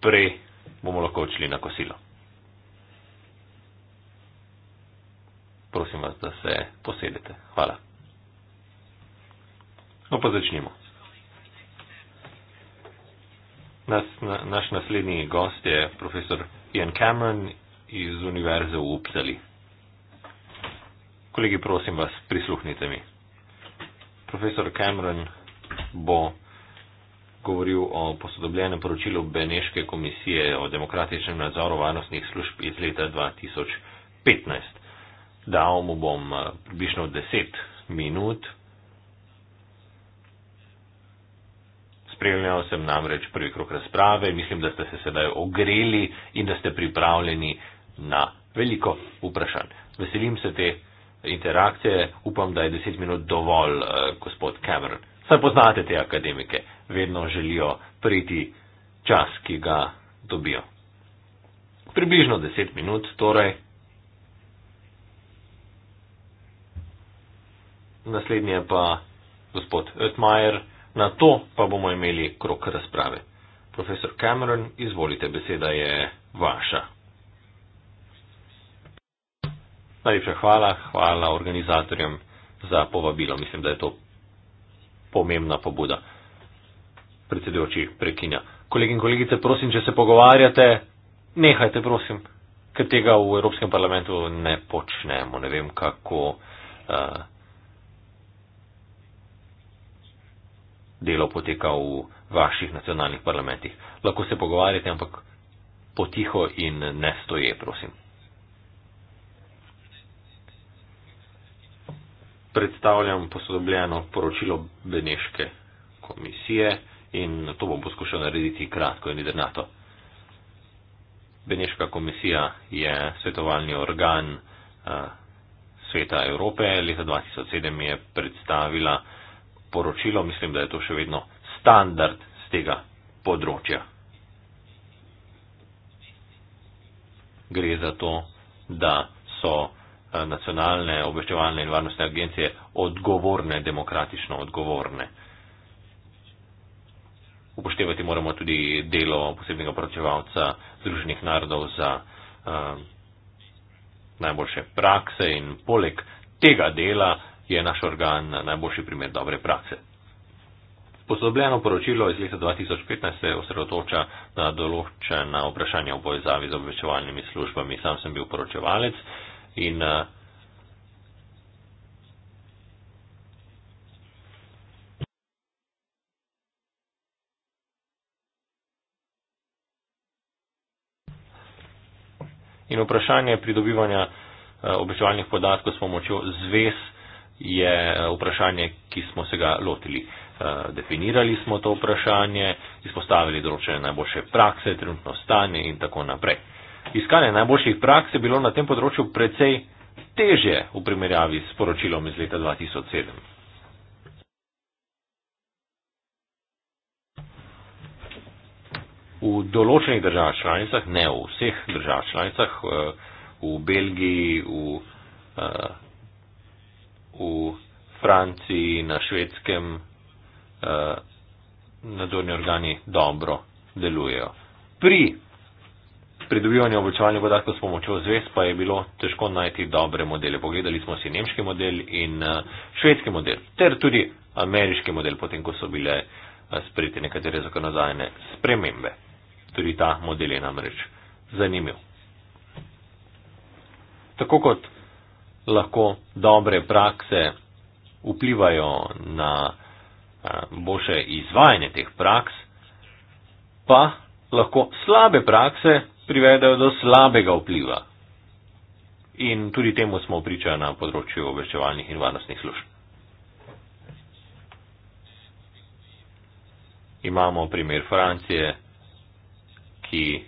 prej bomo lahko odšli na kosilo. Prosim vas, da se posedete. Hvala. No pa začnimo. Nas, na, naš naslednji gost je profesor Ian Cameron iz Univerze v Upsali. Kolegi, prosim vas, prisluhnite mi. Profesor Cameron bo govoril o posodobljenem poročilu Beneške komisije o demokratičnem nadzoru varnostnih služb iz leta 2015. Dal mu bom eh, približno 10 minut, spremljal sem namreč prvi krok razprave, mislim, da ste se sedaj ogreli in da ste pripravljeni na veliko vprašanj. Veselim se te interakcije, upam, da je deset minut dovolj, eh, gospod Cameron. Saj poznate te akademike, vedno želijo priti čas, ki ga dobijo. Približno deset minut, torej. Naslednji je pa gospod Oetmajer. Na to pa bomo imeli krok razprave. Profesor Cameron, izvolite, beseda je vaša. Najlepša hvala, hvala organizatorjem za povabilo. Mislim, da je to pomembna pobuda. Predsedujoči prekinja. Kolegi in kolegice, prosim, če se pogovarjate, nehajte, prosim, ker tega v Evropskem parlamentu ne počnemo. Ne vem, kako. Uh, delo poteka v vaših nacionalnih parlamentih. Lahko se pogovarjate, ampak potiho in ne stoje, prosim. Predstavljam posodobljeno poročilo Beneške komisije in to bom poskušal narediti kratko in jedrnato. Beneška komisija je svetovalni organ uh, Sveta Evrope. Leta 2007 je predstavila uh, poročilo, mislim, da je to še vedno standard z tega področja. Gre za to, da so eh, nacionalne obveščevalne in varnostne agencije odgovorne, demokratično odgovorne. Upoštevati moramo tudi delo posebnega poročevalca Združenih narodov za uh, najboljše prakse in poleg tega dela uh, je naš organ najboljši primer dobre prakse. Posobljeno poročilo iz leta 2015 se osredotoča na določena vprašanja v povezavi z obveščevalnimi službami. Sam sem bil poročevalec in eh, In vprašanje pridobivanja eh, obveščevalnih podatkov s pomočjo zvez je eh, vprašanje, ki smo se ga lotili. Eh, definirali smo to vprašanje, izpostavili določene najboljše prakse, trenutno stanje in tako naprej. Iskanje najboljših praks je bilo na tem področju precej teže v primerjavi s poročilom iz leta 2007. V določenih državah članicah, ne v vseh državah članicah, eh, v Belgiji, v v Franciji, na švedskem eh, nadzorni organi dobro delujejo. Pri pridobivanju obočevalnih podatkov s pomočjo zvez pa je bilo težko najti dobre modele. Pogledali smo si nemški model in eh, švedski model, ter tudi ameriški model, potem ko so bile eh, sprejete nekatere zakonodajne spremembe. Tudi ta model je namreč zanimiv. Tako kot lahko dobre prakse vplivajo na eh, boljše izvajanje teh praks, pa lahko slabe prakse privedajo do slabega vpliva. In tudi temu smo pričali na področju obveščevalnih in varnostnih služb. Imamo primer Francije, ki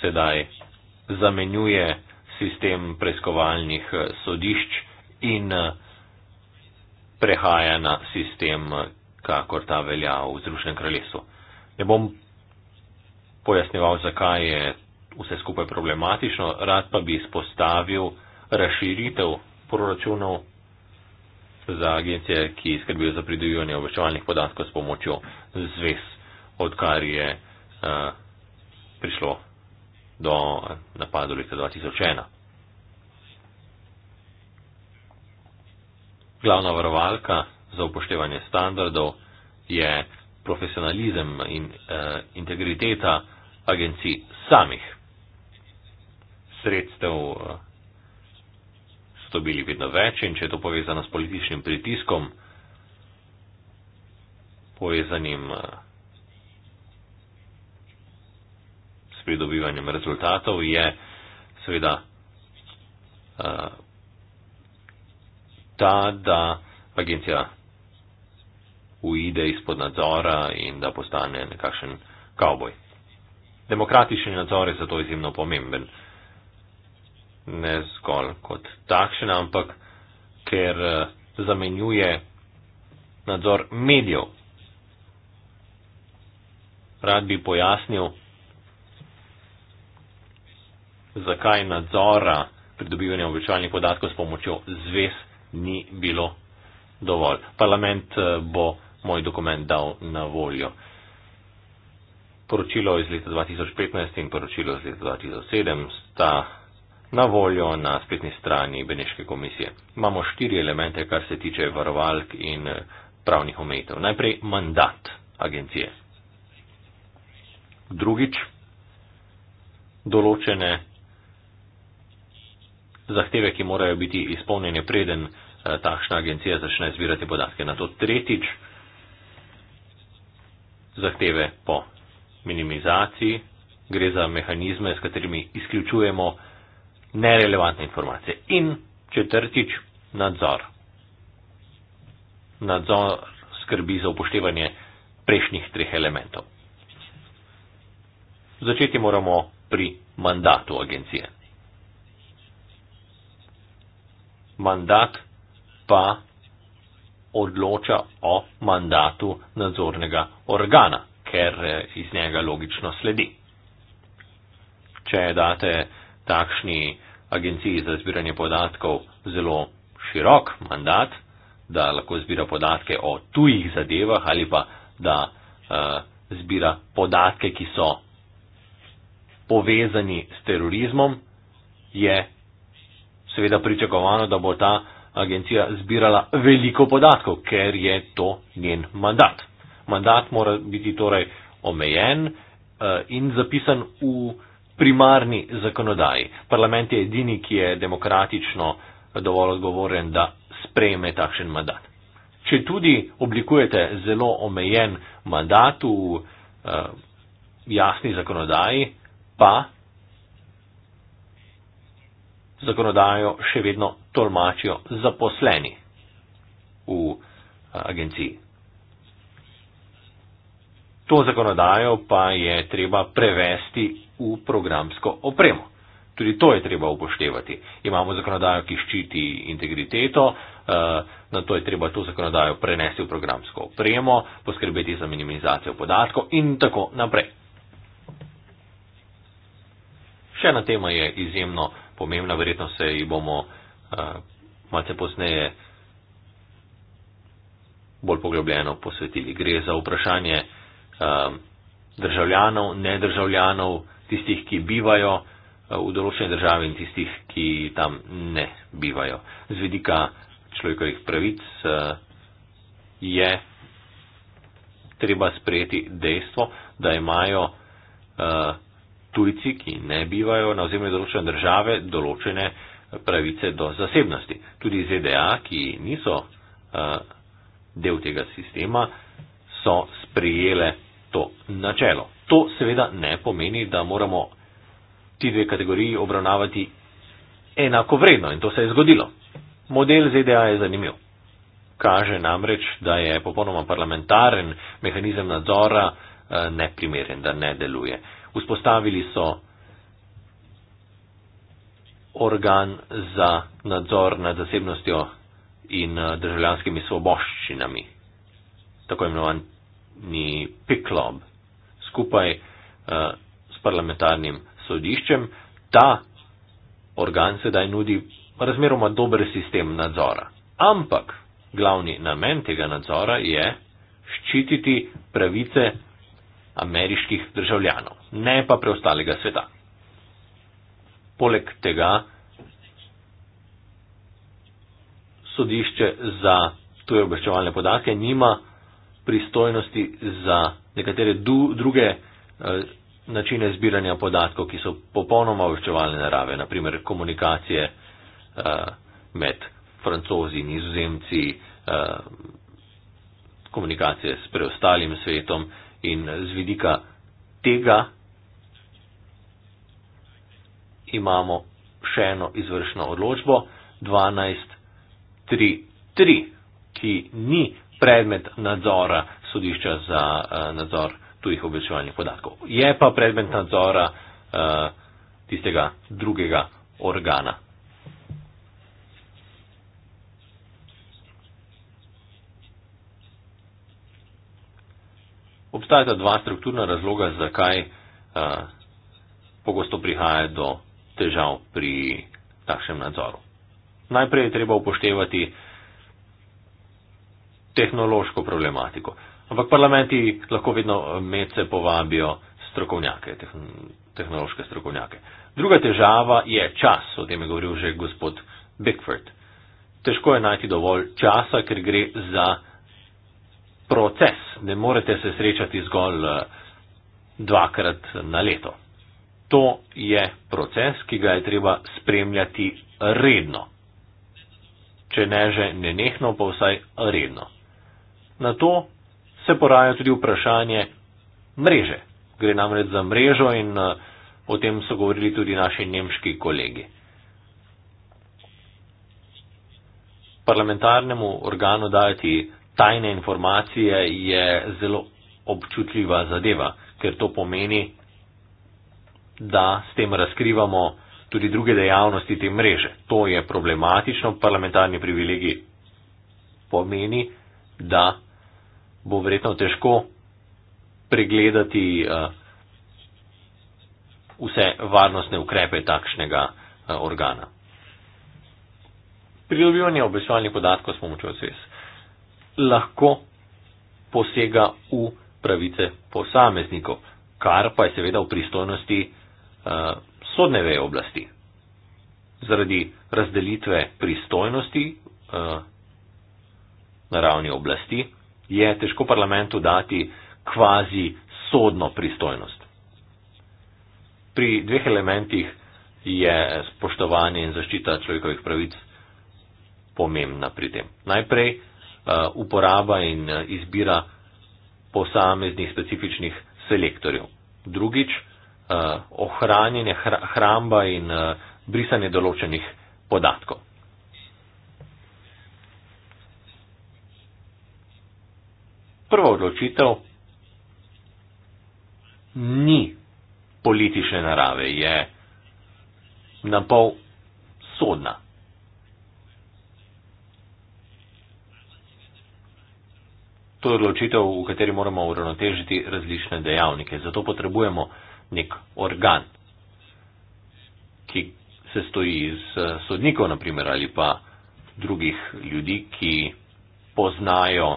sedaj zamenjuje sistem preiskovalnih eh, sodišč in eh, prehaja na sistem, eh, kakor ta velja v Združenem kraljestvu. Ne bom pojasneval, zakaj je vse skupaj problematično, rad pa bi izpostavil razširitev proračunov za agencije, ki skrbijo za pridobivanje obveščevalnih podatkov s pomočjo zvez, odkar je uh, prišlo do napadov leta 2001. Glavna varovalka za upoštevanje standardov je profesionalizem in e, integriteta agencij samih. Sredstev eh, so bili vedno več in če je to povezano s političnim pritiskom, povezanim. E, pridobivanjem rezultatov je seveda uh, ta, da agencija uide izpod nadzora in da postane nekakšen kavboj. Demokratični nadzor je zato izjemno pomemben. Ne zgolj kot takšen, ampak ker eh, zamenjuje nadzor medijev. Rad bi pojasnil, zakaj nadzora pridobivanja običajnih podatkov s pomočjo zvez ni bilo dovolj. Parlament eh, bo moj dokument dal na voljo. Poročilo iz leta 2015 in poročilo iz leta 2007 sta na voljo na spletni strani Beneške komisije. Imamo štiri elemente, kar se tiče varovalk in eh, pravnih omejitev. Najprej mandat agencije. Drugič, določene zahteve, ki morajo biti izpolnjene, preden eh, takšna agencija začne zbirati podatke. Na to tretjič zahteve po minimizaciji, gre za mehanizme, s katerimi izključujemo nerelevantne informacije. In četrtič nadzor. Nadzor skrbi za upoštevanje prejšnjih treh elementov. Začeti moramo pri mandatu agencije. mandat pa odloča o mandatu nadzornega organa, ker eh, iz njega logično sledi. Če date takšni agenciji za zbiranje podatkov zelo širok mandat, da lahko zbira podatke o tujih zadevah ali pa da uh, zbira podatke, ki so povezani s terorizmom, je seveda pričakovano, da bo ta agencija zbirala veliko podatkov, ker je to njen mandat. Mandat mora biti torej omejen eh, in zapisan v primarni zakonodaji. Parlament je edini, ki je demokratično dovolj odgovoren, da sprejme takšen mandat. Če tudi oblikujete zelo omejen mandat v eh, jasni zakonodaji, pa zakonodajo še vedno tolmačijo zaposleni v eh, agenciji. To zakonodajo pa je treba prevesti v programsko opremo. Tudi to je treba upoštevati. Imamo zakonodajo, ki ščiti integriteto, eh, na to je treba to zakonodajo prenesti v programsko opremo, poskrbeti za minimizacijo podatkov in tako naprej. Še ena tema je izjemno pomembna, verjetno se jih bomo uh, malce posneje bolj poglobljeno posvetili. Gre za vprašanje um, državljanov, nedržavljanov, tistih, ki bivajo uh, v določeni državi in tistih, ki tam ne bivajo. Z vidika človekovih pravic uh, je treba sprejeti dejstvo, da imajo uh, tujci, ki ne bivajo na ozemlju določene države, določene pravice do zasebnosti. Tudi ZDA, ki niso uh, del tega sistema, so sprijele to načelo. To seveda ne pomeni, da moramo ti dve kategoriji obravnavati enako vredno in to se je zgodilo. Model ZDA je zanimiv. Kaže namreč, da je popolnoma parlamentaren mehanizem nadzora eh, neprimeren, da ne deluje. Uh, Vzpostavili so organ za nadzor nad zasebnostjo in eh, državljanskimi svoboščinami, tako imenovani PIKLOB, skupaj uh, s parlamentarnim sodiščem. Ta organ sedaj nudi razmeroma dober sistem nadzora. Ampak glavni namen tega nadzora je ščititi pravice ameriških državljanov ne pa preostalega sveta. Poleg tega sodišče za tuje obveščevalne podatke nima pristojnosti za nekatere druge eh, načine zbiranja podatkov, ki so popolnoma obveščevalne narave, naprimer komunikacije eh, med francozi in izuzemci, eh, komunikacije s preostalim svetom in z vidika tega imamo še eno izvršno odločbo 12.3.3, ki ni predmet nadzora sodišča za eh, nadzor tujih obveščevalnih podatkov. Je pa predmet nadzora eh, tistega drugega organa. Obstajata dva strukturna razloga, zakaj uh, pogosto prihaja do težav pri takšnem nadzoru. Najprej je treba upoštevati tehnološko problematiko. Ampak parlamenti lahko vedno medse povabijo strokovnjake, tehnološke strokovnjake. Druga težava je čas, o tem je govoril že gospod Bickford. Težko je najti dovolj časa, ker gre za proces. Ne morete se srečati zgolj eh, dvakrat na leto to je proces, ki ga je treba spremljati redno. Če ne že nenehno, pa vsaj redno. Na to se poraja tudi vprašanje mreže. Gre namreč za mrežo in eh, o tem so govorili tudi naši nemški kolegi. Parlamentarnemu organu dajati tajne informacije je zelo občutljiva zadeva, ker to pomeni, da s tem razkrivamo tudi druge dejavnosti te mreže. To je problematično, parlamentarni privilegij pomeni, da bo verjetno težko pregledati eh, vse varnostne ukrepe takšnega eh, organa. Pridobivanje obveščevalnih podatkov s pomočjo SES lahko posega v pravice posameznikov, kar pa je seveda v pristojnosti uh, sodne veje oblasti. Zaradi razdelitve pristojnosti uh, na ravni oblasti je težko parlamentu dati kvazi sodno pristojnost. Pri dveh elementih je spoštovanje in zaščita človekovih pravic pomembna pri tem. Najprej uh, uporaba in izbira posameznih specifičnih selektorjev. Drugič, uh, ohranjanje hr hramba in uh, brisanje določenih podatkov. Prva odločitev ni politične narave, je na pol sodna. To je odločitev, v kateri moramo uravnotežiti različne dejavnike. Zato potrebujemo uh, nek organ, ki se stoji iz eh, sodnikov, naprimer, ali pa drugih ljudi, ki poznajo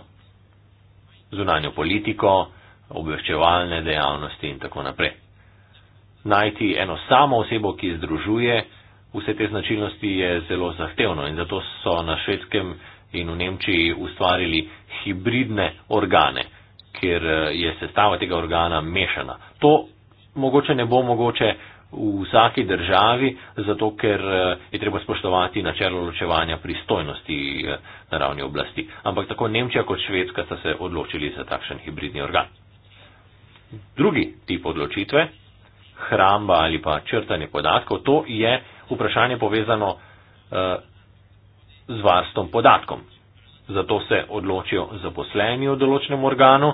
zunanjo politiko, obveščevalne dejavnosti in tako naprej. Najti eno samo osebo, ki združuje vse te značilnosti, je zelo zahtevno in zato so na švedskem in v Nemčiji ustvarili hibridne organe, ker eh, je sestava tega organa mešana. To mogoče ne bo mogoče v vsaki državi, zato ker eh, je treba spoštovati načelo ločevanja pristojnosti eh, na ravni oblasti. Ampak tako Nemčija kot Švedska sta se odločili za takšen hibridni organ. Drugi tip odločitve, hramba ali pa črtanje podatkov, to je vprašanje povezano eh, z varstvom podatkom. Zato se odločijo zaposleni v določenem organu,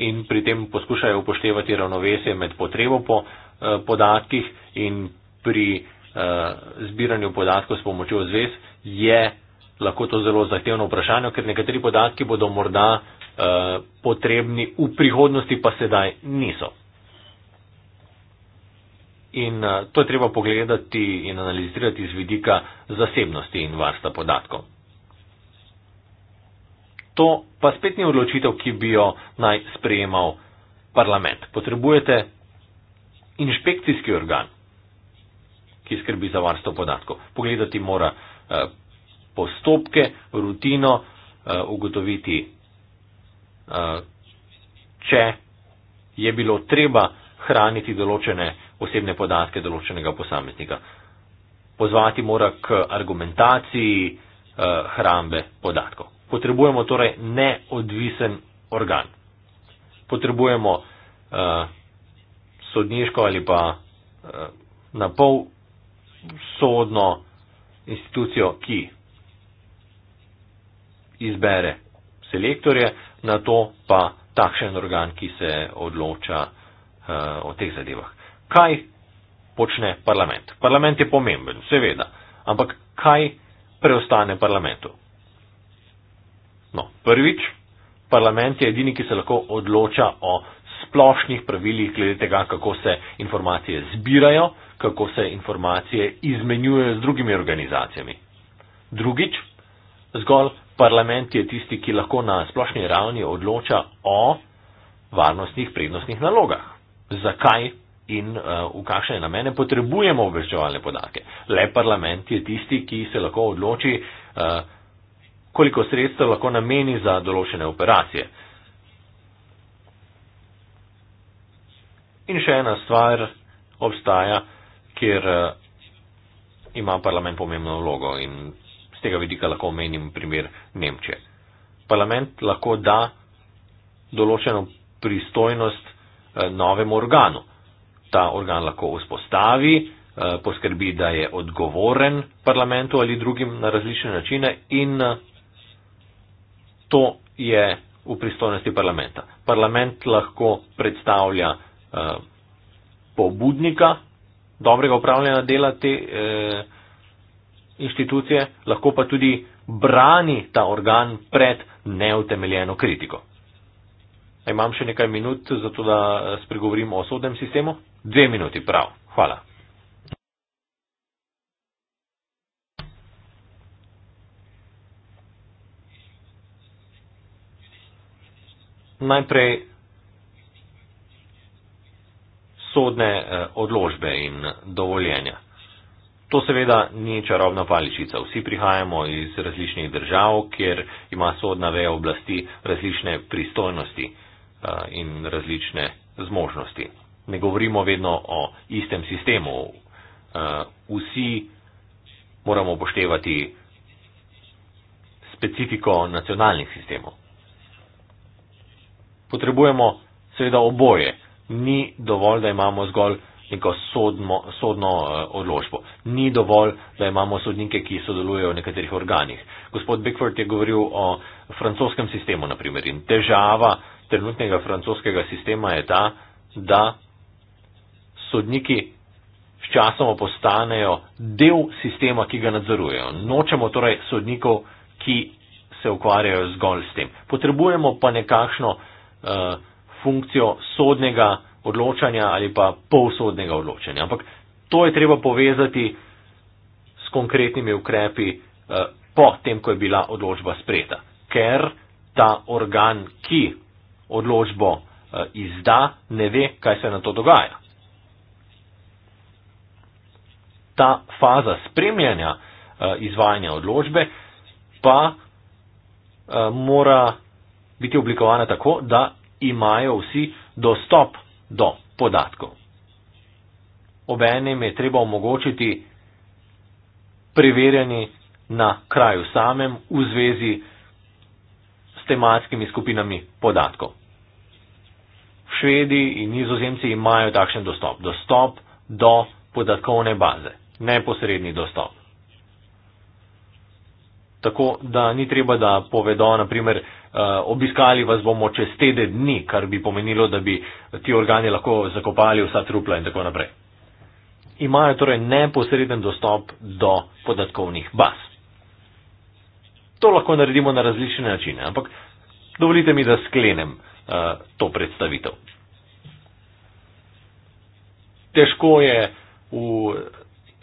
in pri tem poskušajo upoštevati ravnovesje med potrebo po eh, podatkih in pri eh, zbiranju podatkov s pomočjo zvez, je lahko to zelo zahtevno vprašanje, ker nekateri podatki bodo morda eh, potrebni v prihodnosti, pa sedaj niso. In to je treba pogledati in analizirati z vidika zasebnosti in varsta podatkov. To pa spet ni odločitev, ki bi jo naj sprejemal parlament. Potrebujete inšpekcijski organ, ki skrbi za varstvo podatkov. Pogledati mora eh, postopke, rutino, eh, ugotoviti, eh, če je bilo treba hraniti določene osebne podatke določenega posameznika. Pozvati mora k argumentaciji hrambe podatkov. Potrebujemo torej neodvisen organ. Potrebujemo uh, sodniško ali pa uh, na pol sodno institucijo, ki izbere selektorje, na to pa takšen organ, ki se odloča uh, o teh zadevah. Kaj počne parlament? Parlament je pomemben, seveda, ampak kaj preostane parlamentu? No, prvič, parlament je edini, ki se lahko odloča o splošnih pravilih glede tega, kako se informacije zbirajo, kako se informacije izmenjujejo z drugimi organizacijami. Drugič, zgolj parlament je tisti, ki lahko na splošni ravni odloča o varnostnih prednostnih nalogah. Zakaj in uh, v kakšne namene potrebujemo obveščevalne podatke? Le parlament je tisti, ki se lahko odloči, uh, koliko sredstev lahko nameni za določene operacije. In še ena stvar obstaja, kjer eh, ima parlament pomembno vlogo in z tega vidika lahko omenim primer Nemčije. Parlament lahko da določeno pristojnost eh, novemu organu. Ta organ lahko vzpostavi, eh, poskrbi, da je odgovoren parlamentu ali drugim na različne načine in to je v pristojnosti parlamenta. Parlament lahko predstavlja eh, pobudnika dobrega upravljanja dela te eh, inštitucije, lahko pa tudi brani ta organ pred neutemeljeno kritiko. Imam še nekaj minut, zato da eh, spregovorim o sodnem sistemu. Dve minuti, prav. Hvala. najprej sodne eh, odložbe in dovoljenja. To seveda ni čarobna paličica. Vsi prihajamo iz različnih držav, kjer ima sodna veja oblasti različne pristojnosti eh, in različne zmožnosti. Ne govorimo vedno o istem sistemu. Eh, vsi moramo upoštevati specifiko nacionalnih sistemov potrebujemo seveda oboje. Ni dovolj, da imamo zgolj neko sodmo, sodno eh, odložbo. Ni dovolj, da imamo sodnike, ki sodelujejo v nekaterih organih. Gospod Bickford je govoril o francoskem sistemu, naprimer, in težava trenutnega francoskega sistema je ta, da sodniki sčasoma postanejo del sistema, ki ga nadzorujejo. Nočemo torej sodnikov, ki se ukvarjajo zgolj s tem. Potrebujemo pa nekakšno Eh, funkcijo sodnega odločanja ali pa polsodnega odločanja. Ampak to je treba povezati s konkretnimi ukrepi eh, po tem, ko je bila odločba sprejeta. Ker ta organ, ki odločbo eh, izda, ne ve, kaj se na to dogaja. Ta faza spremljanja izvajanja odločbe pa mora biti oblikovana tako, da imajo vsi dostop do podatkov. Obenem je treba omogočiti preverjanje na kraju samem v zvezi s tematskimi skupinami podatkov. Švedi in nizozemci imajo takšen dostop. Dostop do podatkovne baze. Neposredni dostop. Tako da ni treba, da povedo, naprimer, Eh, obiskali vas bomo čez tede dni, kar bi pomenilo, da bi ti organi lahko zakopali vsa trupla in tako naprej. Imajo torej neposreden dostop do podatkovnih baz. To lahko naredimo na različne načine, ampak dovolite mi, da sklenem uh, to predstavitev. Težko je v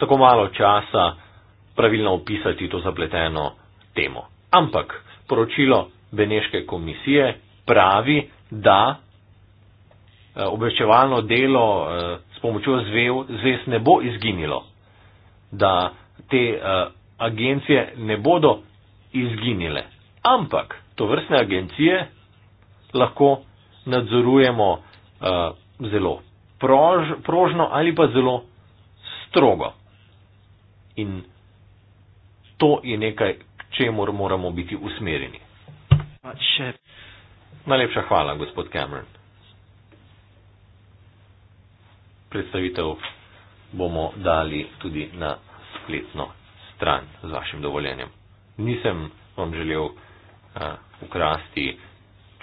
tako malo časa pravilno opisati to zapleteno temo. Ampak poročilo Beneške komisije pravi, da eh, obveščevalno delo eh, s pomočjo zvez ne bo izginilo, da te eh, agencije ne bodo izginile. Ampak to vrstne agencije lahko nadzorujemo zelo prož, prožno ali pa zelo strogo. In to je nekaj, k čemu moramo biti usmerjeni. Najlepša hvala, gospod Cameron. Predstavitev bomo dali tudi na spletno stran z vašim dovoljenjem. Nisem vam želel uh, ukrasti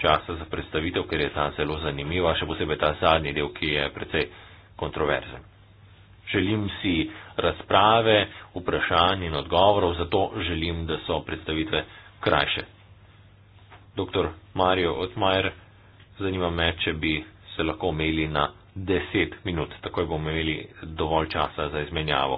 časa za predstavitev, ker je ta zelo zanimiva, še posebej ta zadnji del, ki je precej kontroverzen. Želim si razprave, vprašanj in odgovorov, zato želim, da so predstavitve krajše. Doktor Mario Otmajer, zanima me, če bi se lahko omejili na 10 minut, takoj bomo imeli dovolj časa za izmenjavo.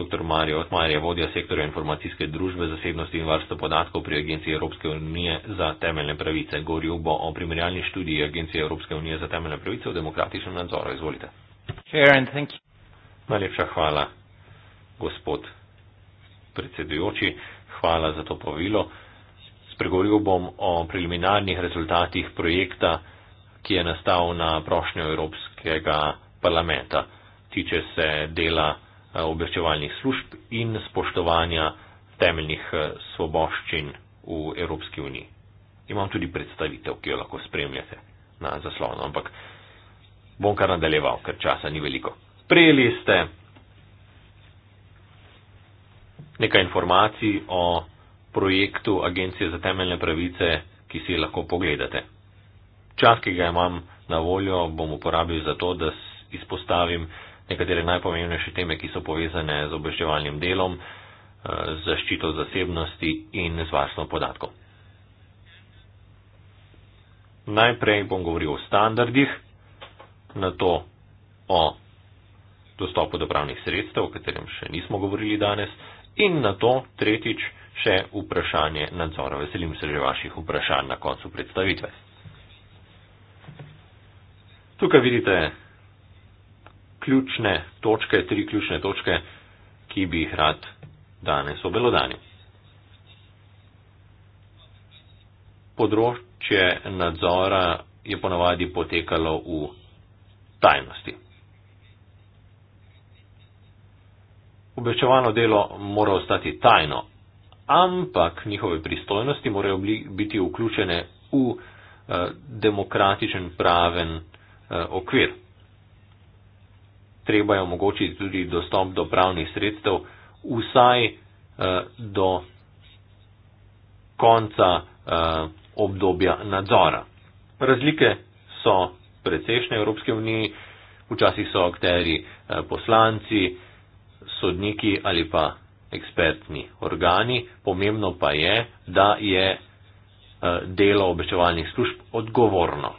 Doktor Mario Otmajer je vodja sektorja informacijske družbe zasebnosti in varstva podatkov pri Agenciji Evropske unije za temeljne pravice. Govoril bo o primerjalni študiji Agencije Evropske unije za temeljne pravice v demokratičnem nadzoru. Izvolite. Najlepša hvala, gospod predsedujoči. Hvala za to povilo. Spregovoril bom o preliminarnih rezultatih projekta, ki je nastal na prošnjo Evropskega parlamenta. Tiče se dela eh, obveščevalnih služb in spoštovanja temeljnih eh, svoboščin v Evropski uniji. Imam tudi predstavitev, ki jo lahko spremljate na zaslonu, ampak bom kar nadaljeval, ker časa ni veliko. Prijeli ste nekaj informacij o projektu Agencije za temeljne pravice, ki si lahko pogledate. Čas, ki ga imam na voljo, bom uporabil za to, da izpostavim nekatere najpomembnejše teme, ki so povezane z obveščevalnim delom, eh, z zaščito zasebnosti in z varstvom podatkov. Najprej bom govoril o standardih, na to o dostopu do pravnih sredstev, o katerem še nismo govorili danes, in na to tretjič, še vprašanje nadzora. Veselim se že vaših vprašanj na koncu predstavitve. Tukaj vidite ključne točke, tri ključne točke, ki bi jih rad danes obelodani. Področje nadzora je ponavadi potekalo v tajnosti. Obveščevalno delo mora ostati tajno, ampak njihove pristojnosti morajo biti vključene v eh, demokratičen praven eh, okvir. Treba je omogočiti tudi dostop do pravnih sredstev vsaj eh, do konca obdobja nadzora. Razlike so precejšnje Evropske unije, včasih so akteri poslanci, sodniki ali pa ekspertni organi, pomembno pa je, da je eh, delo obveščevalnih služb odgovorno.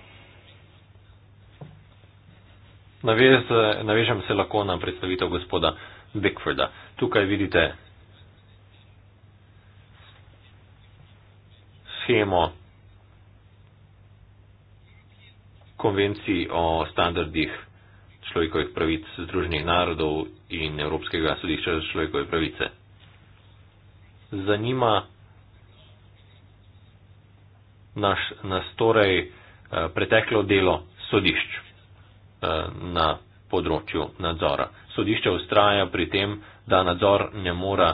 Navez, navežem se lahko na predstavitev gospoda Bickforda. Tukaj vidite schemo konvencij o standardih človekovih pravic Združenih narodov in Evropskega sodišča za človekove pravice zanima naš, nas torej eh, preteklo delo sodišč eh, na področju nadzora. Sodišče ustraja pri tem, da nadzor ne, mora,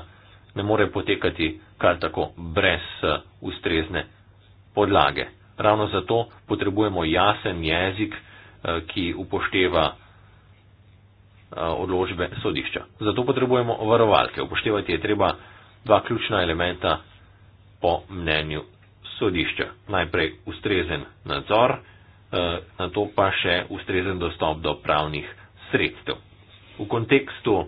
ne more potekati kar tako brez eh, ustrezne podlage. Ravno zato potrebujemo jasen jezik, ki upošteva odložbe sodišča. Zato potrebujemo varovalke. Upoštevati je treba dva ključna elementa po mnenju sodišča. Najprej ustrezen nadzor, eh, na to pa še ustrezen dostop do pravnih sredstev. V kontekstu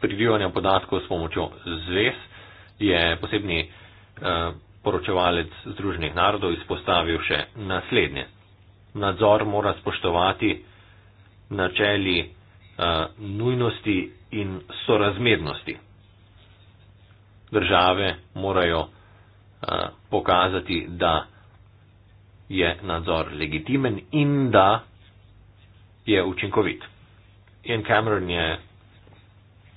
pridivanja podatkov s pomočjo zvez je posebni eh, poročevalec Združenih narodov izpostavil še naslednje. Nadzor mora spoštovati načeli uh, nujnosti in sorazmernosti države morajo pokazati, da je nadzor legitimen in da je učinkovit. Ian Cameron je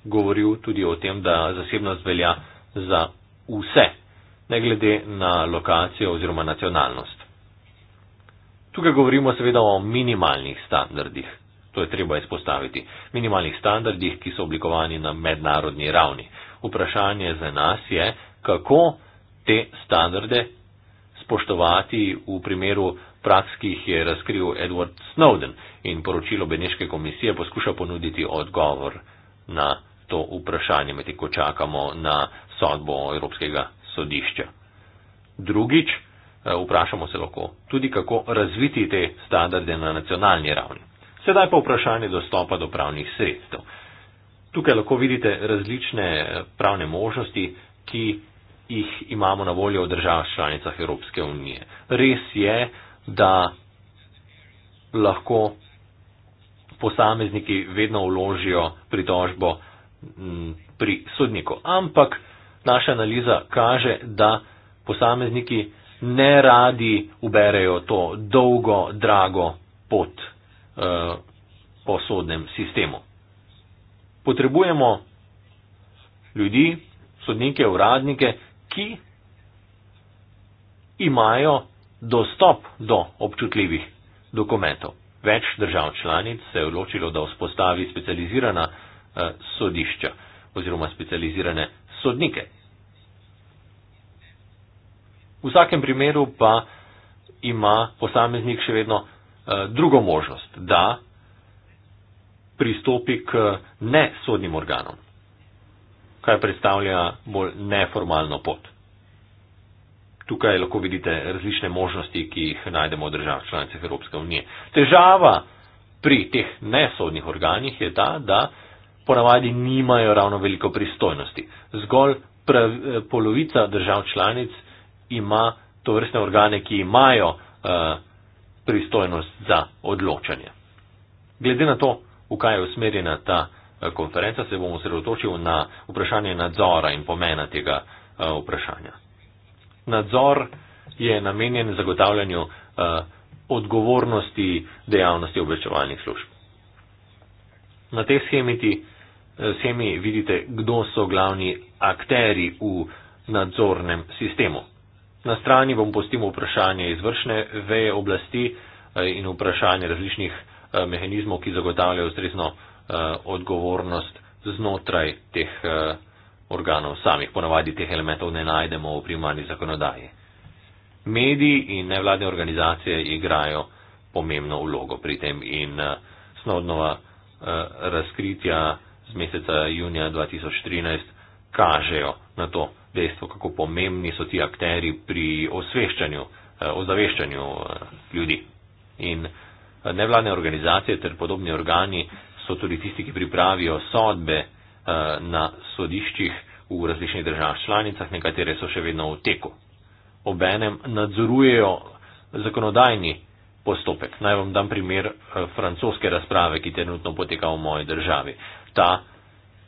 govoril tudi o tem, da zasebnost velja za vse, ne glede na lokacijo oziroma nacionalnost. Tukaj govorimo seveda o minimalnih standardih, to je treba izpostaviti, minimalnih standardih, ki so oblikovani na mednarodni ravni vprašanje za nas je, kako te standarde spoštovati v primeru praks, ki jih je razkril Edward Snowden in poročilo Beneške komisije poskuša ponuditi odgovor na to vprašanje, medtem ko čakamo na sodbo Evropskega sodišča. Drugič, eh, vprašamo se lahko tudi, kako razviti te standarde na nacionalni ravni. Sedaj pa vprašanje dostopa do pravnih sredstev. Tukaj lahko vidite različne eh, pravne možnosti, ki jih imamo na voljo v državah članicah Evropske unije. Res je, da lahko posamezniki vedno uložijo pritožbo pri sodniku, ampak naša analiza kaže, da posamezniki ne radi uberejo to dolgo, drago pot eh, po sodnem sistemu potrebujemo ljudi, sodnike, uradnike, ki imajo dostop do občutljivih dokumentov. Več držav članic se je odločilo, da vzpostavi specializirana eh, sodišča oziroma specializirane sodnike. V vsakem primeru pa ima posameznik še vedno eh, drugo možnost, da pristopi k nesodnim organom, kar predstavlja bolj neformalno pot. Tukaj lahko vidite različne možnosti, ki jih najdemo v državah članicah Evropske unije. Težava pri teh nesodnih organih je ta, da ponavadi nimajo ravno veliko pristojnosti. Zgolj prav, eh, polovica držav članic ima to vrstne organe, ki imajo uh, pristojnost za odločanje. Glede na to, v kaj je usmerjena ta eh, konferenca, se bom osredotočil na vprašanje nadzora in pomena tega eh, vprašanja. Nadzor je namenjen zagotavljanju eh, odgovornosti dejavnosti obveščevalnih služb. Na tej schemiti, schemi vidite, kdo so glavni akteri v nadzornem sistemu. Na strani bom postimo vprašanje izvršne veje oblasti in vprašanje različnih Eh, mehanizmov, ki zagotavljajo ustrezno eh, odgovornost znotraj teh eh, organov samih. Ponavadi teh elementov ne najdemo v primarni zakonodaji. Mediji in nevladne organizacije igrajo pomembno vlogo pri tem in Snodnova razkritja z meseca junija 2013 kažejo na to dejstvo, kako pomembni so ti akteri pri osveščanju, ozaveščanju ljudi. In Nevladne organizacije ter podobni organi so tudi tisti, ki pripravijo sodbe eh, na sodiščih v različnih državah članicah, nekatere so še vedno v teku. Obenem nadzorujejo zakonodajni postopek. Naj vam dam primer eh, francoske razprave, ki trenutno poteka v moji državi. Ta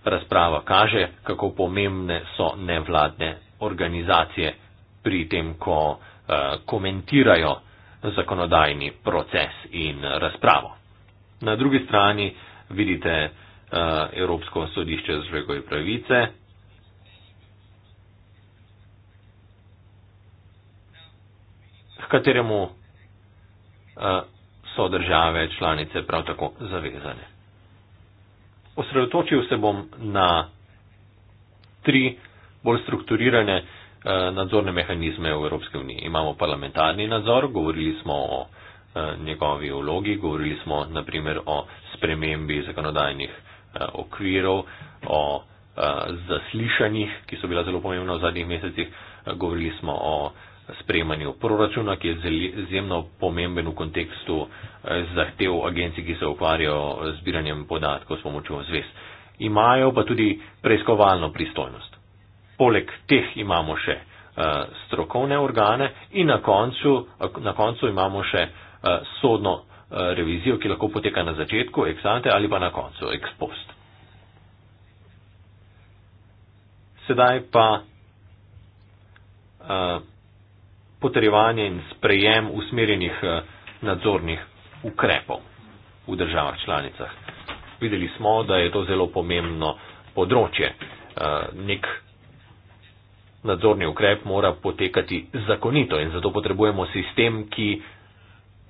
razprava kaže, kako pomembne so nevladne organizacije pri tem, ko eh, komentirajo zakonodajni proces in razpravo. Na drugi strani vidite uh, Evropsko sodišče za človekove pravice, k kateremu uh, so države članice prav tako zavezane. Osredotočil se bom na tri bolj strukturirane Eh, nadzorne mehanizme v Evropske unije. Imamo parlamentarni nadzor, govorili smo o eh, njegovi vlogi, govorili smo naprimer o spremembi zakonodajnih eh, okvirov, o zaslišanjih, ki so bila zelo pomembna v zadnjih mesecih, govorili smo o sprejemanju proračuna, ki je izjemno pomemben v kontekstu zahtev agencij, ki se ukvarjajo zbiranjem podatkov s pomočjo zvez. Imajo pa tudi preiskovalno pristojnost poleg teh imamo še uh, strokovne organe in na koncu, uh, na koncu imamo še uh, sodno uh, revizijo, ki lahko poteka na začetku eksante ali pa na koncu ekspost. Sedaj pa uh, potrjevanje in sprejem usmerjenih uh, nadzornih ukrepov v državah članicah. Videli smo, da je to zelo pomembno področje. Uh, Nadzorni ukrep mora potekati zakonito in zato potrebujemo sistem, ki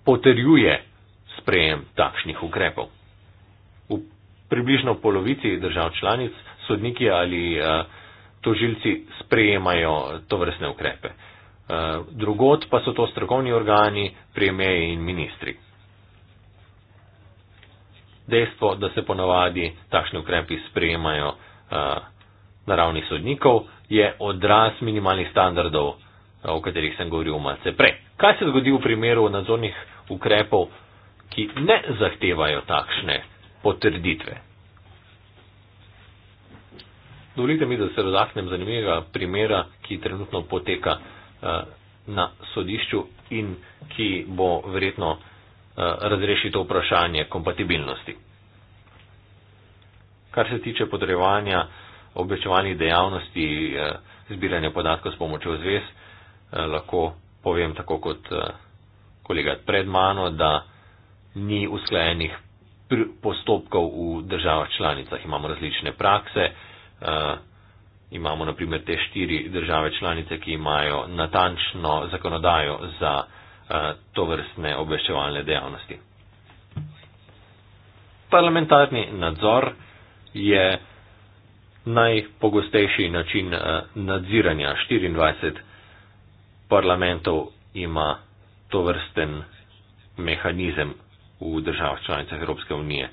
potrjuje sprejem takšnih ukrepov. V približno polovici držav članic sodniki ali eh, tožilci sprejemajo to vrstne ukrepe. Eh, Drugod pa so to strokovni organi, premije in ministri. Dejstvo, da se ponavadi takšni ukrepi sprejemajo eh, na ravni sodnikov, je odraz minimalnih standardov, eh, o katerih sem govoril malce prej. Kaj se zgodi v primeru nadzornih ukrepov, ki ne zahtevajo takšne potrditve? Dovolite mi, da se razahnem zanimivega primera, ki trenutno poteka uh, na sodišču in ki bo verjetno uh, razrešil to vprašanje kompatibilnosti. Kar se tiče podrejevanja uh, obveščevalnih dejavnosti, eh, zbiranja podatkov s pomočjo zvez, eh, lahko povem tako kot eh, kolega pred mano, da ni usklajenih postopkov v državah članicah. Imamo različne prakse, imamo naprimer te štiri države članice, ki imajo natančno zakonodajo za to vrstne obveščevalne dejavnosti. Parlamentarni nadzor je najpogostejši način eh, nadziranja. 24 parlamentov ima to vrsten mehanizem v državah članicah Evropske unije.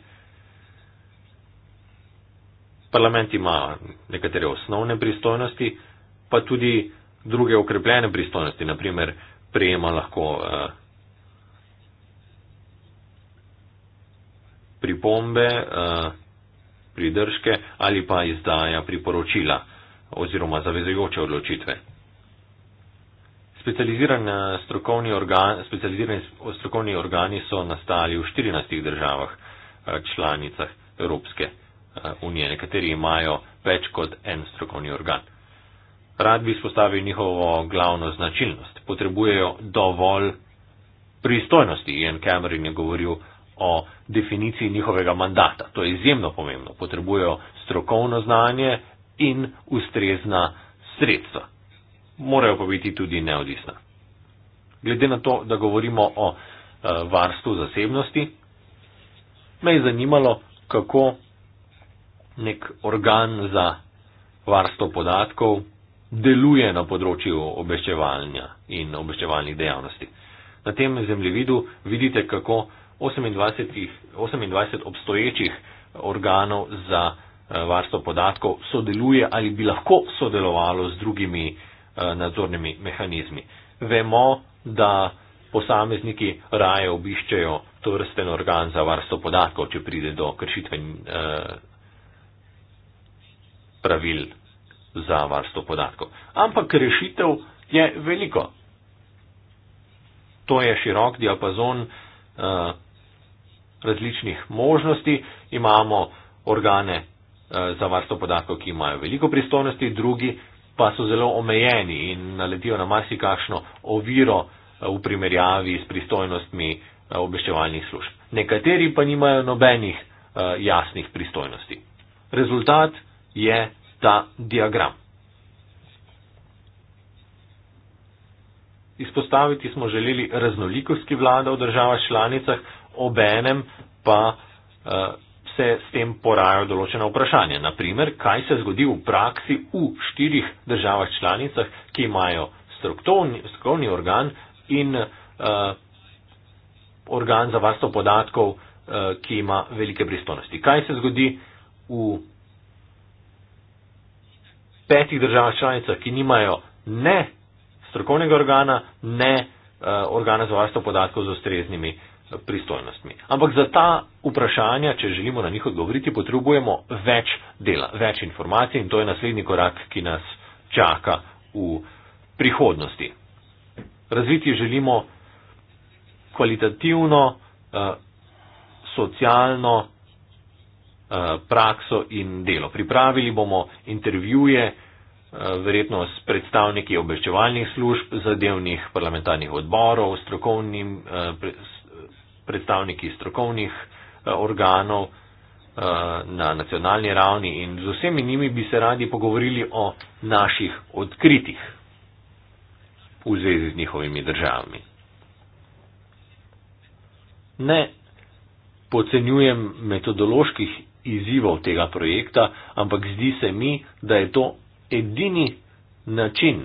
Parlament ima nekatere osnovne pristojnosti, pa tudi druge okrepljene pristojnosti, naprimer prejema lahko eh, pripombe, eh, pridržke ali pa izdaja priporočila oziroma zavezujoče odločitve. Strokovni organ, specializirani strokovni organi so nastali v 14 državah eh, članicah Evropske eh, unije. Nekateri imajo več kot en strokovni organ. Rad bi spostavil njihovo glavno značilnost. Potrebujejo dovolj pristojnosti. Ian Cameron je govoril o definiciji njihovega mandata. To je izjemno pomembno. Potrebujejo strokovno znanje in ustrezna sredstva. Morajo pa biti tudi neodvisna. Glede na to, da govorimo o eh, varstvu zasebnosti, me je zanimalo, kako nek organ za varstvo podatkov deluje na področju obveščevalnja in obveščevalnih dejavnosti. Na tem zemljevidu vidite, kako 28, 28 obstoječih organov za eh, varstvo podatkov sodeluje ali bi lahko sodelovalo z drugimi eh, nadzornimi mehanizmi. Vemo, da posamezniki raje obiščejo to vrsten organ za varstvo podatkov, če pride do kršitve eh, pravil za varstvo podatkov. Ampak rešitev je veliko. To je širok diapazon različnih možnosti. Imamo organe eh, za varstvo podatkov, ki imajo veliko pristojnosti, drugi pa so zelo omejeni in naletijo na marsikakšno oviro eh, v primerjavi s pristojnostmi eh, obveščevalnih služb. Nekateri pa nimajo nobenih jasnih pristojnosti. Rezultat je ta diagram. Izpostaviti smo želeli raznolikost, ki vlada v državah članicah, obenem pa eh, se s tem porajajo določena vprašanja. Naprimer, kaj se zgodi v praksi v štirih državah članicah, ki imajo strokovni organ in uh, organ za varstvo podatkov, uh, ki ima velike pristojnosti. Kaj se zgodi v petih državah članicah, ki nimajo ne strokovnega organa, ne uh, organa za varstvo podatkov z ustreznimi uh, pristojnostmi. Ampak za ta vprašanja, če želimo na njih odgovoriti, potrebujemo več dela, več informacij in to je naslednji korak, ki nas čaka v prihodnosti. Razviti želimo kvalitativno, eh, socialno eh, prakso in delo. Pripravili bomo intervjuje eh, verjetno s predstavniki obveščevalnih služb, zadevnih parlamentarnih odborov, strokovnim, predstavniki strokovnih eh, organov eh, na nacionalni ravni in z vsemi njimi bi se radi pogovorili o naših odkritih v zvezi z njihovimi državami. Ne pocenjujem metodoloških izzivov tega projekta, ampak zdi se mi, da je to edini način,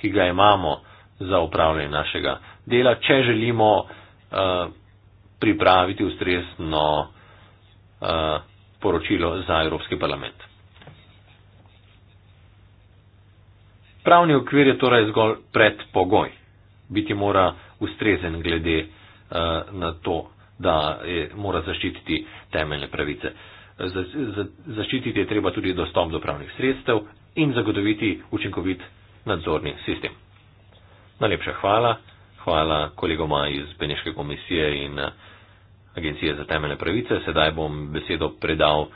ki ga imamo za upravljanje našega dela, če želimo uh, pripraviti ustrezno uh, poročilo za Evropski parlament. Pravni okvir je torej zgolj predpogoj. Biti mora ustrezen glede uh, na to, da je, mora zaščititi temeljne pravice. Za, za, zaščititi je treba tudi dostop do pravnih sredstev in zagotoviti učinkovit nadzorni sistem. Najlepša hvala. Hvala kolegoma iz Beneške komisije in uh, Agencije za temeljne pravice. Sedaj bom besedo predal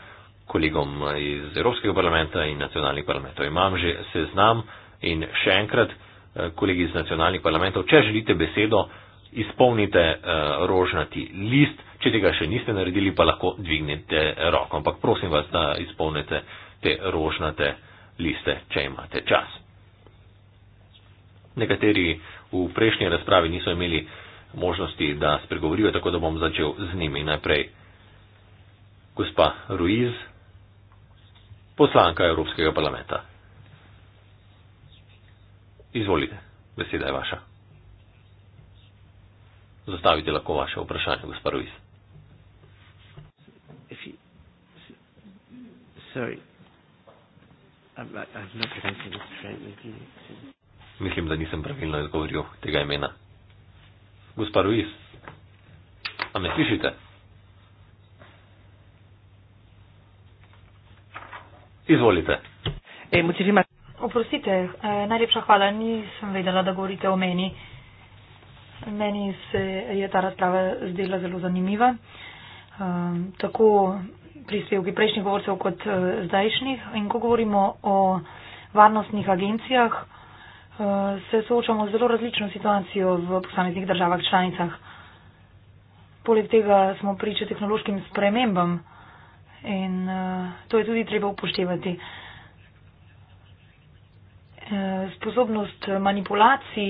kolegom iz Evropskega parlamenta in nacionalnih parlamentov. Imam že seznam in še enkrat, eh, kolegi iz nacionalnih parlamentov, če želite besedo, izpolnite eh, rožnati list. Če tega še niste naredili, pa lahko dvignete roko. Ampak prosim vas, da izpolnite te rožnate liste, če imate čas. Nekateri v prejšnji razpravi niso imeli možnosti, da spregovorijo, tako da bom začel z njimi najprej. Gospa Ruiz, poslanka Evropskega parlamenta. Izvolite, beseda je vaša. Zastavite lahko vaše vprašanje, gospa Ruiz. Mislim, da nisem pravilno izgovoril tega imena gospa Ruiz, a me slišite? Izvolite. E, mučirima. Oprostite, eh, najlepša hvala, nisem vedela, da govorite o meni. Meni se je ta razprava zdela zelo zanimiva. Um, tako prispevki prejšnjih govorcev kot uh, zdajšnjih. In ko govorimo o varnostnih agencijah, Eh, se soočamo z zelo različno situacijo v posameznih državah članicah. Poleg tega smo priče tehnološkim spremembam in eh, to je tudi treba upoštevati. Eh, sposobnost manipulacij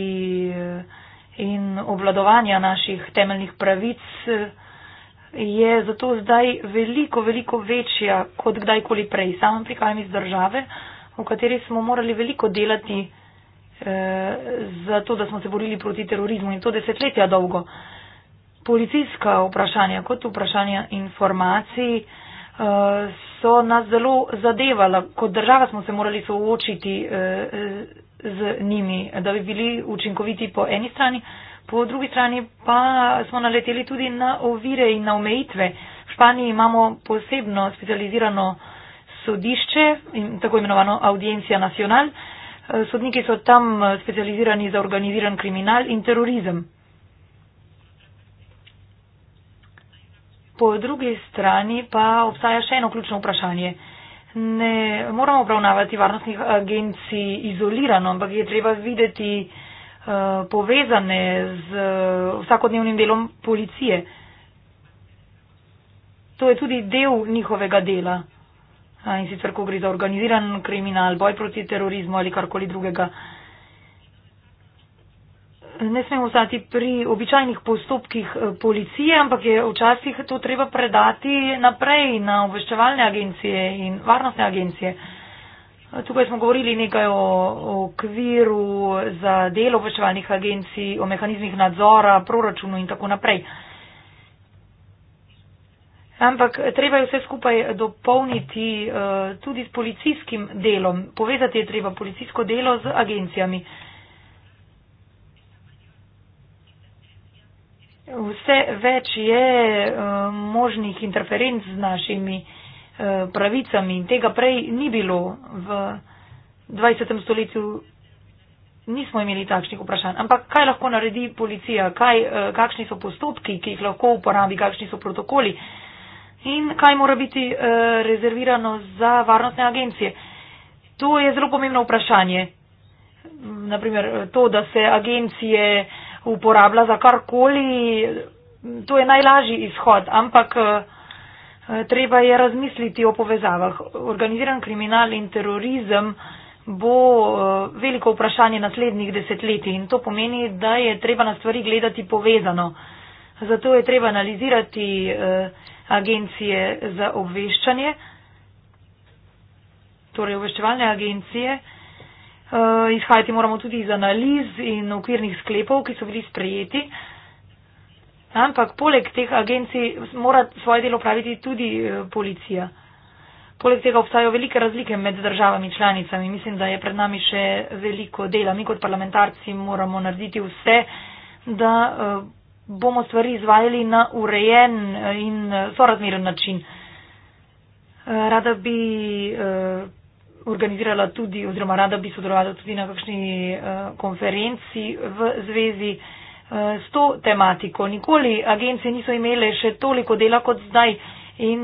in obvladovanja naših temeljnih pravic je zato zdaj veliko, veliko večja kot kdajkoli prej. Sam prihajam iz države, v kateri smo morali veliko delati za to, da smo se borili proti terorizmu in to desetletja dolgo. Policijska vprašanja kot vprašanja informacij eh, so nas zelo zadevala. Kot država smo se morali soočiti eh, z njimi, da bi bili učinkoviti po eni strani, po drugi strani pa smo naleteli tudi na ovire in na omejitve. V Španiji imamo posebno specializirano sodišče, tako imenovano Audiencia Nacional, sodniki so tam eh, specializirani za organiziran kriminal in terorizem. Po drugi strani pa obstaja še eno ključno vprašanje. Ne moramo obravnavati varnostnih agencij izolirano, ampak je treba videti uh, povezane z uh, vsakodnevnim delom policije. To je tudi del njihovega dela in sicer ko gre za organiziran kriminal, boj proti terorizmu ali karkoli drugega. Ne smemo ostati pri običajnih postopkih eh, policije, ampak je včasih to treba predati naprej na obveščevalne agencije in varnostne agencije. Tukaj smo govorili nekaj o okviru za delo obveščevalnih agencij, o mehanizmih nadzora, proračunu in tako naprej ampak treba je vse skupaj dopolniti eh, tudi s policijskim delom. Povezati je treba policijsko delo z agencijami. Vse več je eh, možnih interferenc z našimi eh, pravicami in tega prej ni bilo v 20. stoletju. Nismo imeli takšnih vprašanj, ampak kaj lahko naredi policija, kaj, kakšni so postopki, ki jih lahko uporabi, kakšni so protokoli, in kaj mora biti uh, rezervirano za varnostne agencije. To je zelo pomembno vprašanje. Naprimer, to, da se agencije uporablja za karkoli, to je najlažji izhod, ampak eh, treba je razmisliti o povezavah. Organiziran kriminal in terorizem bo eh, veliko vprašanje naslednjih desetletij in to pomeni, da je treba na stvari gledati povezano. Zato je treba analizirati eh, agencije za obveščanje, torej obveščevalne agencije. Eh, izhajati moramo tudi iz analiz in okvirnih sklepov, ki so bili sprejeti. Ampak poleg teh agencij mora svoje delo praviti tudi eh, policija. Poleg tega obstajajo velike razlike med državami članicami. Mislim, da je pred nami še veliko dela. Mi kot parlamentarci moramo narediti vse, da eh, bomo stvari izvajali na urejen eh, in eh, sorazmeren način. Eh, rada bi organizirala tudi oziroma rada bi sodelovala tudi na kakšni konferenci v zvezi s to tematiko. Nikoli agencije niso imele še toliko dela kot zdaj in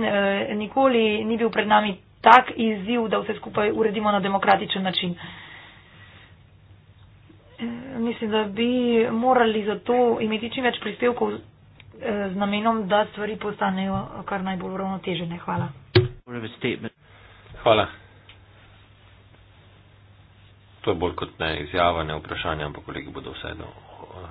nikoli ni bil pred nami tak izziv, da vse skupaj uredimo na demokratičen način. Mislim, da bi morali zato imeti čim več prispevkov eh, z namenom, da stvari postanejo kar najbolj uravnotežene. Hvala. Hvala. To je bolj kot ne izjava, ne vprašanje, ampak kolegi bodo vseeno eh,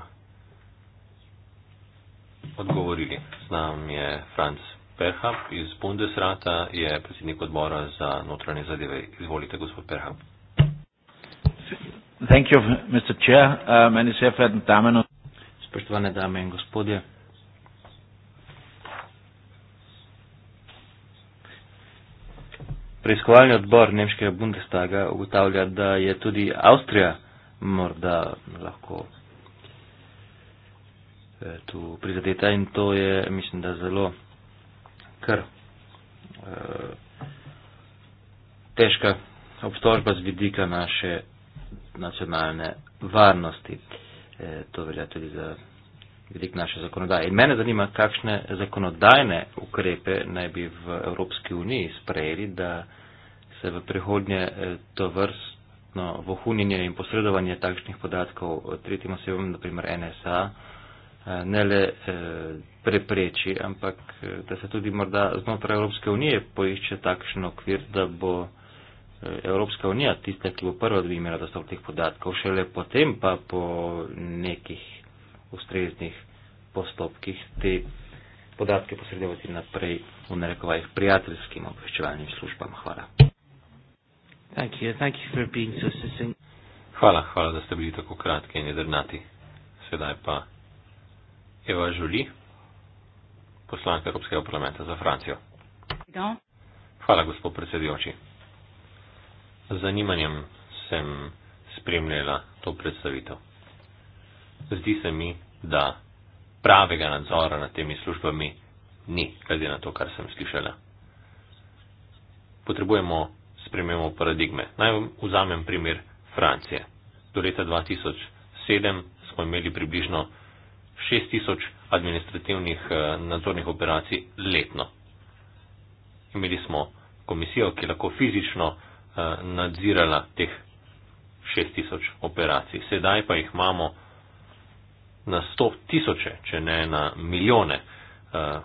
odgovorili. Z nami je Franc Perhap iz Bundesrata, je predsednik odbora za notranje zadeve. Izvolite, gospod Perhap. Thank you, Mr. Chair. Uh, meine sehr verehrten Damen und Spoštovane dame in gospodje. Preiskovalni odbor Nemškega Bundestaga ugotavlja, da je tudi Avstrija morda lahko eh, tu prizadeta in to je, mislim, da zelo kar eh, težka obtožba z vidika naše nacionalne varnosti. E, to velja tudi za vidik naše zakonodaje. In mene zanima, kakšne zakonodajne ukrepe naj bi v Evropski uniji sprejeli, da se v prihodnje e, to vrstno vohunjenje in posredovanje takšnih podatkov tretjim osebam, naprimer NSA, e, ne le e, prepreči, ampak da se tudi morda znotraj Evropske unije poišče takšen okvir, da bo Evropska unija tista, ki bo prva, da bi imela dostop teh podatkov, šele potem pa po nekih ustreznih postopkih te podatke posredovati naprej v narekovajih prijateljskim obveščevalnim službam. Hvala. Thank you. Thank you for being so hvala, hvala, da ste bili tako kratki in jedrnati. Sedaj pa Eva Žuli, poslanka Evropskega parlamenta za Francijo. Hvala, gospod predsedujoči. Z zanimanjem sem spremljala to predstavitev. Zdi se mi, da pravega nadzora nad temi službami ni, glede na to, kar sem slišala. Potrebujemo spremembo paradigme. Naj vam vzamem primer Francije. Do leta 2007 smo imeli približno 6000 administrativnih eh, nadzornih operacij letno. Imeli smo komisijo, ki lahko fizično Eh, nadzirala teh 6000 operacij. Sedaj pa jih imamo na sto tisoče, če ne na milijone eh,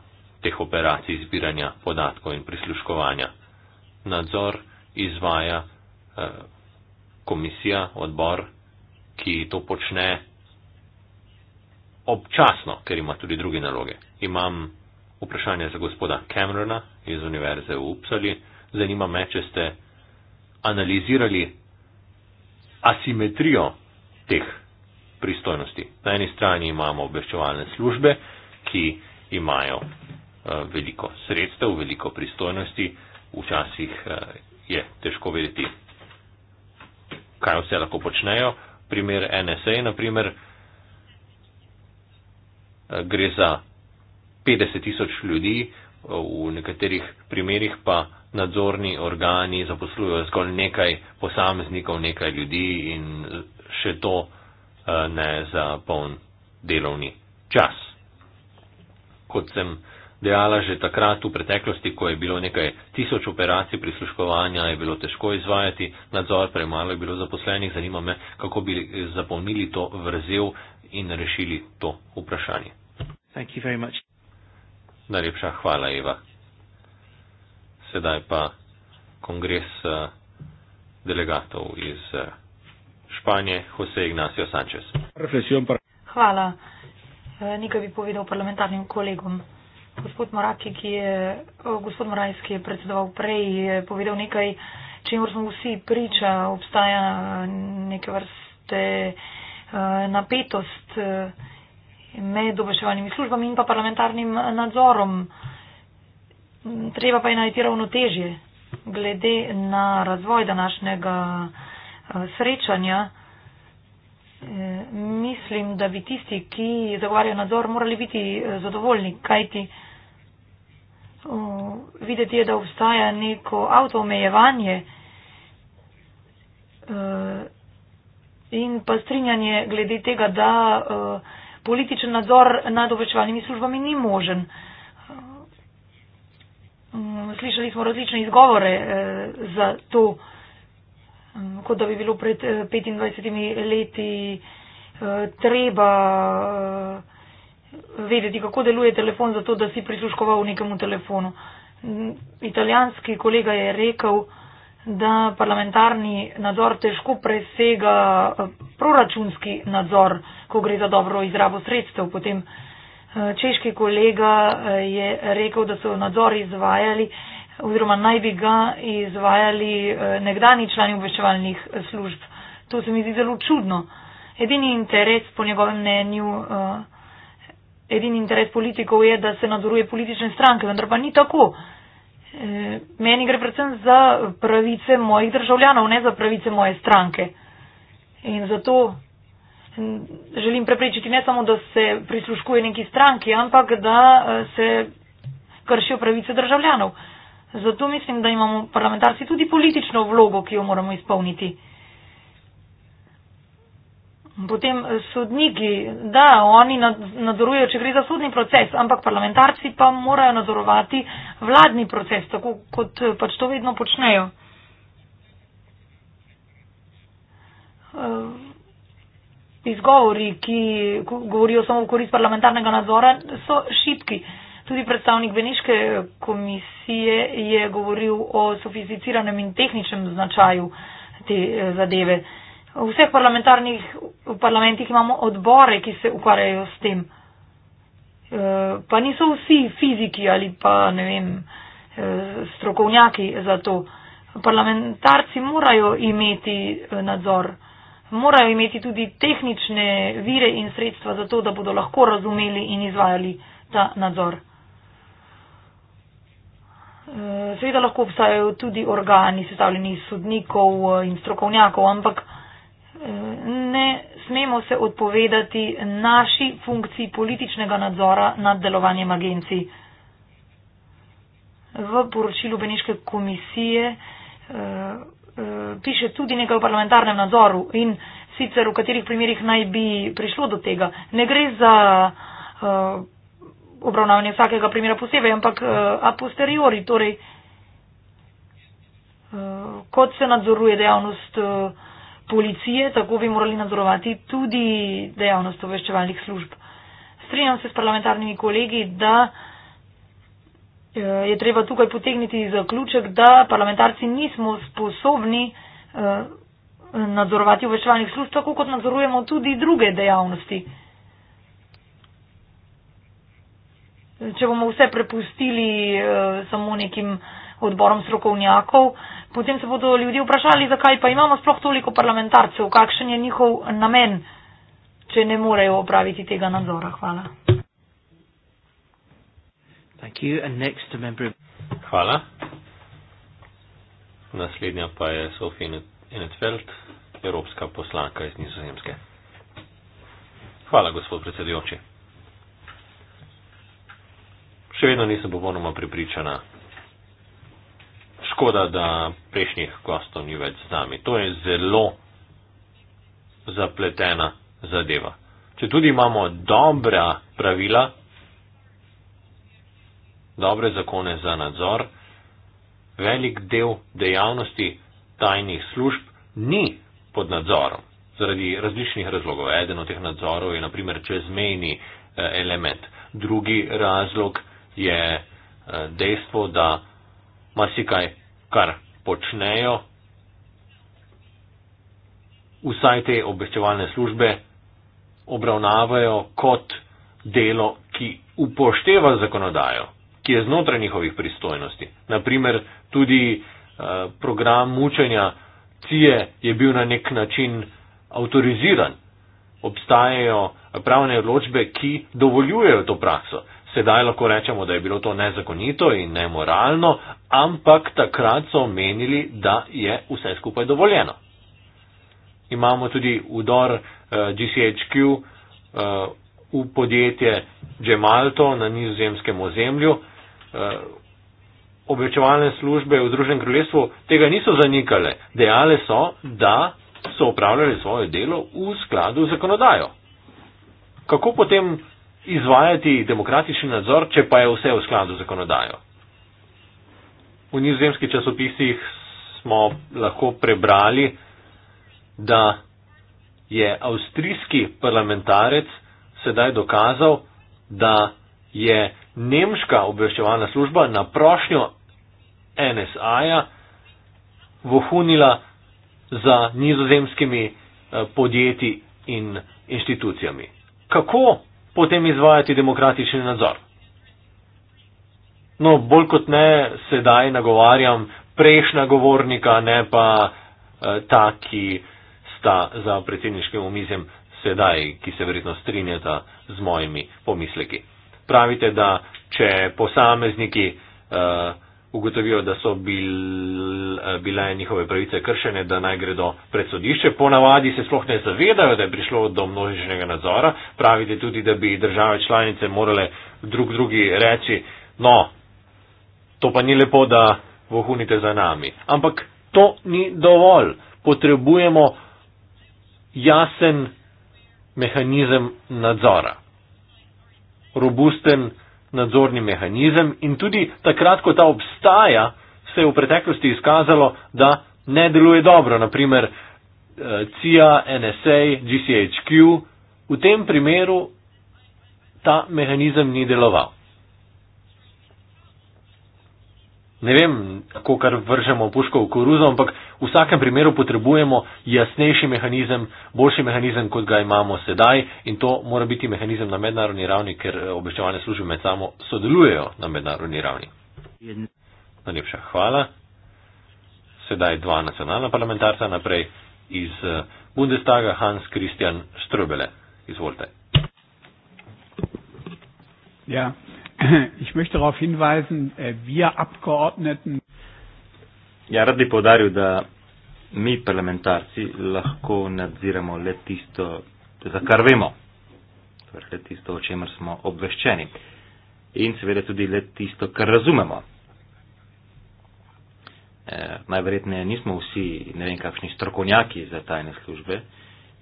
teh operacij zbiranja podatkov in prisluškovanja. Nadzor izvaja eh, komisija, odbor, ki to počne občasno, ker ima tudi druge naloge. Imam vprašanje za gospoda Camerona iz Univerze v Upsali. Zanima me, če ste analizirali asimetrijo teh pristojnosti. Na eni strani imamo obveščevalne službe, ki imajo eh, veliko sredstev, veliko pristojnosti, včasih eh, je težko vedeti, kaj vse lahko počnejo. Primer NSA, naprimer, eh, gre za 50 tisoč ljudi, v nekaterih primerjih pa nadzorni organi zaposlujejo zgolj nekaj posameznikov, nekaj ljudi in še to eh, ne za poln delovni čas. Kot sem dejala že takrat v preteklosti, ko je bilo nekaj tisoč operacij prisluškovanja, je bilo težko izvajati nadzor, premalo je bilo zaposlenih, zanima me, kako bi zapolnili to vrzel in rešili to vprašanje. Najlepša hvala, Eva sedaj pa kongres eh, delegatov iz eh, Španije, Jose Ignacio Sanchez. Hvala. Eh, nekaj bi povedal parlamentarnim kolegom. Gospod Moraki, ki je, gospod Morajs, ki je predsedoval prej, je povedal nekaj, čemu smo vsi priča, obstaja neke vrste napetost med obveščevalnimi službami in pa parlamentarnim nadzorom. Mm, treba pa je najti ravnotežje glede na razvoj današnjega eh, srečanja. Eh, mislim, da bi tisti, ki zagovarjajo nadzor, morali biti eh, zadovoljni, kajti videti je, da obstaja neko avtoomejevanje in pa strinjanje glede tega, da političen nadzor nad obveščevalnimi službami ni možen slišali smo različne izgovore eh, za to, mm, kot da bi bilo pred 25 eh, leti eh, treba eh, vedeti, kako deluje telefon, zato da si prisluškoval nekemu telefonu. Mm, italijanski kolega je rekel, da parlamentarni nadzor težko presega eh, proračunski nadzor, ko gre za dobro izrabo sredstev. Potem, eh, Češki kolega eh, je rekel, da so nadzor izvajali oziroma naj bi ga izvajali eh, nekdani člani obveščevalnih služb. To se mi zdi zelo čudno. Edini interes po njegovem mnenju, eh, edini interes politikov je, da se nadzoruje politične stranke, vendar pa ni tako. Meni gre predvsem za pravice mojih državljanov, ne za pravice moje stranke. In zato želim preprečiti ne samo, da se prisluškuje neki stranki, ampak da eh, se kršijo pravice državljanov. Zato mislim, da imamo parlamentarci tudi politično vlogo, ki jo moramo izpolniti. Potem eh, sodniki, da, oni nadzorujejo, če gre za sodni proces, ampak parlamentarci pa morajo nadzorovati vladni proces, tako kot eh, pač to vedno počnejo izgovori, ki govorijo samo v korist parlamentarnega nadzora, so šipki. Tudi predstavnik Beniške komisije je govoril o sofisticiranem in tehničnem značaju te eh, zadeve. V vseh parlamentarnih parlamentih imamo odbore, ki se ukvarjajo s tem. Eh, pa niso vsi fiziki ali pa ne vem, eh, strokovnjaki za to. Parlamentarci morajo imeti nadzor morajo imeti tudi tehnične vire in sredstva za to, da bodo lahko razumeli in izvajali ta nadzor. Eh, seveda lahko obstajajo tudi organi sestavljeni iz sodnikov eh, in strokovnjakov, ampak eh, ne smemo se odpovedati naši funkciji političnega nadzora nad delovanjem agencij. V poročilu Beneške komisije Eh, piše tudi nekaj o parlamentarnem nadzoru in sicer v katerih primerjih naj bi prišlo do tega. Ne gre za uh, obravnavanje vsakega primera posebej, ampak uh, a posteriori, torej uh, kot se nadzoruje dejavnost uh, policije, tako bi morali nadzorovati tudi dejavnost obveščevalnih služb. Strinjam se s parlamentarnimi kolegi, da uh, Eh, je treba tukaj potegniti zaključek, da parlamentarci nismo sposobni eh, nadzorovati obveščevalnih služb, tako kot nadzorujemo tudi druge dejavnosti. Če bomo vse prepustili eh, samo nekim odborom strokovnjakov, potem se bodo ljudje vprašali, zakaj pa imamo sploh toliko parlamentarcev, kakšen je njihov namen, če ne morejo opraviti tega nadzora. Hvala. Thank you. And next a member of Hvala. Naslednja pa je Sofie Enetfeld, evropska poslanka iz Nizozemske. Hvala, gospod predsedujoči. Še vedno nisem popolnoma pripričana. Škoda, da prejšnjih gostov ni več z nami. To je zelo zapletena zadeva. Če tudi imamo dobra pravila, dobre zakone za nadzor, velik del dejavnosti tajnih služb ni pod nadzorom. Zaradi različnih razlogov. Eden od teh nadzorov je naprimer čezmejni eh, element. Drugi razlog je eh, dejstvo, da marsikaj, kar počnejo, vsaj te obveščevalne službe obravnavajo kot delo, ki upošteva zakonodajo ki je znotraj njihovih pristojnosti. Naprimer, tudi eh, program mučenja CIE je bil na nek način avtoriziran. Obstajajo pravne odločbe, ki dovoljujejo to prakso. Sedaj lahko rečemo, da je bilo to nezakonito in nemoralno, ampak takrat so menili, da je vse skupaj dovoljeno. Imamo tudi udor eh, GCHQ eh, v podjetje Gemalto na nizozemskem ozemlju, Eh, obvečevalne službe v Združenem kraljestvu tega niso zanikale. Dejale so, da so upravljali svoje delo v skladu z zakonodajo. Kako potem izvajati demokratični nadzor, če pa je vse v skladu z zakonodajo? V nizozemskih časopisih smo lahko prebrali, da je avstrijski parlamentarec sedaj dokazal, da je nemška obveščevalna služba na prošnjo NSA-ja vohunila za nizozemskimi eh, podjetji in inštitucijami. Kako potem izvajati demokratični nadzor? No, bolj kot ne sedaj nagovarjam prejšnja govornika, ne pa eh, ta, ki sta za predsedniškim omizjem sedaj, ki se verjetno strinjata z mojimi pomisleki pravite, da če posamezniki uh, ugotovijo, da so bil, eh, bile njihove pravice kršene, da naj gredo pred sodišče. Ponavadi se sploh ne zavedajo, da je prišlo do množičnega nadzora. Pravite tudi, da bi države članice morale drug drugi reči, no, to pa ni lepo, da vohunite za nami. Ampak to ni dovolj. Potrebujemo jasen mehanizem nadzora robusten nadzorni mehanizem in tudi takrat, ko ta obstaja, se je v preteklosti izkazalo, da ne deluje dobro. Naprimer eh, CIA, NSA, GCHQ, v tem primeru ta mehanizem ni deloval. ne vem, kako kar vržemo puško v koruzo, ampak v vsakem primeru potrebujemo jasnejši mehanizem, boljši mehanizem, kot ga imamo sedaj in to mora biti mehanizem na mednarodni ravni, ker eh, obveščevalne službe med samo sodelujejo na mednarodni ravni. Najlepša hvala. Sedaj dva nacionalna parlamentarca naprej iz eh, Bundestaga, Hans Christian Ströbele. Izvolite. Ja, Ich möchte darauf hinweisen, äh, wir Abgeordneten. Ja, rad bi povdaril, da mi parlamentarci lahko nadziramo le tisto, za kar vemo, torej le tisto, o čemer smo obveščeni in seveda tudi le tisto, kar razumemo. E, najverjetneje nismo vsi ne vem kakšni strokovnjaki za tajne službe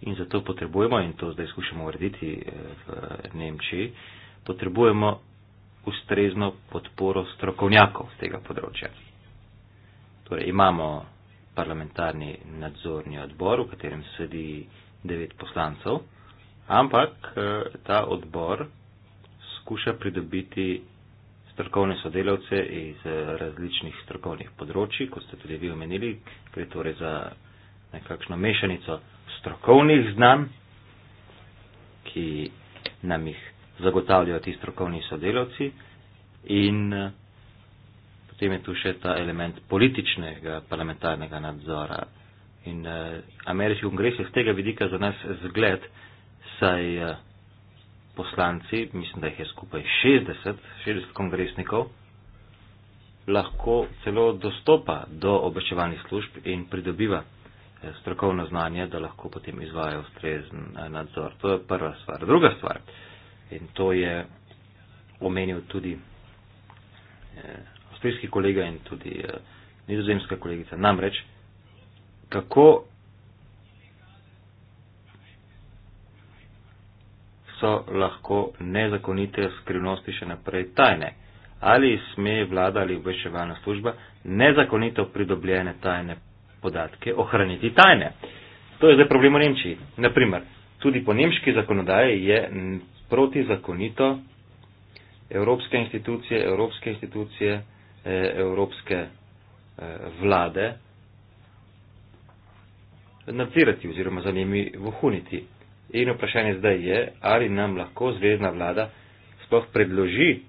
in zato potrebujemo, in to zdaj skušamo urediti eh, v Nemčiji, potrebujemo ustrezno podporo strokovnjakov z tega področja. Torej, imamo parlamentarni nadzorni odbor, v katerem sedi devet poslancev, ampak eh, ta odbor skuša pridobiti strokovne sodelavce iz eh, različnih strokovnih področji, kot ste tudi vi omenili, gre torej za nekakšno mešanico strokovnih znanj, ki nam jih zagotavljajo ti strokovni sodelavci. In eh, potem je tu še ta element političnega parlamentarnega nadzora. In eh, ameriški kongres je z tega vidika za nas zgled, saj eh, poslanci, mislim, da jih je skupaj 60, 60 kongresnikov, lahko celo dostopa do obveščevalnih služb in pridobiva strokovno znanje, da lahko potem izvaja ustrezen nadzor. To je prva stvar. Druga stvar. In to je omenil tudi eh, avstrijski kolega in tudi eh, nizozemska kolegica. Namreč, kako so lahko nezakonite skrivnosti še naprej tajne? Ali sme vlada ali obveščevalna služba nezakonito pridobljene tajne podatke ohraniti tajne? To je zdaj problem v Nemčiji. Naprimer, tudi po nemški zakonodaji je protizakonito. Evropske institucije, evropske institucije, eh, evropske eh, vlade nadzirati oziroma za njimi vohuniti. In vprašanje zdaj je, ali nam lahko zvezdna vlada sploh predloži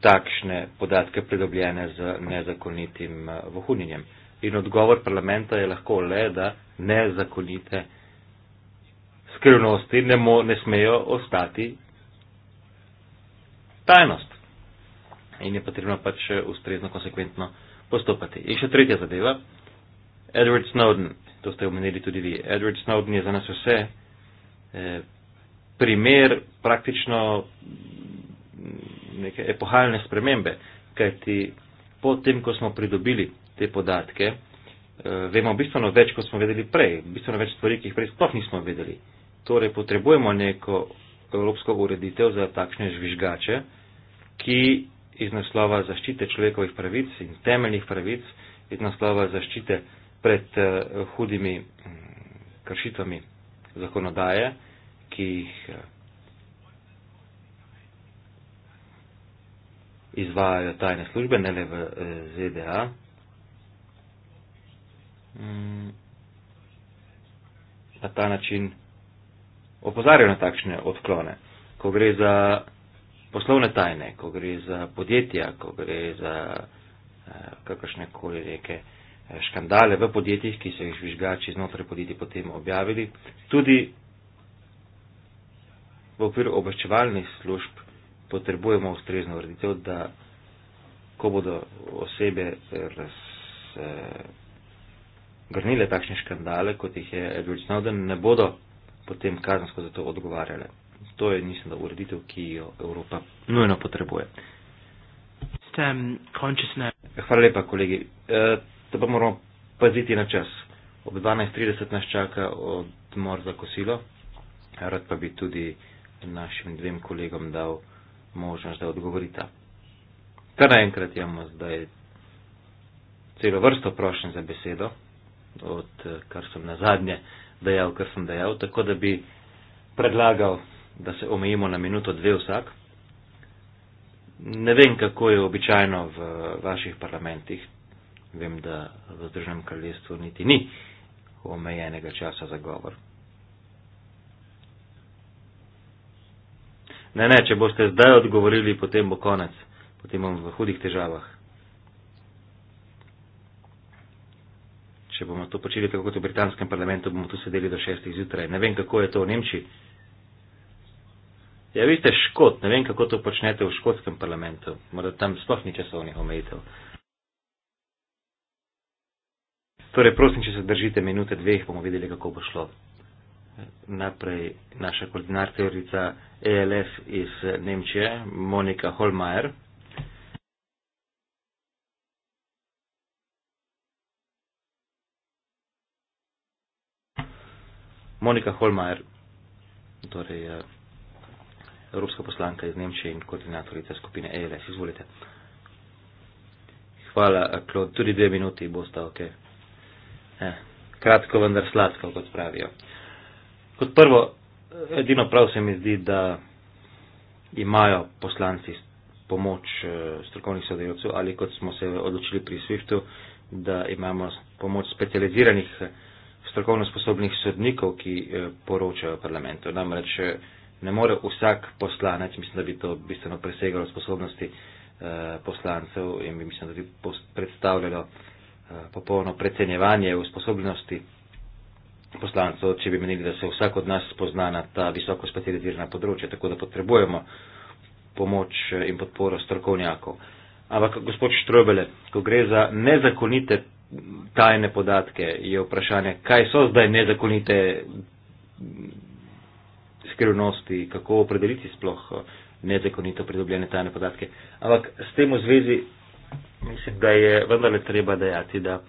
takšne podatke predobljene z nezakonitim eh, vohuninjem. In odgovor parlamenta je lahko le, da nezakonite skrivnosti ne, mo, ne smejo ostati tajnost in je potrebno pač ustrezno konsekventno postopati. In še tretja zadeva, Edward Snowden, to ste omenili tudi vi, Edward Snowden je za nas vse eh, primer praktično neke epohalne spremembe, kajti po tem, ko smo pridobili te podatke, eh, vemo bistveno več, kot smo vedeli prej, bistveno več stvari, ki jih prej sploh nismo vedeli. Torej potrebujemo neko evropsko ureditev za takšne žvižgače, ki iz naslova zaščite človekovih pravic in temeljnih pravic, iz naslova zaščite pred eh, hudimi mm, kršitvami zakonodaje, ki jih eh, izvajajo tajne službe, ne le v eh, ZDA. Mm, na ta način opozarjajo na takšne odklone. Ko gre za poslovne tajne, ko gre za podjetja, ko gre za eh, kakršne koli reke eh, škandale v podjetjih, ki so jih žvižgači znotraj podjetij potem objavili, tudi v okviru obveščevalnih služb potrebujemo ustrezno ureditev, da ko bodo osebe razgrnile eh, takšne škandale, kot jih je Edward Snowden, ne bodo potem kazensko za to odgovarjale. To je, mislim, da ureditev, ki jo Evropa nujno potrebuje. Hvala lepa, kolegi. Te pa moramo paziti na čas. Ob 12.30 nas čaka odmor za kosilo. Rad pa bi tudi našim dvem kolegom dal možnost, da odgovorita. Kar naenkrat imamo zdaj celo vrsto prošen za besedo, od kar sem na zadnje dejal, kar sem dejal, tako da bi predlagal, da se omejimo na minuto dve vsak. Ne vem, kako je običajno v vaših parlamentih, vem, da v Združenem kraljestvu niti ni omejenega časa za govor. Ne, ne, če boste zdaj odgovorili, potem bo konec, potem bom v hudih težavah. Če bomo to počeli tako kot v britanskem parlamentu, bomo tu sedeli do šestih zjutraj. Ne vem, kako je to v Nemčiji. Ja, vidite, škot, ne vem, kako to počnete v škotskem parlamentu. Morda tam sploh ni časovnih omejitev. Torej, prosim, če se držite minute dveh, bomo videli, kako bo šlo. Naprej naša koordinatorica ELF iz Nemčije, Monika Holmeier. Monika Holmajer, torej eh, evropska poslanka iz Nemčije in koordinatorica skupine ELS. Izvolite. Hvala, eh, Klod. Tudi dve minuti boste ok. Eh, kratko, vendar sladko, kot pravijo. Kot prvo, eh, edino prav se mi zdi, da imajo poslanci pomoč strokovnih sodelavcev ali kot smo se odločili pri SWIFT-u, da imamo pomoč specializiranih strokovno sposobnih sodnikov, ki eh, poročajo parlamentu. Namreč eh, ne more vsak poslanec, mislim, da bi to bistveno presegalo sposobnosti eh, poslancev in bi mislim, da bi predstavljalo popolno precenjevanje v sposobnosti poslancev, če bi menili, da se vsak od nas spozna na ta visoko specializirana področja, tako da potrebujemo pomoč in podporo strokovnjakov. Ampak, gospod Štrobele, ko gre za nezakonite tajne podatke, je vprašanje, kaj so zdaj nezakonite skrivnosti, kako opredeliti sploh eh, nezakonito pridobljene tajne podatke. Ampak s tem v zvezi mislim, da je vendarle treba dejati, da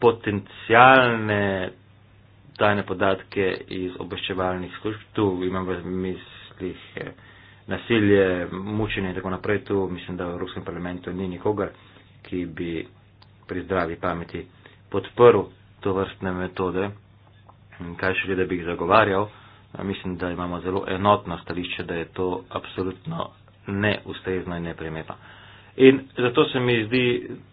potencijalne tajne podatke iz obveščevalnih služb, tu imam v mislih eh, nasilje, mučenje in tako naprej, tu mislim, da v Evropskem parlamentu ni nikogar, ki bi pri zdravi pameti podprl to vrstne metode, kaj še li, da bi jih zagovarjal, mislim, da imamo zelo enotno stališče, da je to absolutno neustrezno in neprimetno. In zato se mi zdi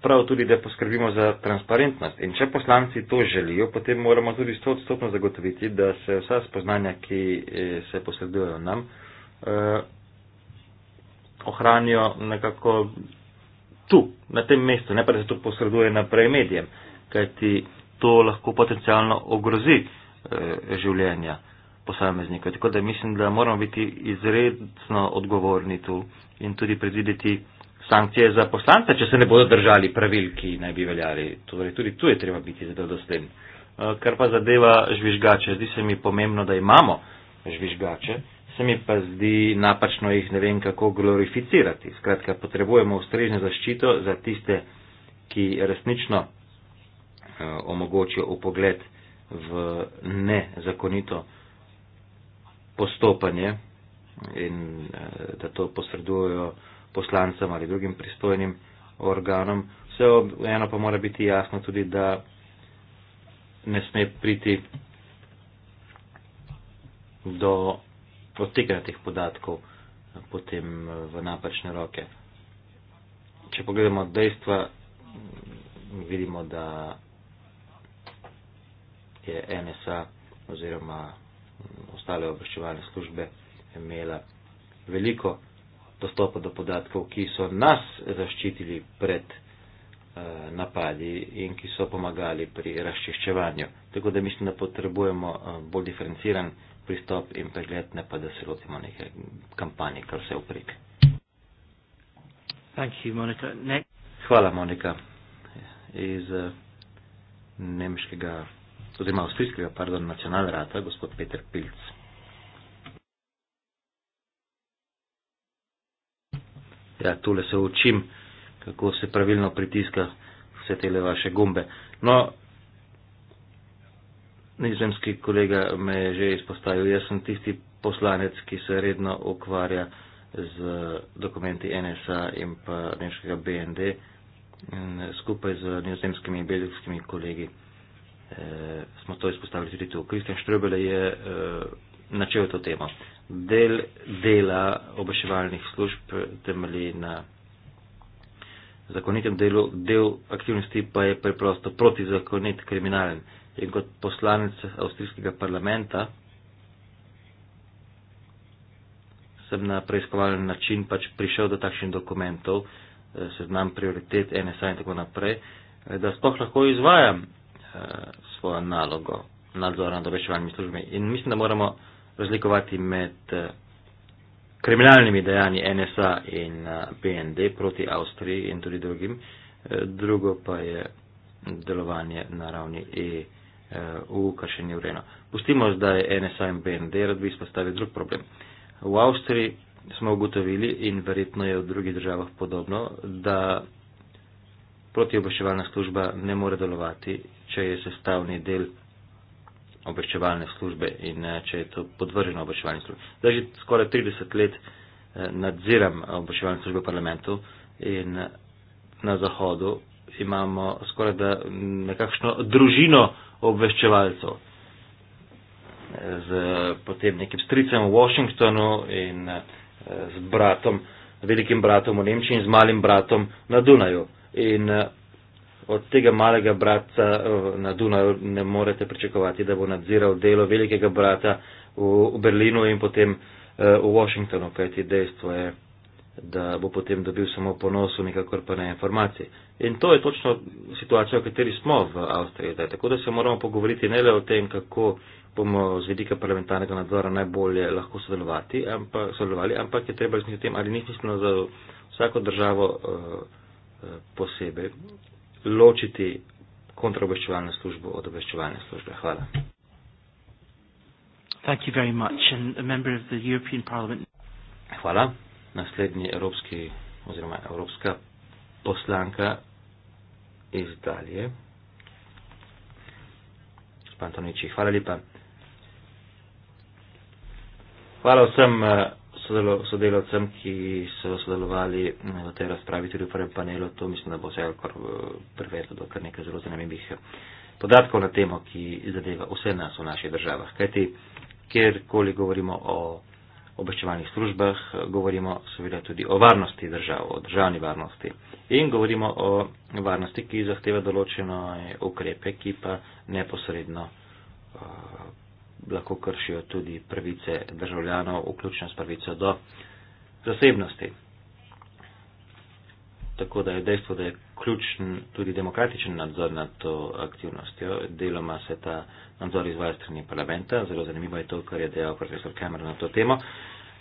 prav tudi, da poskrbimo za transparentnost. In če poslanci to želijo, potem moramo tudi stotstopno zagotoviti, da se vsa spoznanja, ki eh, se posredujejo nam, eh, ohranijo nekako tu, na tem mestu, ne pa da se to posreduje naprej medijem, kajti to lahko potencialno ogrozi e, življenja posameznika. Tako da mislim, da moramo biti izredno odgovorni tu in tudi predvideti sankcije za poslance, če se ne bodo držali pravil, ki naj bi veljali. Torej, tudi tu je treba biti zelo dosten. Eh, kar pa zadeva žvižgače, zdi se mi pomembno, da imamo žvižgače, se mi pa zdi napačno jih ne vem kako glorificirati. Skratka, potrebujemo ustrežno zaščito za tiste, ki resnično eh, omogočijo upogled v nezakonito postopanje in eh, da to posredujejo poslancem ali drugim pristojnim organom. Vse eno pa mora biti jasno tudi, da ne sme priti do odtekanja teh podatkov eh, potem eh, v napačne roke. Če pogledamo dejstva, mm, vidimo, da je NSA oziroma mm, ostale obveščevalne službe imela veliko dostopa do podatkov, ki so nas zaščitili pred eh, napadi in ki so pomagali pri razčiščevanju. Tako da mislim, da potrebujemo bolj diferenciran pristop in pregled, ne pa da se lotimo neke kampanje, kar vse uprek. Hvala, Monika. Iz eh, nemškega, oziroma avstrijskega, pardon, nacional rata, gospod Peter Pilc. Ja, tule se učim, kako se pravilno pritiska vse tele vaše gumbe. No, Nizemski kolega me je že izpostavil, jaz sem tisti poslanec, ki se redno ukvarja z dokumenti NSA in pa nemškega BND in eh, skupaj z nizemskimi in belgijskimi kolegi eh, smo to izpostavili tudi tu. Kristjan Štrebele je eh, načel to temo. Del dela obaševalnih služb temelji na zakonitem delu, del aktivnosti pa je preprosto protizakonit, kriminalen. Eh, in kot poslanec avstrijskega parlamenta sem na preiskovalen način pač prišel do takšnih dokumentov, eh, seznam prioritet NSA in tako naprej, eh, da sploh lahko izvajam eh, svojo nalogo nadzora nad obveščevalnimi službami. In mislim, da moramo razlikovati med kriminalnimi dejanji NSA in BND proti Avstriji in tudi drugim. Drugo pa je delovanje na ravni EU v kršenju Rena. Pustimo zdaj NSA in BND, rad bi izpostavil drug problem. V Avstriji smo ugotovili in verjetno je v drugih državah podobno, da protioboščevalna služba ne more delovati, če je sestavni del obveščevalne službe in eh, če je to podvrženo obveščevalni službi. Zdaj že skoraj 30 let eh, nadziram obveščevalne službe v parlamentu in eh, na zahodu imamo skoraj da mm, nekakšno družino obveščevalcev. Z potem nekim stricem v Washingtonu in eh, z bratom, velikim bratom v Nemčiji in z malim bratom na Dunaju. In eh, od tega malega brata eh, na Dunaju ne morete pričakovati, da bo nadziral delo velikega brata v Berlinu in potem v Washingtonu, kajti dejstvo je, da bo potem dobil samo ponos, nekakor pa ne informacije. In to je točno situacija, v kateri smo v Avstriji. Daj. Tako da se moramo pogovoriti ne le o tem, kako bomo z vidika parlamentarnega nadzora najbolje lahko sodelovati, ampak, sodelovali, ampak je treba razmisliti o tem, ali ni smiselno za vsako državo uh, posebej ločiti kontraobveščevalno službo od obveščevalne službe. Hvala. Thank you very much. And a member of the European Parliament. Hvala naslednji evropski oziroma evropska poslanka iz Dalje. Gospod Antoniči, hvala lepa. Hvala vsem eh, sodelovcem, ki so sodelovali eh, v tej razpravi tudi v prvem panelu. To mislim, da bo vse kar eh, privedlo do kar nekaj zelo zanimivih podatkov na temo, ki zadeva vse nas v naših državah. Kajti, kjerkoli govorimo o obveščevalnih službah, govorimo seveda tudi o varnosti držav, o državni varnosti. In govorimo o varnosti, ki zahteva določeno ukrepe, ki pa neposredno uh, lahko kršijo tudi pravice državljanov, vključno s pravico do zasebnosti. Tako da je dejstvo, da je ključen tudi demokratičen nadzor nad to aktivnostjo. Deloma se ta nadzor izvaja strani parlamenta. Zelo zanimivo je to, kar je dejal profesor Cameron na to temo.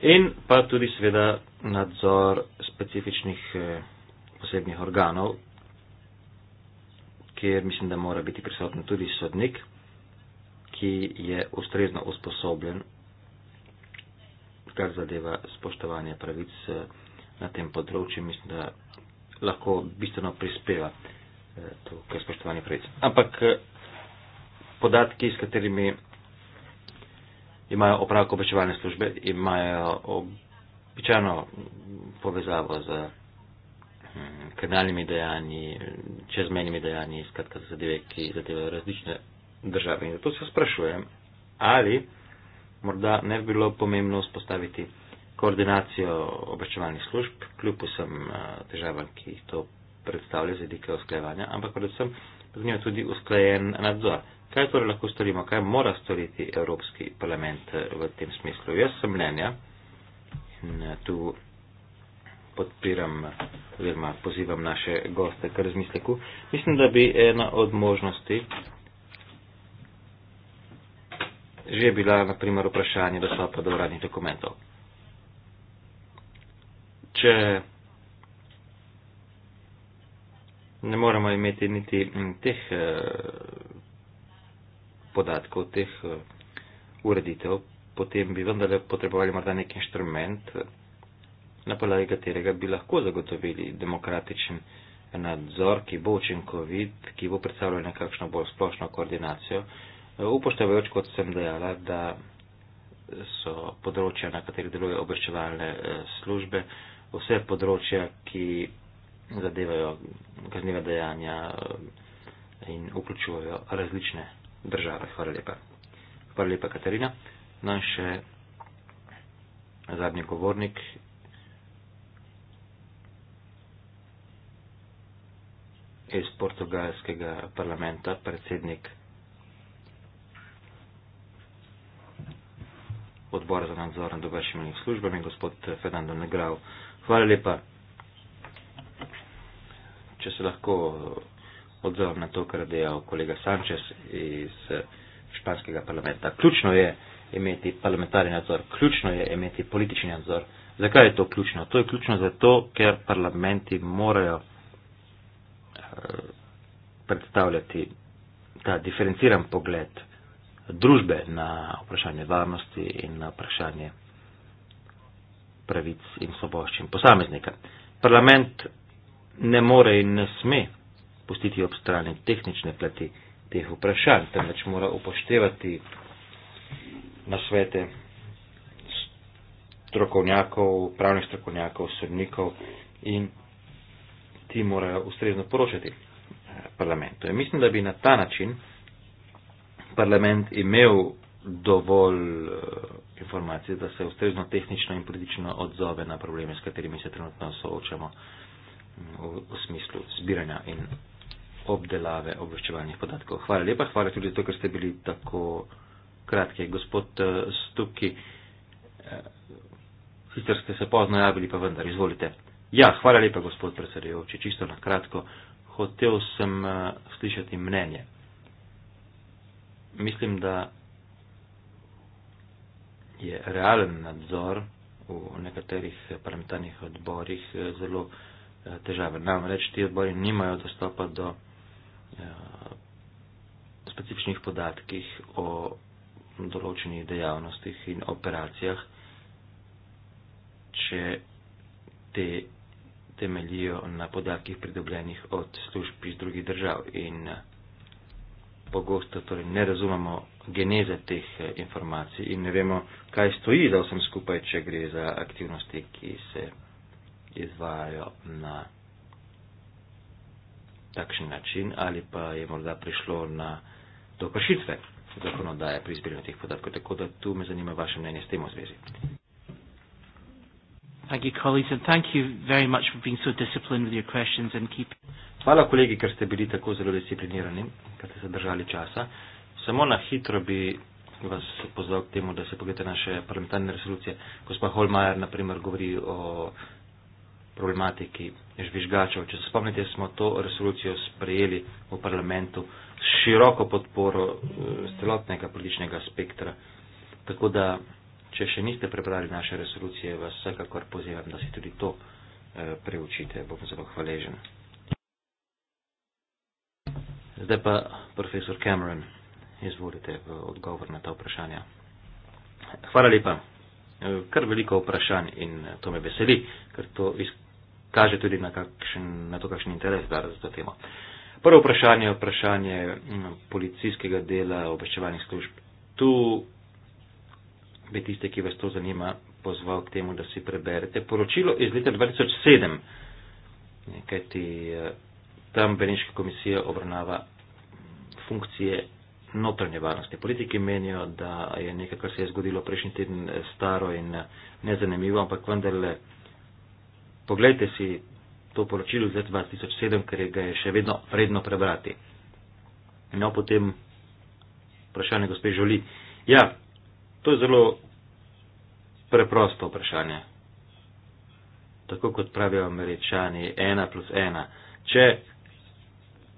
In pa tudi seveda nadzor specifičnih eh, posebnih organov, kjer mislim, da mora biti prisoten tudi sodnik, ki je ustrezno usposobljen, kar zadeva spoštovanje pravic eh, na tem področju. Mislim, da lahko bistveno prispeva eh, to, kar spoštovanje pravic. Ampak podatki, s katerimi imajo opravko obveščevalne službe, imajo običajno povezavo z hm, kriminalnimi dejanji, čezmenjimi dejanji, skratka zadeve, ki zadevajo različne države. In zato se sprašujem, ali morda ne bi bilo pomembno vzpostaviti koordinacijo obveščevalnih služb, kljub vsem eh, težavam, ki jih to predstavlja z vidika usklajevanja, ampak predvsem z njo tudi usklajen nadzor. Kaj torej lahko storimo, kaj mora storiti Evropski parlament eh, v tem smislu? Jaz sem mnenja in eh, tu podpiram oziroma pozivam naše goste k razmisleku. Mislim, da bi ena od možnosti že bila na primer vprašanje dostopa do uradnih dokumentov. Če ne moremo imeti niti mm, teh eh, podatkov teh eh, ureditev, potem bi vendarle potrebovali morda nek inštrument, eh, na podlagi katerega bi lahko zagotovili demokratičen nadzor, ki bo učinkovit, ki bo predstavljal nekakšno bolj splošno koordinacijo, eh, upoštevajoč, kot sem dejala, da so področja, na katerih delujejo obveščevalne službe, vse področja, ki zadevajo kazniva dejanja in vključujejo različne države. Hvala lepa. Hvala lepa, Katarina. No in še zadnji govornik. iz portugalskega parlamenta, predsednik odbora za nadzor nad obveščenimi službami, gospod Fernando Negrau. Hvala lepa. Če se lahko odzval na to, kar je dejal kolega Sanchez iz eh, španskega parlamenta. Ključno je imeti parlamentarni nadzor, ključno je imeti politični nadzor. Zakaj je to ključno? To je ključno zato, ker parlamenti morajo eh, predstavljati ta diferenciran pogled družbe na vprašanje varnosti in na vprašanje pravic in svoboščin posameznika. Parlament ne more in ne sme pustiti ob strani tehnične plati teh vprašanj, temveč mora upoštevati na svete strokovnjakov, pravnih strokovnjakov, sodnikov in ti morajo ustrezno poročati eh, parlamentu. In mislim, da bi na ta način parlament imel dovolj eh, informacije, da se ustrezno tehnično in politično odzove na probleme, s katerimi se trenutno soočamo mm, v, v smislu zbiranja in obdelave obveščevalnih podatkov. Hvala lepa, hvala tudi to, ker ste bili tako kratki. Gospod eh, Stuki, eh, sicer ste se pozno javili, pa vendar, izvolite. Ja, hvala lepa, gospod predsedujoči, čisto na kratko. Hotel sem eh, slišati mnenje. Mislim, da je realen nadzor v nekaterih parlamentarnih odborih zelo težaven. Namreč ti odbori nimajo dostopa do Eh, specifičnih podatkih o določenih dejavnostih in operacijah, če te temeljijo na podatkih pridobljenih od služb iz drugih držav in eh, pogosto torej ne razumemo geneze teh eh, informacij in ne vemo, kaj stoji za vsem skupaj, če gre za aktivnosti, ki se izvajajo na takšen način ali pa je morda prišlo na do kršitve zakonodaje pri izbiranju teh podatkov. Tako da tu me zanima vaše mnenje s tem v zvezi. Thank you, colleagues, and thank you very much for being so disciplined with your questions and keep. Hvala kolegi, ker ste bili tako zelo disciplinirani, ker ste se držali časa. Samo na hitro bi vas pozval k temu, da se pogledate naše parlamentarne resolucije. Gospa Holmajer, na primer, govori o problematiki žvižgačev. Če se spomnite, smo to resolucijo sprejeli v parlamentu s široko podporo eh, celotnega političnega spektra. Tako da, če še niste prebrali naše resolucije, vas vsekakor pozivam, da si tudi to eh, preučite. Bom zelo hvaležen. Zdaj pa profesor Cameron, izvolite v odgovor na ta vprašanja. Hvala lepa kar veliko vprašanj in eh, to me veseli, ker to kaže tudi na, kakšen, na to, kakšen interes zdaj za to temo. Prvo vprašanje je vprašanje mm, policijskega dela obveščevalnih služb. Tu bi tiste, ki vas to zanima, pozval k temu, da si preberete poročilo iz leta 2007, kajti eh, tam Beneška komisija obravnava funkcije notranje varnostne politike menijo, da je nekaj, kar se je zgodilo prejšnji teden, staro in eh, nezanimivo, ampak vendarle, pogledajte si to poročilo iz leta 2007, ker ga je še vedno vredno prebrati. No, potem vprašanje gospe Žoli. Ja, to je zelo preprosto vprašanje. Tako kot pravijo američani, ena plus ena. Če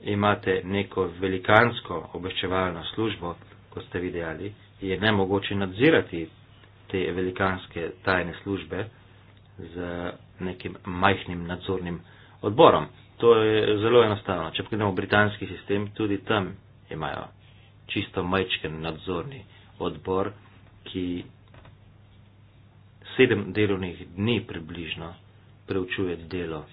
imate neko velikansko obveščevalno službo, kot ste videli, je nemogoče nadzirati te velikanske tajne službe z nekim majhnim nadzornim odborom. To je zelo enostavno. Če pogledamo britanski sistem, tudi tam imajo čisto majčken nadzorni odbor, ki sedem delovnih dni približno preučuje delo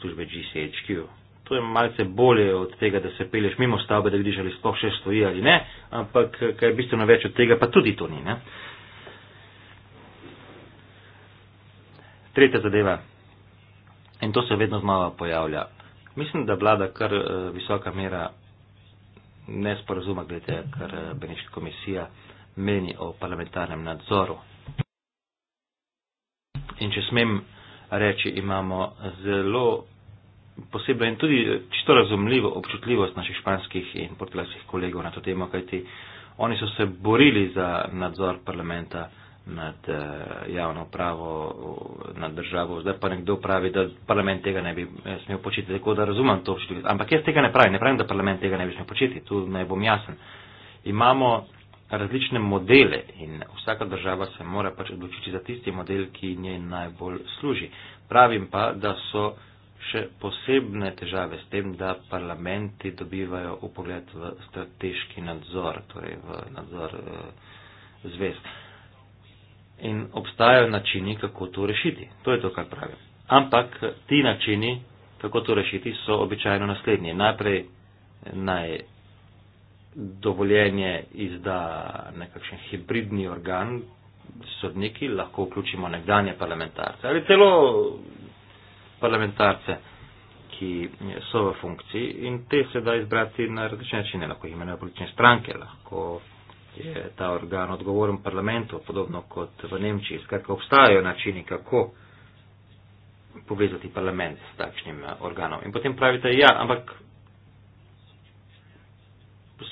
službe GCHQ to je malce bolje od tega, da se peleš mimo stavbe, da vidiš, ali sploh še stoji ali ne, ampak eh, kar je bistveno več od tega, pa tudi to ni. Ne? Tretja zadeva, in to se vedno znova pojavlja. Mislim, da vlada kar eh, visoka mera nesporazuma, glede kar eh, Beneška komisija meni o parlamentarnem nadzoru. In če smem reči, imamo zelo posebna in tudi čisto razumljiva občutljivost naših španskih in portugalskih kolegov na to temo, kajti oni so se borili za nadzor parlamenta nad eh, javno pravo, nad državo. Zdaj pa nekdo pravi, da parlament tega ne bi eh, smel početi, tako da razumem to občutljivost. Ampak jaz tega ne pravim, ne pravim, da parlament tega ne bi smel početi, tu naj bom jasen. Imamo različne modele in vsaka država se mora pač odločiti za tisti model, ki njej najbolj služi. Pravim pa, da so še posebne težave s tem, da parlamenti dobivajo upogled v strateški nadzor, torej v nadzor eh, zvez. In obstajajo načini, kako to rešiti. To je to, kar pravim. Ampak ti načini, kako to rešiti, so običajno naslednji. Najprej naj dovoljenje izda nekakšen hibridni organ, sodniki, lahko vključimo nekdanje parlamentarce ali celo parlamentarce, ki so v funkciji in te se da izbrati na različne načine, lahko jih imenujejo politične stranke, lahko je ta organ odgovoren parlamentu, podobno kot v Nemčiji. Skratka, obstajajo načini, kako povezati parlament s takšnim eh, organom. In potem pravite, ja, ampak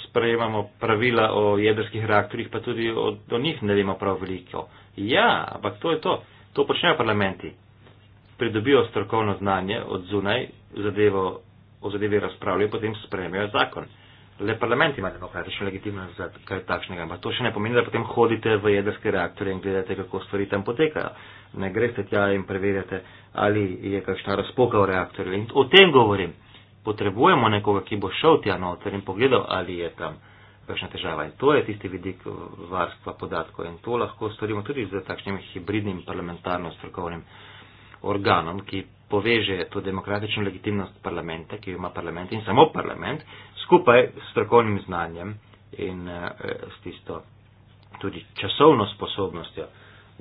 sprejemamo pravila o jedrskih reaktorjih, pa tudi o, o njih ne vemo prav veliko. Ja, ampak to je to. To počnejo parlamenti pridobijo strokovno znanje od zunaj, zadevo, o zadevi razpravljajo, potem sprejmejo zakon. Le parlament ima demokratično legitimnost za kaj takšnega, ampak to še ne pomeni, da potem hodite v jedrske reaktorje in gledate, kako stvari tam potekajo. Ne greste tja in preverjate, ali je kakšna razpoka v reaktorju. In o tem govorim. Potrebujemo nekoga, ki bo šel tja noter in pogledal, ali je tam kakšna težava. In to je tisti vidik varstva podatkov. In to lahko storimo tudi z takšnim hibridnim parlamentarno strokovnim organom, ki poveže to demokratično legitimnost parlamenta, ki jo ima parlament in samo parlament, skupaj s strokovnim znanjem in eh, s tisto tudi časovno sposobnostjo,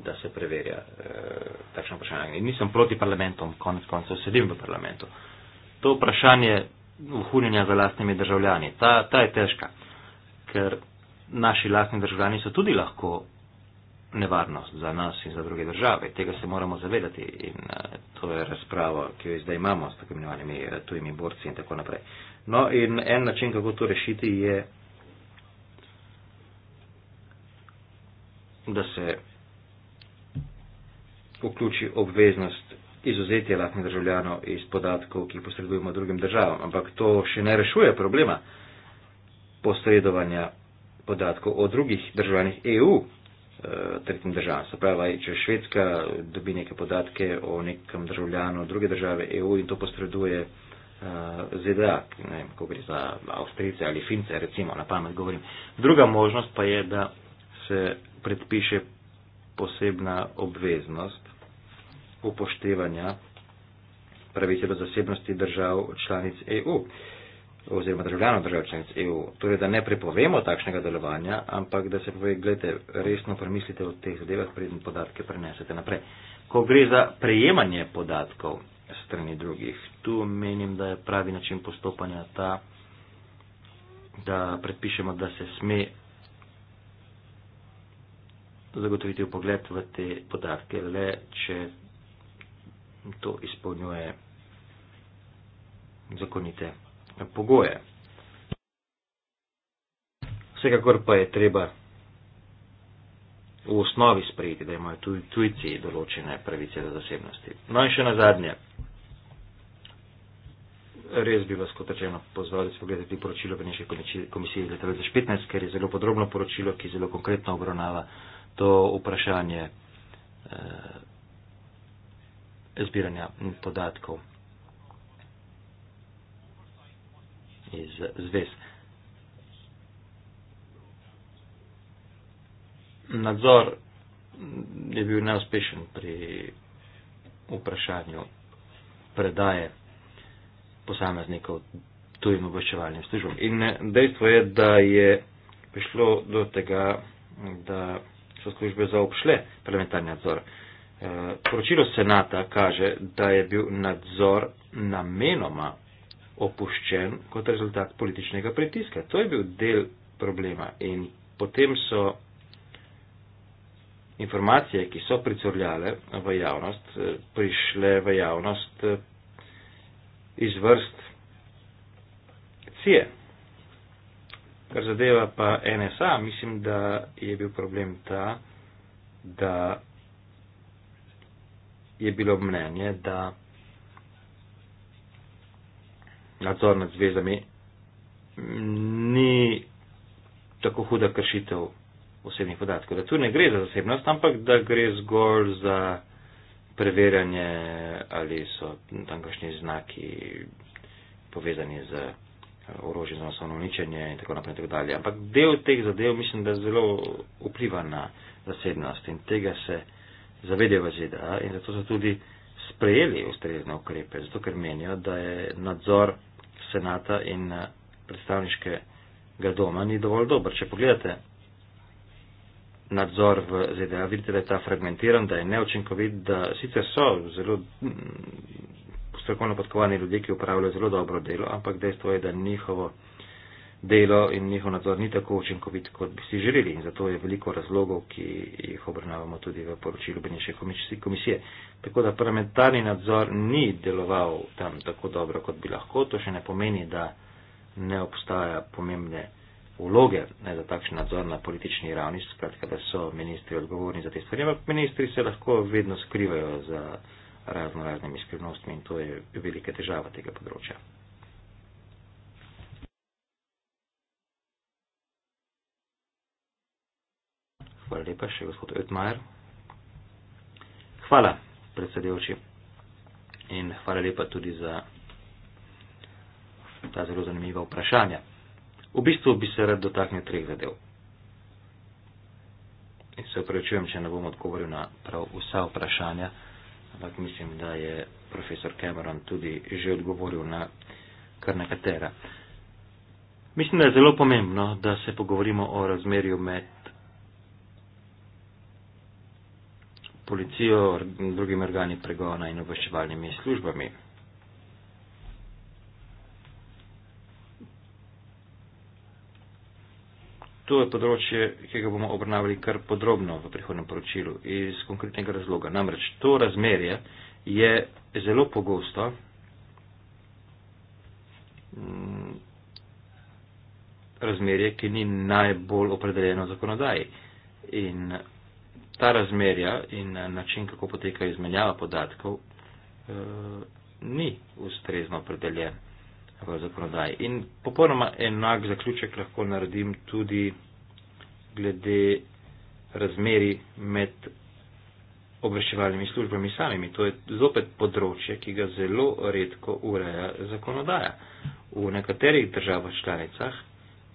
da se preverja eh, takšno vprašanje. In nisem proti parlamentom, konec koncev sedim v parlamentu. To vprašanje uhunjenja za lastnimi državljani, ta, ta je težka, ker naši lastni državljani so tudi lahko nevarnost za nas in za druge države. Tega se moramo zavedati in uh, to je razprava, ki jo zdaj imamo s tako imenovanimi uh, tujimi borci in tako naprej. No in en način, kako to rešiti, je, da se vključi obveznost izuzetja lahnih državljanov iz podatkov, ki jih posredujemo drugim državam. Ampak to še ne rešuje problema posredovanja podatkov o drugih državljanih EU, Eh, tretjim državam. Se pravi, če Švedska dobi neke podatke o nekem državljanu druge države EU in to posreduje uh, eh, ZDA, ne vem, ko gre za Avstrijce ali Fince, recimo na pamet govorim. Druga možnost pa je, da se predpiše posebna obveznost upoštevanja pravice do zasebnosti držav članic EU. Uh, oziroma državljanov držav članic EU. Torej, da ne prepovemo takšnega delovanja, ampak da se pove, gledajte, resno premislite o teh zadevah, preden podatke prenesete naprej. Ko gre za prejemanje podatkov strani drugih, tu menim, da je pravi način postopanja ta, da predpišemo, da se sme zagotoviti upogled v te podatke, le če to izpolnjuje zakonite pogoje. Vsekakor pa je treba v osnovi sprejeti, da imajo tudi tujci določene pravice do zasebnosti. No in še na zadnje. Res bi vas, kot rečeno, pozval, da si pogledate poročilo Beneške komisije iz leta 2015, ker je zelo podrobno poročilo, ki zelo konkretno obravnava to vprašanje eh, zbiranja podatkov. iz zvez. Nadzor je bil neuspešen pri vprašanju predaje posameznikov tujim obveščevalnim službam. In eh, dejstvo je, da je prišlo do tega, da so službe zaobšle parlamentarni nadzor. Eh, poročilo senata kaže, da je bil nadzor namenoma opuščen kot rezultat političnega pritiska. To je bil del problema. In potem so informacije, ki so pricurljale v javnost, eh, prišle v javnost eh, iz vrst CIE. Kar zadeva pa NSA, mislim, da je bil problem ta, da je bilo mnenje, da nadzor nad zvezdami ni tako huda kršitev osebnih podatkov. Da tu ne gre za zasebnost, ampak da gre zgolj za preverjanje, ali so tam kakšni znaki povezani z eh, orožje za osnovno uničenje in tako naprej in tako dalje. Ampak del teh zadev mislim, da zelo vpliva na zasebnost in tega se zavedajo v ZDA in zato so tudi sprejeli ustrezne ukrepe, zato ker menijo, da je nadzor senata in eh, predstavniškega doma ni dovolj dober. Če pogledate nadzor v ZDA, vidite, da je ta fragmentiran, da je neočinkovit, da sicer so zelo mm, strokovno podkovani ljudje, ki upravljajo zelo dobro delo, ampak dejstvo je, da njihovo delo in njihov nadzor ni tako učinkovit, kot bi si želeli. In zato je veliko razlogov, ki jih obravnavamo tudi v poročilu Beneške komisije. Tako da parlamentarni nadzor ni deloval tam tako dobro, kot bi lahko. To še ne pomeni, da ne obstaja pomembne vloge ne, za takšen nadzor na politični ravni, skratka, da so ministri odgovorni za te stvari, ampak ministri se lahko vedno skrivajo za razno raznimi skrivnostmi in to je velika težava tega področja. Hvala lepa, še gospod Edmajer. Hvala, predsedujoči. In hvala lepa tudi za ta zelo zanimiva vprašanja. V bistvu bi se rad dotaknil treh zadev. In se upravičujem, če ne bom odgovoril na prav vsa vprašanja, ampak mislim, da je profesor Cameron tudi že odgovoril na kar nekatera. Mislim, da je zelo pomembno, da se pogovorimo o razmerju med policijo, drugimi organi pregona in obveščevalnimi službami. To je področje, ki ga bomo obravnavali kar podrobno v prihodnem poročilu iz konkretnega razloga. Namreč to razmerje je zelo pogosto mm, razmerje, ki ni najbolj opredeljeno zakonodaji. In ta razmerja in eh, način, kako poteka izmenjava podatkov, eh, ni ustrezno opredeljen v zakonodaji. In popolnoma enak zaključek lahko naredim tudi glede razmeri med obveščevalnimi službami samimi. To je zopet področje, ki ga zelo redko ureja zakonodaja. V nekaterih državah članicah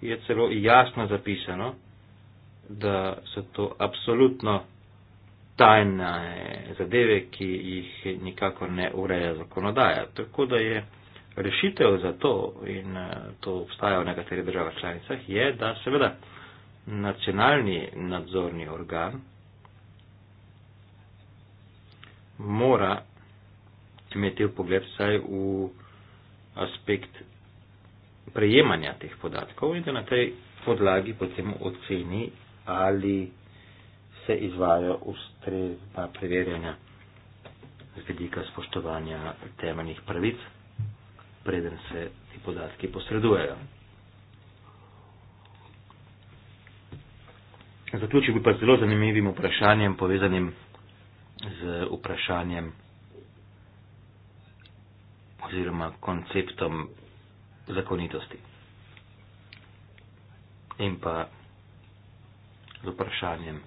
je celo jasno zapisano, da so to absolutno tajne zadeve, ki jih nikako ne ureja zakonodaja. Tako da je rešitev za to, in eh, to obstaja v nekaterih državah članicah, je, da seveda nacionalni nadzorni organ mora imeti v pogled vsaj v aspekt prejemanja teh podatkov in da na tej podlagi potem oceni ali se izvajo ustrezna preverjanja z vedika spoštovanja temeljnih pravic, preden se ti podatki posredujejo. Zaključil bi pa z zelo zanimivim vprašanjem, povezanim z vprašanjem oziroma konceptom zakonitosti in pa z vprašanjem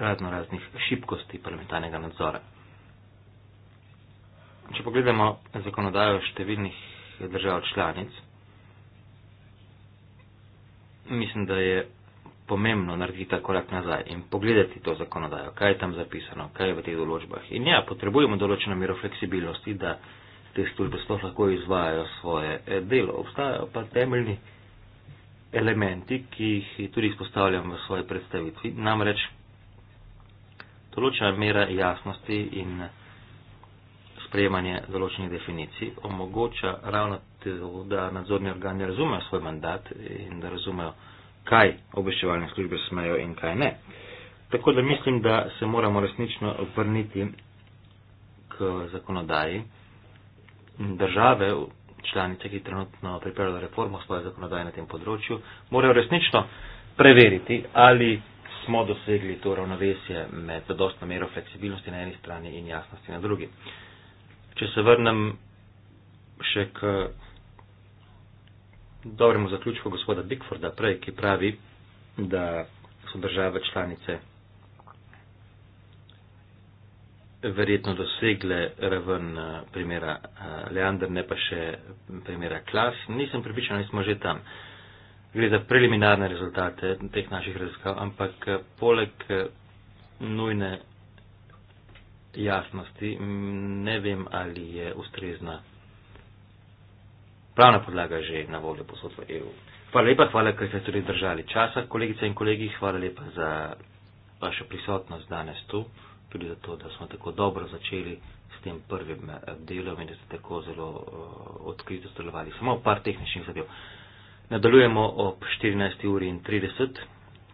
razno raznih šibkosti parlamentarnega nadzora. Če pogledamo zakonodajo številnih držav članic, mislim, da je pomembno narediti ta korak nazaj in pogledati to zakonodajo, kaj je tam zapisano, kaj je v teh določbah. In ja, potrebujemo določeno mero fleksibilnosti, da te službe sploh lahko izvajajo svoje eh, delo. Obstajajo pa temeljni elementi, ki jih tudi izpostavljam v svoji predstavitvi. Namreč določena mera jasnosti in sprejemanje določenih definicij omogoča ravno to, da nadzorni organi razumejo svoj mandat in da razumejo, kaj obveščevalne službe smejo in kaj ne. Tako da mislim, da se moramo resnično obrniti k zakonodaji države, članice, ki trenutno pripravljajo reformo svoje zakonodaje na tem področju, morajo resnično preveriti, ali smo dosegli to ravnovesje med zadostno mero fleksibilnosti na eni strani in jasnosti na drugi. Če se vrnem še k dobremu zaključku gospoda Bigforda prej, ki pravi, da so države članice verjetno dosegle raven eh, primera eh, Leander, ne pa še primera Klas. Nisem pripričan, da smo že tam. Uh, gre za preliminarne rezultate teh naših raziskav, ampak eh, poleg eh, nujne jasnosti ne vem, ali je ustrezna pravna podlaga že na voljo posod v EU. Hvala lepa, hvala, ker ste tudi držali časa, kolegice in kolegi, hvala lepa za vašo prisotnost danes tu, tudi za to, da smo tako dobro začeli s tem prvim eh, delom in da ste tako zelo uh, odkrito sodelovali. Samo par tehničnih zadev. Nadaljujemo ob 14.30,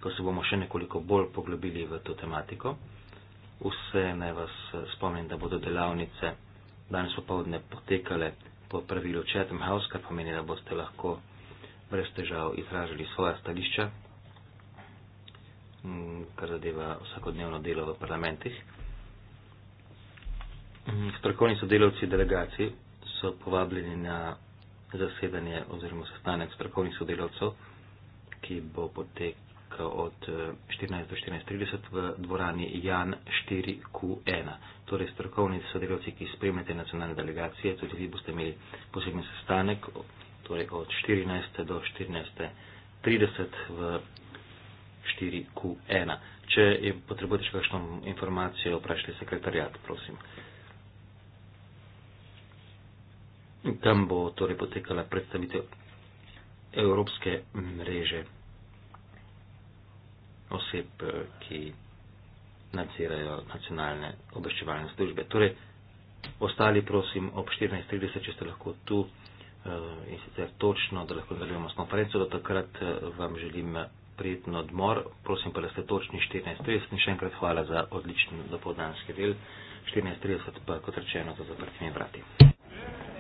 ko se bomo še nekoliko bolj poglobili v to tematiko. Vse naj vas eh, spomnim, da bodo delavnice danes popovdne potekale po pravilu Chatham House, kar pomeni, da boste lahko brez težav izražali svoja stališča, mm, kar zadeva vsakodnevno delo v parlamentih. Mm, strokovni sodelavci delegacij so povabljeni na zasedanje oziroma sestanek strokovnih sodelavcev, ki bo potekal od 14 eh, do 14.30 v dvorani Jan 4Q1. Torej, strokovni sodelavci, ki spremljate nacionalne delegacije, tudi vi boste imeli poseben sestanek, torej od 14 do 14.30 v 4Q1. Če potrebujete še kakšno informacijo, vprašajte sekretarjat, prosim. Tam bo torej potekala predstavitev evropske mreže oseb, eh, ki nadzirajo nacionalne obveščevalne službe. Torej, ostali prosim ob 14.30, če ste lahko tu eh, in sicer točno, da lahko nadaljujemo s konferenco. Do takrat eh, vam želim prijeten odmor. Prosim pa, da ste točni 14.30 in še enkrat hvala za odličen dopoldanski del. 14.30 pa, kot rečeno, za zaprtimi vrati. Yeah.